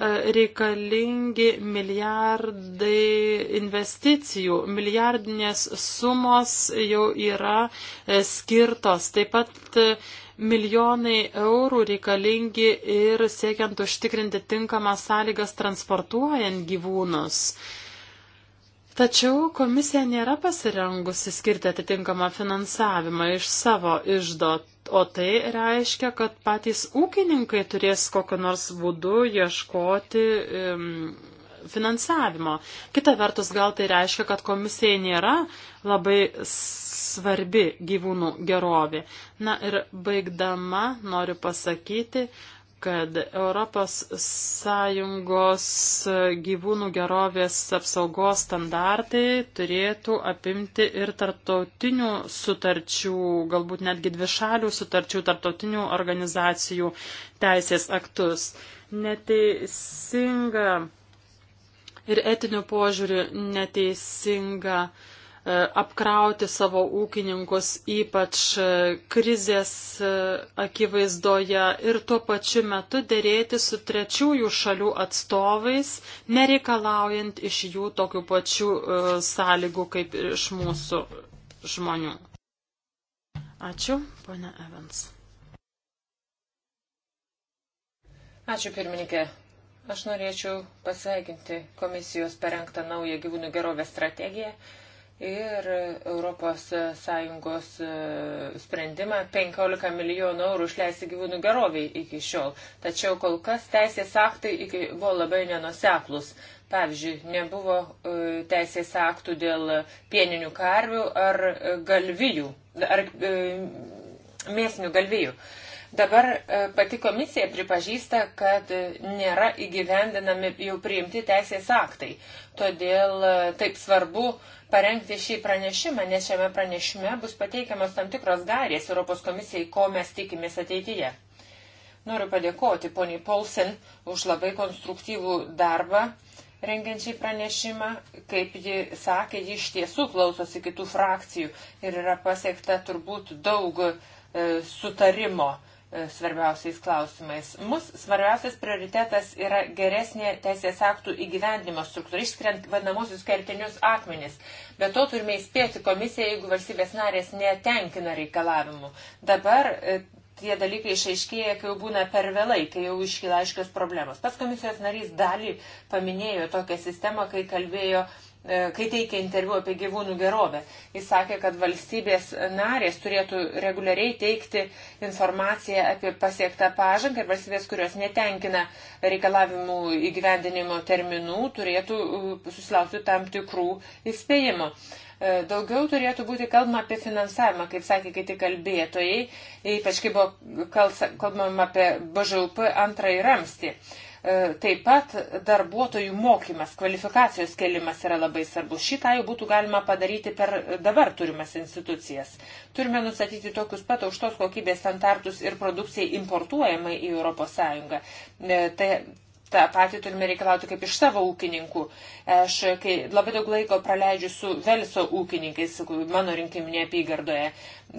reikalingi milijardai investicijų. Milijardinės sumos jau yra e, skirtos. Taip pat e, milijonai eurų reikalingi ir siekiant užtikrinti tinkamas sąlygas transportuojant gyvūnus. Tačiau komisija nėra pasirengusi skirti atitinkamą finansavimą iš savo išdo. O tai reiškia, kad patys ūkininkai turės kokiu nors būdu ieškoti um, finansavimo. Kita vertus, gal tai reiškia, kad komisijai nėra labai svarbi gyvūnų gerovė. Na ir baigdama noriu pasakyti, kad Europos Sąjungos gyvūnų gerovės apsaugos standartai turėtų apimti ir tarptautinių sutarčių, galbūt netgi dvišalių sutarčių, tarptautinių organizacijų teisės aktus. Neteisinga ir etiniu požiūriu neteisinga uh, E, apkrauti savo ūkininkus ypač e, krizės e, akivaizdoje ir tuo pačiu metu dėrėti su trečiųjų šalių atstovais, nereikalaujant iš jų tokių pačių sąlygų kaip ir iš mūsų žmonių. Ačiū, ponia Evans. Ačiū, pirmininkė. Aš norėčiau pasveikinti komisijos parengtą naują gyvūnų gerovės strategiją, ir ES e, sprendimą 15 milijonų eurų išleisti gyvūnų geroviai iki šiol. Tačiau kol kas teisės aktai iki, buvo labai nenuseklus. Pavyzdžiui, nebuvo e, teisės aktų dėl pieninių karvių ar galvijų, ar e, mėsinių galvijų. Dabar e, pati komisija pripažįsta, kad nėra įgyvendinami jau priimti teisės aktai. Todėl e, taip svarbu parengti šį pranešimą, nes šiame pranešime bus pateikiamas tam tikros garės Europos komisijai, ko mes tikimės ateityje. Noriu padėkoti poniai Polsen už labai konstruktyvų darbą rengiančiai pranešimą, kaip ji sakė, ji iš tiesų klausosi kitų frakcijų ir yra pasiekta turbūt daug e, sutarimo. E, svarbiausiais klausimais. Mus svarbiausias prioritetas yra geresnė teisės aktų įgyvendimo struktūra, išskiriant vadinamosius kertinius akmenis. Be to turime įspėti komisiją, jeigu valstybės narės netenkina reikalavimų. Dabar e, tie dalykai išaiškėja, kai jau būna per vėlai, kai jau iškyla aiškios problemos. Pats komisijos narys dalį paminėjo tokią sistemą, kai kalbėjo E, kai teikė interviu apie gyvūnų gerovę. Jis sakė, kad valstybės narės turėtų reguliariai teikti informaciją apie pasiektą pažangą ir valstybės, kurios netenkina reikalavimų įgyvendinimo terminų, turėtų susilaukti tam tikrų įspėjimų. E, daugiau turėtų būti kalbama apie finansavimą, kaip sakė kiti kalbėtojai, ypač kai buvo kalbama apie BŽUP antrąjį ramstį. E, taip pat darbuotojų mokymas, kvalifikacijos kelimas yra labai svarbus. Šitą jau būtų galima padaryti per dabar turimas institucijas. Turime nustatyti tokius pat aukštos kokybės standartus ir produkcijai importuojamai į ES. E, tai tą patį turime reikalauti kaip iš savo ūkininkų. Aš kai labai daug laiko praleidžiu su Velso ūkininkais, mano rinkiminėje apygardoje,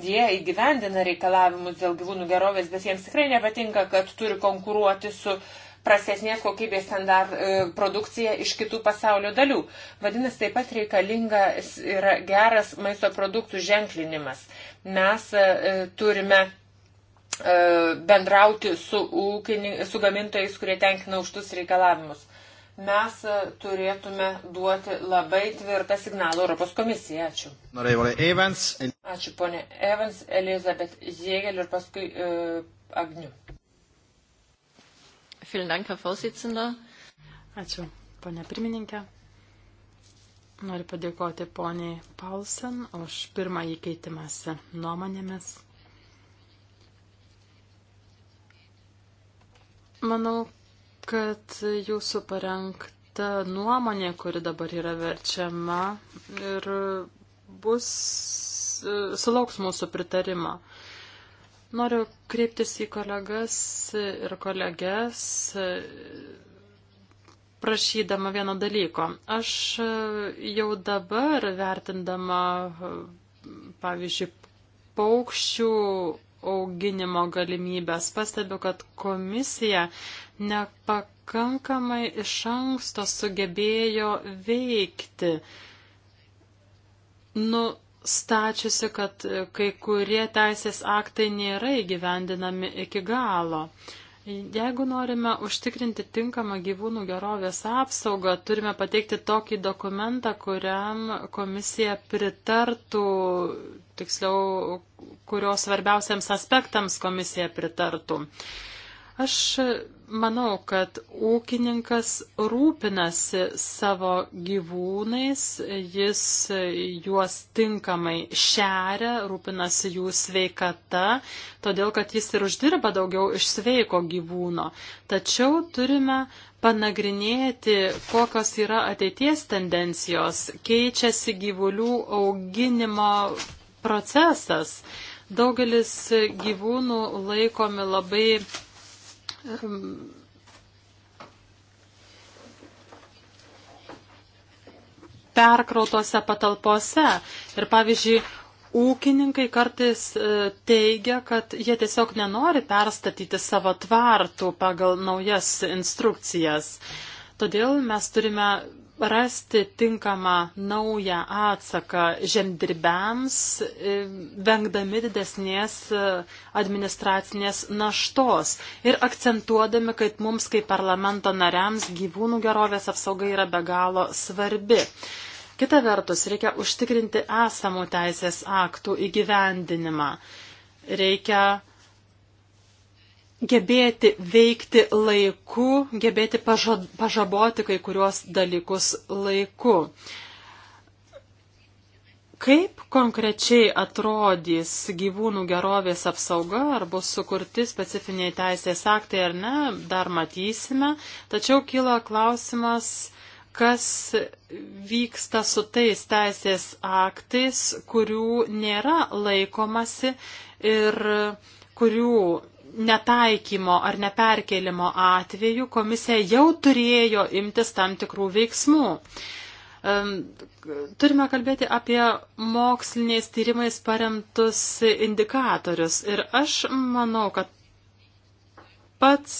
jie įgyvendina reikalavimus dėl gyvūnų gerovės, bet jiems tikrai nepatinka, kad turi konkuruoti su uh, prastesnės kokybės standart, e, produkciją iš kitų pasaulio dalių. Vadinasi, taip pat reikalingas yra geras maisto produktų ženklinimas. Mes e, turime e, bendrauti su, ūkini, su gamintojais, kurie tenkina užtus reikalavimus. Mes turėtume duoti labai tvirtą signalą Europos komisijai. Ačiū. Ačiū, ponė Evans, Elizabeth Jėgel ir paskui uh, Agniu. Vielen Dank, Herr Vorsitzender. Ačiū, ponia pirmininkė. Noriu padėkoti poniai Paulsen už pirmąjį keitimąsi nuomonėmis. Manau, kad jūsų parengta nuomonė, kuri dabar yra verčiama ir bus, e, sulauks mūsų pritarimą. Noriu kreiptis į kolegas ir kolegės, prašydama vieno dalyko. Aš jau dabar vertindama, pavyzdžiui, paukščių auginimo galimybės. Pastebiu, kad komisija nepakankamai iš anksto sugebėjo veikti. Nu, stačiusi, kad e, kai kurie teisės aktai nėra įgyvendinami iki galo. Jeigu norime užtikrinti tinkamą gyvūnų gerovės apsaugą, turime pateikti tokį dokumentą, kuriam komisija pritartų, tiksliau, kurios svarbiausiams aspektams komisija pritartų. Uh, Aš manau, kad ūkininkas rūpinasi savo gyvūnais, jis juos tinkamai šeria, rūpinasi jų sveikata, todėl kad jis ir uždirba daugiau iš sveiko gyvūno. Tačiau turime panagrinėti, kokios yra ateities tendencijos, keičiasi gyvulių auginimo procesas. Daugelis gyvūnų laikomi labai perkrautose patalpose. Ir pavyzdžiui, ūkininkai kartais e, teigia, kad jie tiesiog nenori perstatyti savo tvartų pagal naujas instrukcijas. Todėl mes turime rasti tinkamą naują atsaką žemdirbiams, e, vengdami didesnės e, administracinės naštos ir akcentuodami, kad mums kaip parlamento nariams gyvūnų gerovės apsauga yra be galo svarbi. Kita vertus, reikia užtikrinti esamų teisės aktų įgyvendinimą. Reikia gebėti veikti laiku, gebėti pažaboti kai kuriuos dalykus laiku. Kaip konkrečiai atrodys gyvūnų gerovės apsauga, ar bus sukurti specifiniai teisės aktai ar ne, dar matysime. Tačiau kyla klausimas, kas vyksta su tais teisės aktais, kurių nėra laikomasi ir kurių netaikymo ar neperkelimo atveju komisija jau turėjo imtis tam tikrų veiksmų. Turime kalbėti apie moksliniais tyrimais paremtus indikatorius. Ir aš manau, kad pats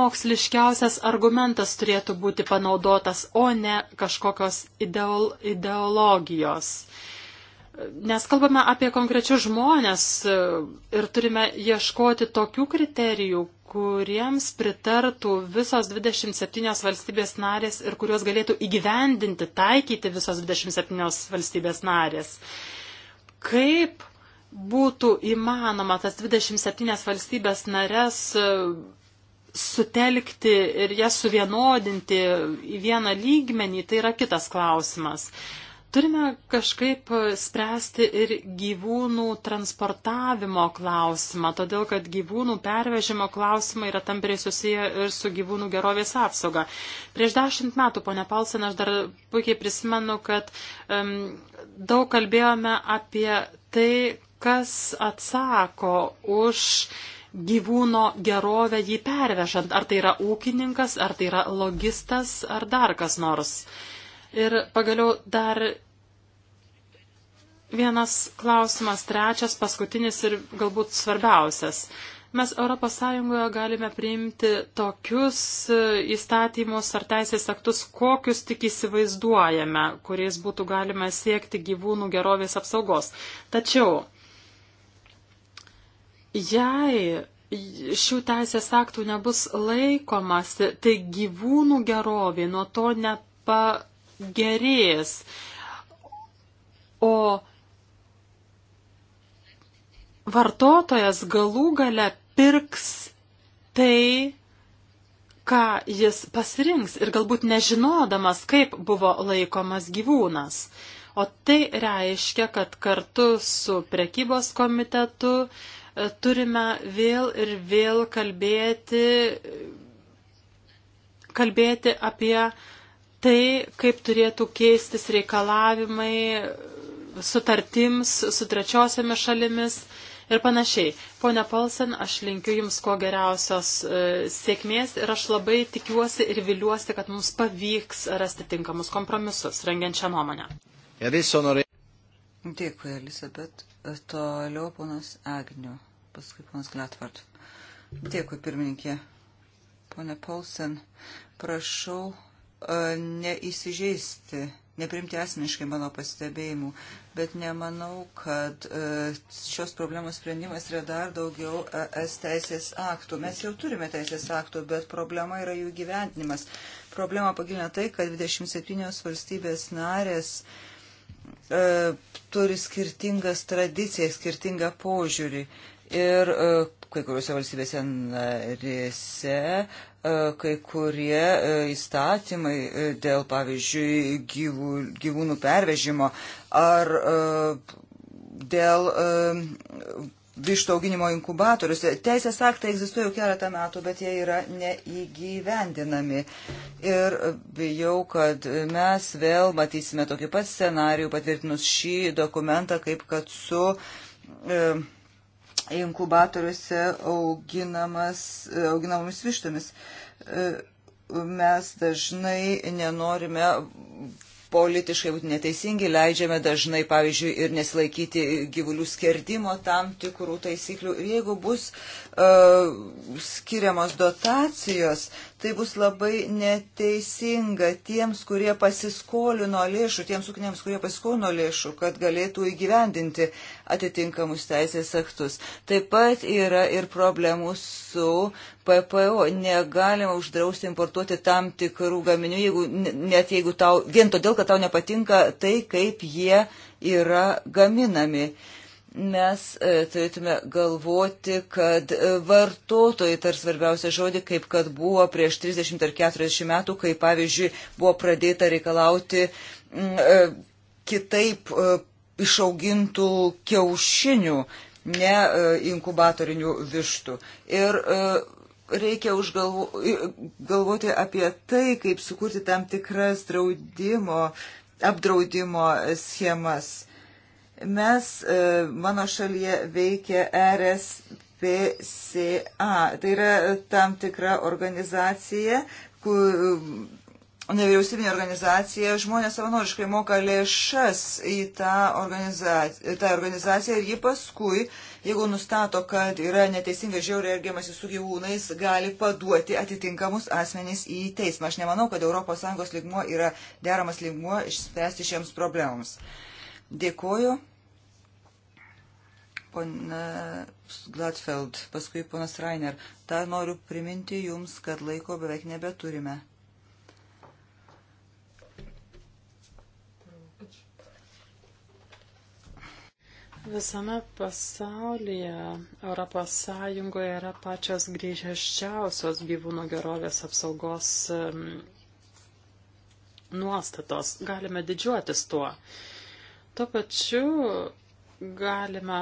moksliškiausias argumentas turėtų būti panaudotas, o ne kažkokios ideol ideologijos. Uh, Nes kalbame apie konkrečius žmonės e, ir turime ieškoti tokių kriterijų, kuriems pritartų visos 27 valstybės narės ir kuriuos galėtų įgyvendinti, taikyti visos 27 valstybės narės. Kaip būtų įmanoma tas 27 valstybės narės e, sutelkti ir jas suvienodinti į vieną lygmenį, tai yra kitas klausimas. Turime kažkaip spręsti ir gyvūnų transportavimo klausimą, todėl kad gyvūnų pervežimo klausimai yra tampriai susiję ir su gyvūnų gerovės apsauga. Prieš dešimt metų, ponia Palsen, aš dar puikiai prisimenu, kad um, daug kalbėjome apie tai, kas atsako už gyvūno gerovę jį pervežant. Ar tai yra ūkininkas, ar tai yra logistas, ar dar kas nors. Uh, Ir pagaliau dar vienas klausimas, trečias, paskutinis ir galbūt svarbiausias. Mes ES galime priimti tokius e, įstatymus ar teisės aktus, kokius tik įsivaizduojame, kuriais būtų galima siekti gyvūnų gerovės apsaugos. Tačiau, jei šių teisės aktų nebus laikomasi, tai gyvūnų gerovė nuo to nepa, gerės. O vartotojas galų gale pirks tai, ką jis pasirinks ir galbūt nežinodamas, kaip buvo laikomas gyvūnas. O tai reiškia, kad kartu su prekybos komitetu e, turime vėl ir vėl kalbėti, kalbėti apie uh, tai, kaip turėtų keistis reikalavimai sutartims su trečiosiamis šalimis ir panašiai. Pone Polsen, aš linkiu Jums kuo geriausios e, sėkmės ir aš labai tikiuosi ir viliuosi, kad mums pavyks rasti tinkamus kompromisus, rengiant šią nuomonę. E Dėkui, Elisabet. E, toliau ponas Agniu, paskui ponas Glatvart. Dėkui, pirmininkė. Pone Polsen, prašau E, neįsižeisti, neprimti asmeniškai mano pastebėjimų, bet nemanau, kad e, šios problemos sprendimas yra dar daugiau es teisės aktų. Mes jau turime teisės aktų, bet problema yra jų gyventinimas. Problema pagilina tai, kad 27 valstybės narės e, turi skirtingas tradicijas, skirtingą požiūrį. Ir e, kai kuriuose valstybėse narėse E, kai kurie e, įstatymai e, dėl, pavyzdžiui, gyvų, gyvūnų pervežimo ar dėl vištų auginimo inkubatorius. Teisės aktai egzistuoja jau keletą metų, bet jie yra neįgyvendinami. Ir bijau, kad mes vėl matysime tokį pat scenarijų patvirtinus šį dokumentą, kaip kad su. E, inkubatoriuose e, auginamomis vištomis. E, mes dažnai nenorime politiškai būti neteisingi, leidžiame dažnai, pavyzdžiui, ir nesilaikyti gyvulių skerdimo tam tikrų taisyklių. Ir jeigu bus uh, skiriamos dotacijos, Tai bus labai neteisinga tiems, kurie pasiskolino lėšų, tiems ūkiniams, kurie pasiskolino lėšų, kad galėtų įgyvendinti atitinkamus teisės aktus. Taip pat yra ir problemų su PPO. Negalima uždrausti importuoti tam tikrų gaminių, jeigu, net jeigu tau, vien todėl, kad tau nepatinka tai, kaip jie yra gaminami. Uh, mes e, turėtume galvoti, kad e, vartotojai tar svarbiausia žodį, kaip kad buvo prieš 30 ar 40 metų, kai pavyzdžiui buvo pradėta reikalauti mm, e, kitaip išaugintų kiaušinių, ne inkubatorinių vištų. Ir reikia užgalvo, galvoti apie tai, kaip sukurti tam tikras draudimo, apdraudimo schemas Mes e, mano šalyje veikia RSPCA. Tai yra tam tikra organizacija, kur nevyriausybinė organizacija, žmonės savanoriškai moka lėšas į tą organizaciją, tą organizaciją ir ji paskui, jeigu nustato, kad yra neteisingai žiauriai elgiamasi su gyvūnais, gali paduoti atitinkamus asmenys į teismą. Aš nemanau, kad ES lygmuo yra deramas lygmuo išspręsti šiems problemams. Dėkuoju. Pone Gladfeld, paskui ponas Rainer. Dar noriu priminti jums, kad laiko beveik nebeturime. Visame pasaulyje Europos Sąjungoje yra pačios grįžėščiausios gyvūnų gerovės apsaugos nuostatos. Galime didžiuotis tuo. Tuo pačiu galime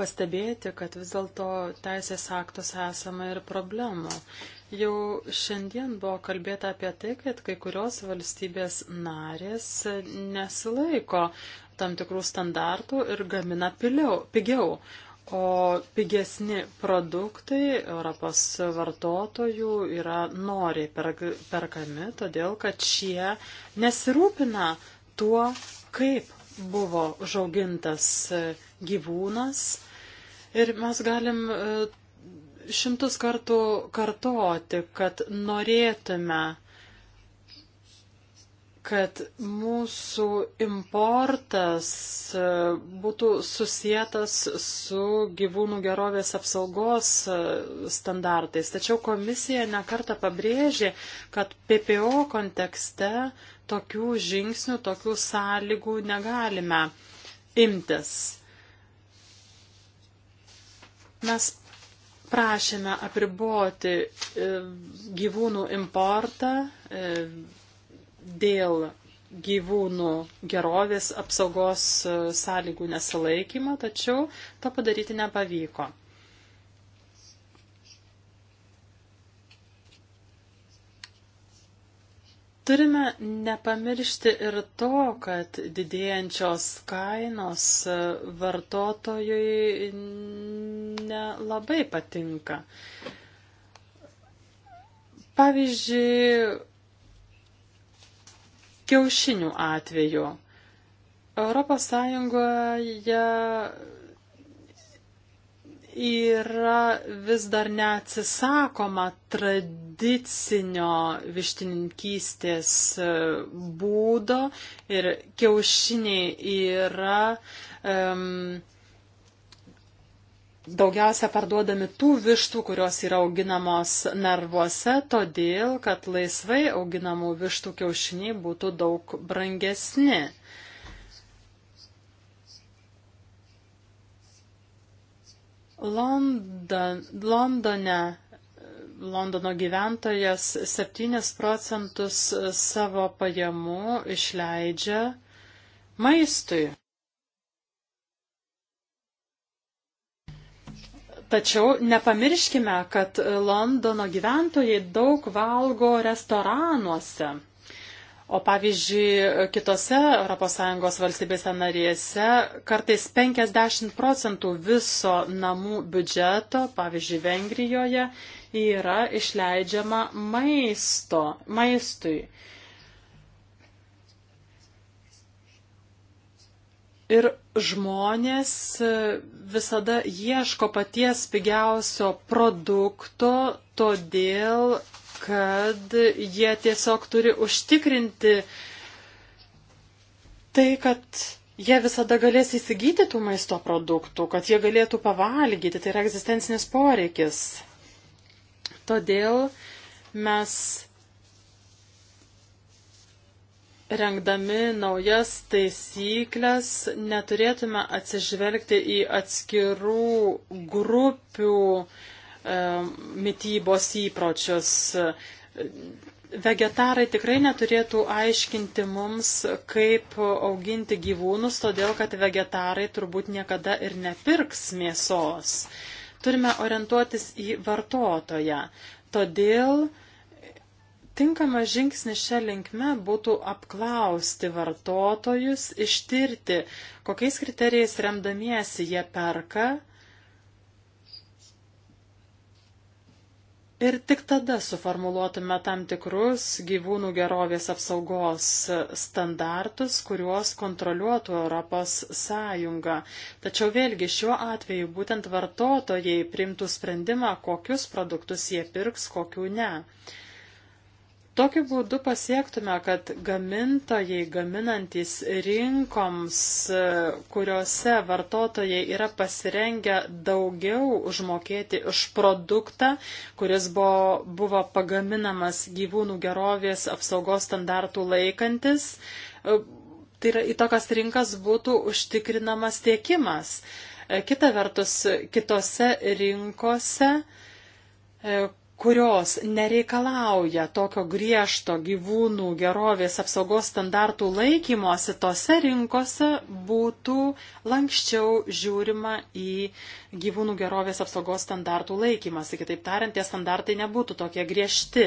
pastebėti, kad vis dėlto teisės aktos esama ir problemų. Jau šiandien buvo kalbėta apie tai, kad kai kurios valstybės narės nesilaiko tam tikrų standartų ir gamina piliau, pigiau. O pigesni produktai Europos vartotojų yra noriai perkami, todėl kad šie nesirūpina tuo, kaip buvo žaugintas gyvūnas Ir mes galim e, šimtus kartų kartoti, kad norėtume, kad mūsų importas e, būtų susijęs su gyvūnų gerovės apsaugos e, standartais. Tačiau komisija nekarta pabrėžė, kad PPO kontekste tokių žingsnių, tokių sąlygų negalime imtis. Mes prašėme apriboti e, gyvūnų importą e, dėl gyvūnų gerovės apsaugos e, sąlygų nesilaikymą, tačiau to padaryti nepavyko. Turime nepamiršti ir to, kad didėjančios kainos e, vartotojui nelabai patinka. Pavyzdžiui, kiaušinių atveju. Europos Sąjungoje yra vis dar neatsisakoma tradicinio vištininkystės e, būdo ir kiaušiniai yra um, daugiausia parduodami tų vištų, kurios yra auginamos narvuose, todėl kad laisvai auginamų vištų kiaušiniai būtų daug brangesni. London, Londone Londono gyventojas 7 procentus savo pajamų išleidžia maistui. Tačiau nepamirškime, kad Londono gyventojai daug valgo restoranuose. O pavyzdžiui, kitose ES valstybėse narėse kartais 50 procentų viso namų biudžeto, pavyzdžiui, Vengrijoje, yra išleidžiama maisto, maistui. Ir žmonės visada ieško paties pigiausio produkto, todėl kad jie tiesiog turi užtikrinti tai, kad jie visada galės įsigyti tų maisto produktų, kad jie galėtų pavalgyti, tai yra egzistencinis poreikis. Todėl mes rengdami naujas taisyklės neturėtume atsižvelgti į atskirų grupių uh, E, mytybos įpročius. Vegetarai tikrai neturėtų aiškinti mums, kaip auginti gyvūnus, todėl kad vegetarai turbūt niekada ir nepirks mėsos. Turime orientuotis į vartotoją. Todėl tinkamas žingsnis šią linkme būtų apklausti vartotojus, ištirti, kokiais kriterijais remdamiesi jie perka Ir tik tada suformuluotume tam tikrus gyvūnų gerovės apsaugos standartus, kuriuos kontroliuotų Europos Sąjunga. Tačiau vėlgi šiuo atveju būtent vartotojai primtų sprendimą, kokius produktus jie pirks, kokių ne. Tokiu būdu pasiektume, kad gamintojai gaminantis rinkoms, kuriuose vartotojai yra pasirengę daugiau užmokėti už produktą, kuris buvo, buvo pagaminamas gyvūnų gerovės apsaugos standartų laikantis, tai yra į tokias rinkas būtų užtikrinamas tiekimas. Kita vertus, kitose rinkose kurios nereikalauja tokio griežto gyvūnų gerovės apsaugos standartų laikymosi, tose rinkose būtų lankščiau žiūrima į gyvūnų gerovės apsaugos standartų laikymasi. Kitaip tariant, tie standartai nebūtų tokie griežti.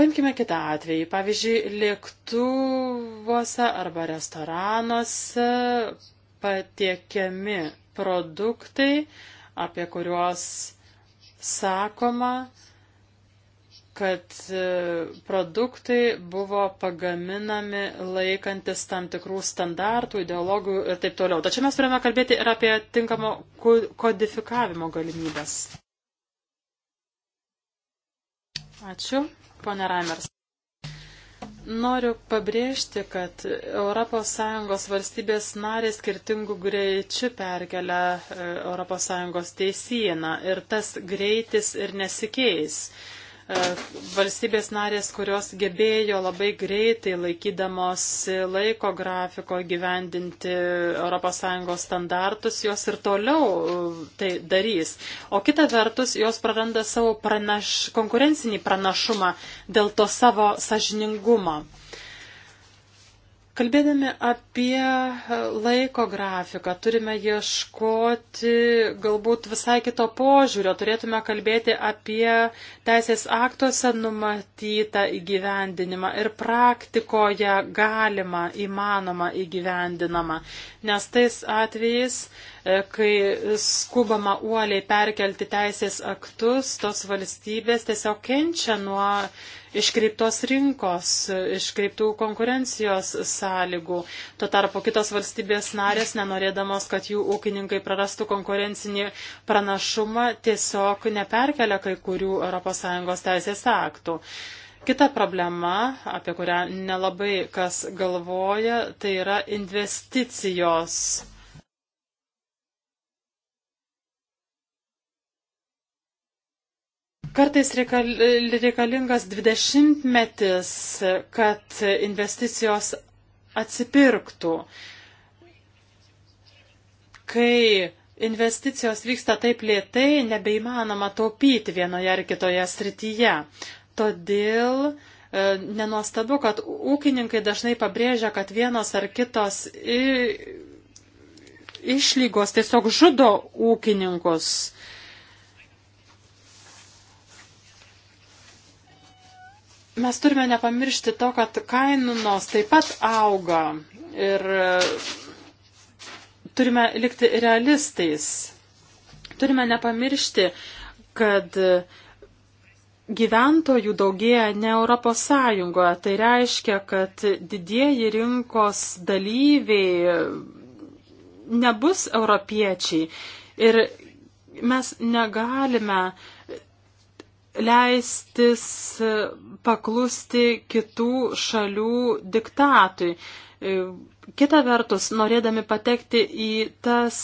Paimkime kitą atvejį. Pavyzdžiui, lėktuvuose arba restoranuose patiekiami produktai, apie kuriuos sakoma, kad e, produktai buvo pagaminami laikantis tam tikrų standartų, ideologų ir taip toliau. Tačiau mes turime kalbėti ir apie tinkamo kodifikavimo galimybės. Ačiū, ponė Raimers. Noriu pabrėžti, kad ES valstybės narės skirtingų greičių perkelia e, ES teisyną ir tas greitis ir nesikeis. E, valstybės narės, kurios gebėjo labai greitai laikydamos laiko grafiko gyvendinti ES standartus, jos ir toliau e, tai darys. O kita vertus, jos praranda savo pranaš, konkurencinį pranašumą dėl to savo sažiningumo. Kalbėdami apie laiko grafiką, turime ieškoti galbūt visai kito požiūrio, turėtume kalbėti apie teisės aktuose numatytą įgyvendinimą ir praktikoje galimą, įmanomą įgyvendinamą, nes tais atvejais E, kai skubama uoliai perkelti teisės aktus, tos valstybės tiesiog kenčia nuo iškreiptos rinkos, iškreiptų konkurencijos sąlygų. Tuo tarpu kitos valstybės narės, nenorėdamos, kad jų ūkininkai prarastų konkurencinį pranašumą, tiesiog neperkelia kai kurių ES teisės aktų. Kita problema, apie kurią nelabai kas galvoja, tai yra investicijos Kartais reikalingas 20 metis, kad investicijos atsipirktų. Kai investicijos vyksta taip lėtai, nebeįmanoma taupyti vienoje ar kitoje srityje. Todėl e, nenuostabu, kad ūkininkai dažnai pabrėžia, kad vienos ar kitos išlygos tiesiog žudo ūkininkus. mes turime nepamiršti to, kad kainos taip pat auga ir e, turime likti realistais. Turime nepamiršti, kad gyventojų daugėja ne Europos Sąjungoje. Tai reiškia, kad didieji rinkos dalyviai nebus europiečiai. Ir mes negalime uh, leistis e, paklusti kitų šalių diktatui. E, kita vertus, norėdami patekti į tas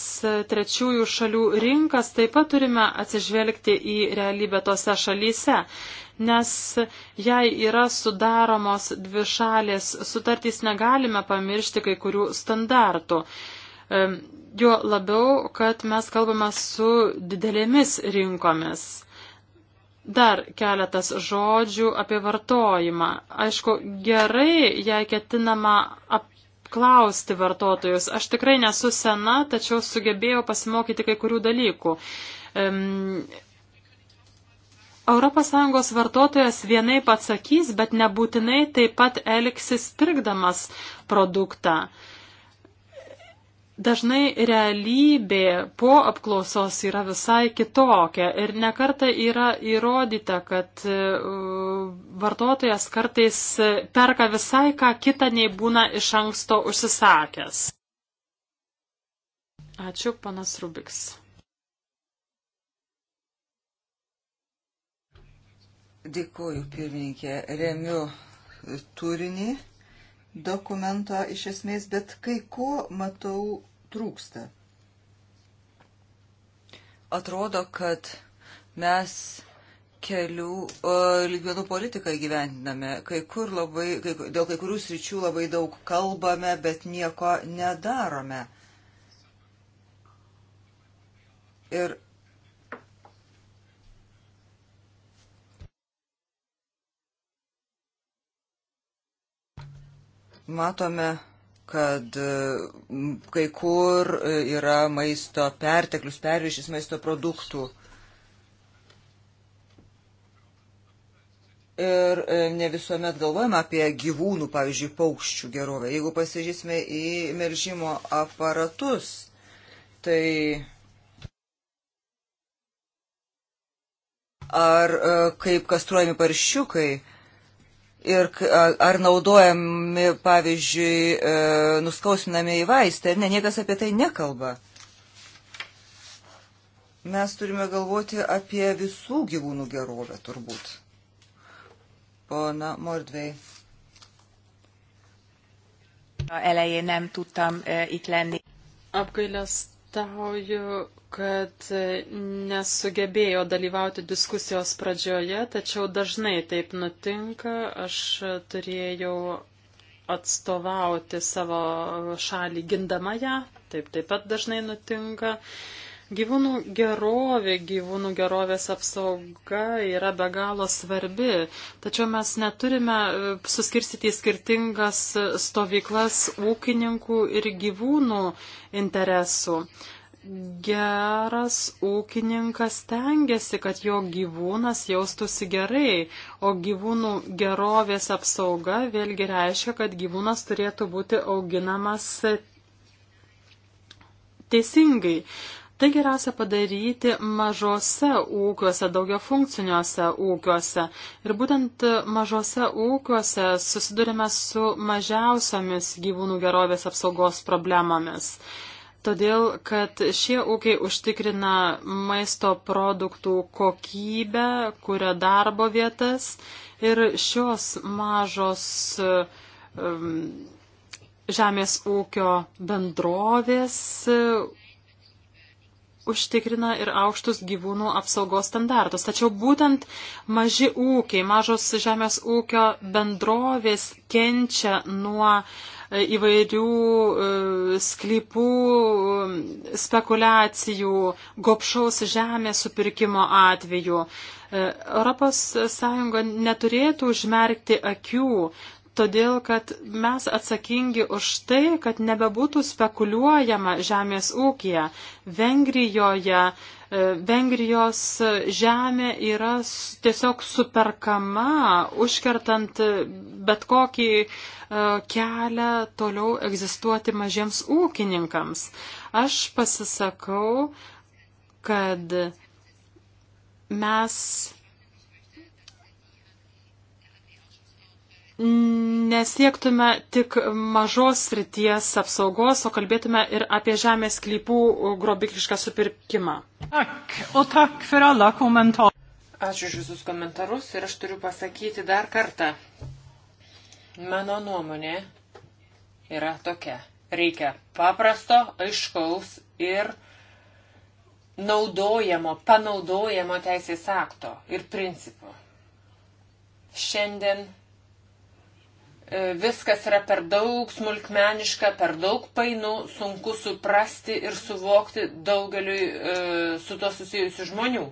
trečiųjų šalių rinkas, taip pat turime atsižvelgti į realybę tose šalyse, nes jei yra sudaromos dvi šalės sutartys, negalime pamiršti kai kurių standartų. E, jo labiau, kad mes kalbame su didelėmis rinkomis. Dar keletas žodžių apie vartojimą. Aišku, gerai, jei ketinama apklausti vartotojus. Aš tikrai nesu sena, tačiau sugebėjau pasimokyti kai kurių dalykų. Um, ES vartotojas vienai pats sakys, bet nebūtinai taip pat elgsis pirkdamas produktą. Uh, Dažnai realybė po apklausos yra visai kitokia ir nekarta yra įrodyta, kad e, vartotojas kartais perka visai ką kitą nei būna iš anksto užsisakęs. Ačiū, panas Rubiks. Dėkuoju, pirmininkė. Remiu turinį dokumento iš esmės, bet kai ko matau trūksta. Atrodo, kad mes kelių lygmenų politiką įgyvendiname. Kai kur labai, kai, dėl kai kurių sričių labai daug kalbame, bet nieko nedarome. Ir Matome, kad e, kai kur e, yra maisto perteklius, pervišis maisto produktų. ir e, ne visuomet galvojame apie gyvūnų, pavyzdžiui, paukščių gerovę. Jeigu pasižiūrėsime į melžimo aparatus, tai ar kaip kastruojami paršiukai, ir ar naudojami, pavyzdžiui, e, nuskausminami į vaistą, ar ne, niekas apie tai nekalba. Mes turime galvoti apie visų gyvūnų gerovę, turbūt. Pona Mordvei. Elején nem tudtam e, itt lenni. Apgailas apgailestauju, kad nesugebėjo dalyvauti diskusijos pradžioje, tačiau dažnai taip nutinka. Aš turėjau atstovauti savo šalį gindama ją, taip taip pat dažnai nutinka. Uh, Gyvūnų gerovė, gyvūnų gerovės apsauga yra be galo svarbi, tačiau mes neturime e, suskirstyti į skirtingas e, stovyklas ūkininkų ir gyvūnų interesų. Geras ūkininkas tengiasi, kad jo gyvūnas jaustųsi gerai, o gyvūnų gerovės apsauga vėlgi reiškia, kad gyvūnas turėtų būti auginamas teisingai. Tai geriausia padaryti mažose ūkiuose, daugiafunkciniuose ūkiuose. Ir būtent mažose ūkiuose susidurime su mažiausiamis gyvūnų gerovės apsaugos problemomis. Todėl, kad šie ūkiai užtikrina maisto produktų kokybę, kuria darbo vietas ir šios mažos um, žemės ūkio bendrovės užtikrina ir aukštus gyvūnų apsaugos standartus. Tačiau būtent maži ūkiai, mažos žemės ūkio bendrovės kenčia nuo e, įvairių e, sklypų, e, spekulacijų, gopšaus žemės supirkimo atveju. ES neturėtų užmerkti akių todėl kad mes atsakingi už tai, kad nebebūtų spekuliuojama žemės ūkija. Vengrijoje, e, Vengrijos žemė yra tiesiog superkama, užkertant bet kokį e, kelią toliau egzistuoti mažiems ūkininkams. Aš pasisakau, kad mes nesiektume tik mažos srities apsaugos, o kalbėtume ir apie žemės klypų grobikišką supirkimą. Ak, o tak for alla komentar. Ačiū už visus komentarus ir aš turiu pasakyti dar kartą. Mano nuomonė yra tokia. Reikia paprasto, aiškaus ir naudojamo, panaudojamo teisės akto ir principų. Šiandien E, viskas yra per daug smulkmeniška, per daug painu, sunku suprasti ir suvokti daugeliui e, su to susijusių žmonių.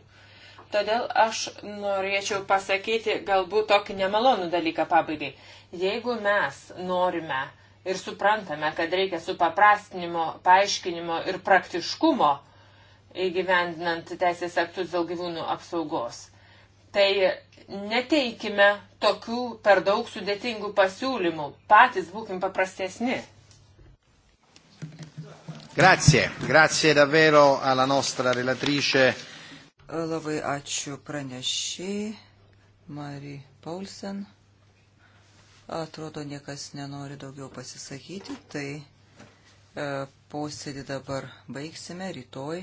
Todėl aš norėčiau pasakyti galbūt tokį nemalonų dalyką pabaigai. Jeigu mes norime ir suprantame, kad reikia supaprastinimo, paaiškinimo ir praktiškumo įgyvendinant teisės aktus dėl gyvūnų apsaugos, tai neteikime tokių per daug sudėtingų pasiūlymų. Patys būkim paprastesni. Grazie, grazie davvero alla nostra relatrice. Labai ačiū pranešiai, Mari Paulsen. Atrodo, niekas nenori daugiau pasisakyti, tai e, posėdį dabar baigsime, rytoj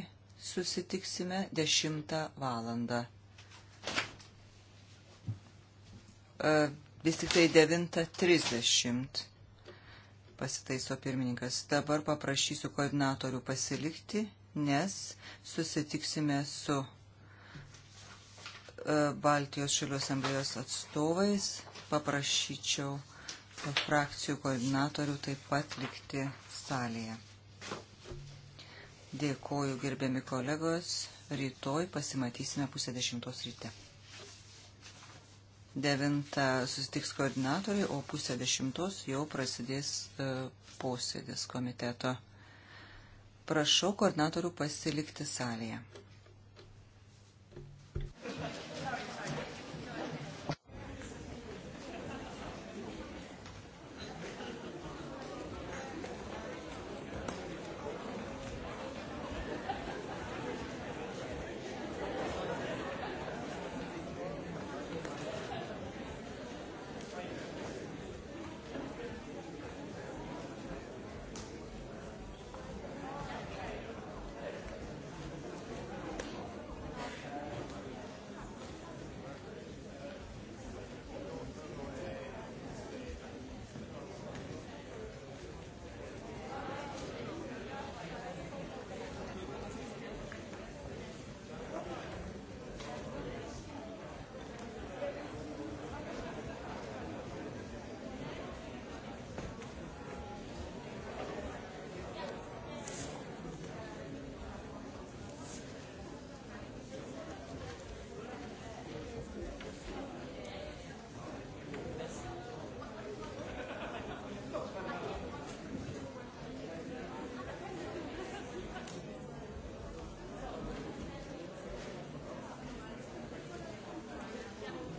susitiksime 10 valandą vis tik tai 9.30 pasitaiso pirmininkas. Dabar paprašysiu koordinatorių pasilikti, nes susitiksime su Baltijos šalių asamblėjos atstovais. Paprašyčiau frakcijų koordinatorių taip pat likti salėje. Dėkoju gerbiami kolegos. Rytoj pasimatysime pusę dešimtos ryte. Devinta susitiks koordinatoriai, o pusę dešimtos jau prasidės e, posėdis komiteto. Prašau koordinatorių pasilikti salėje.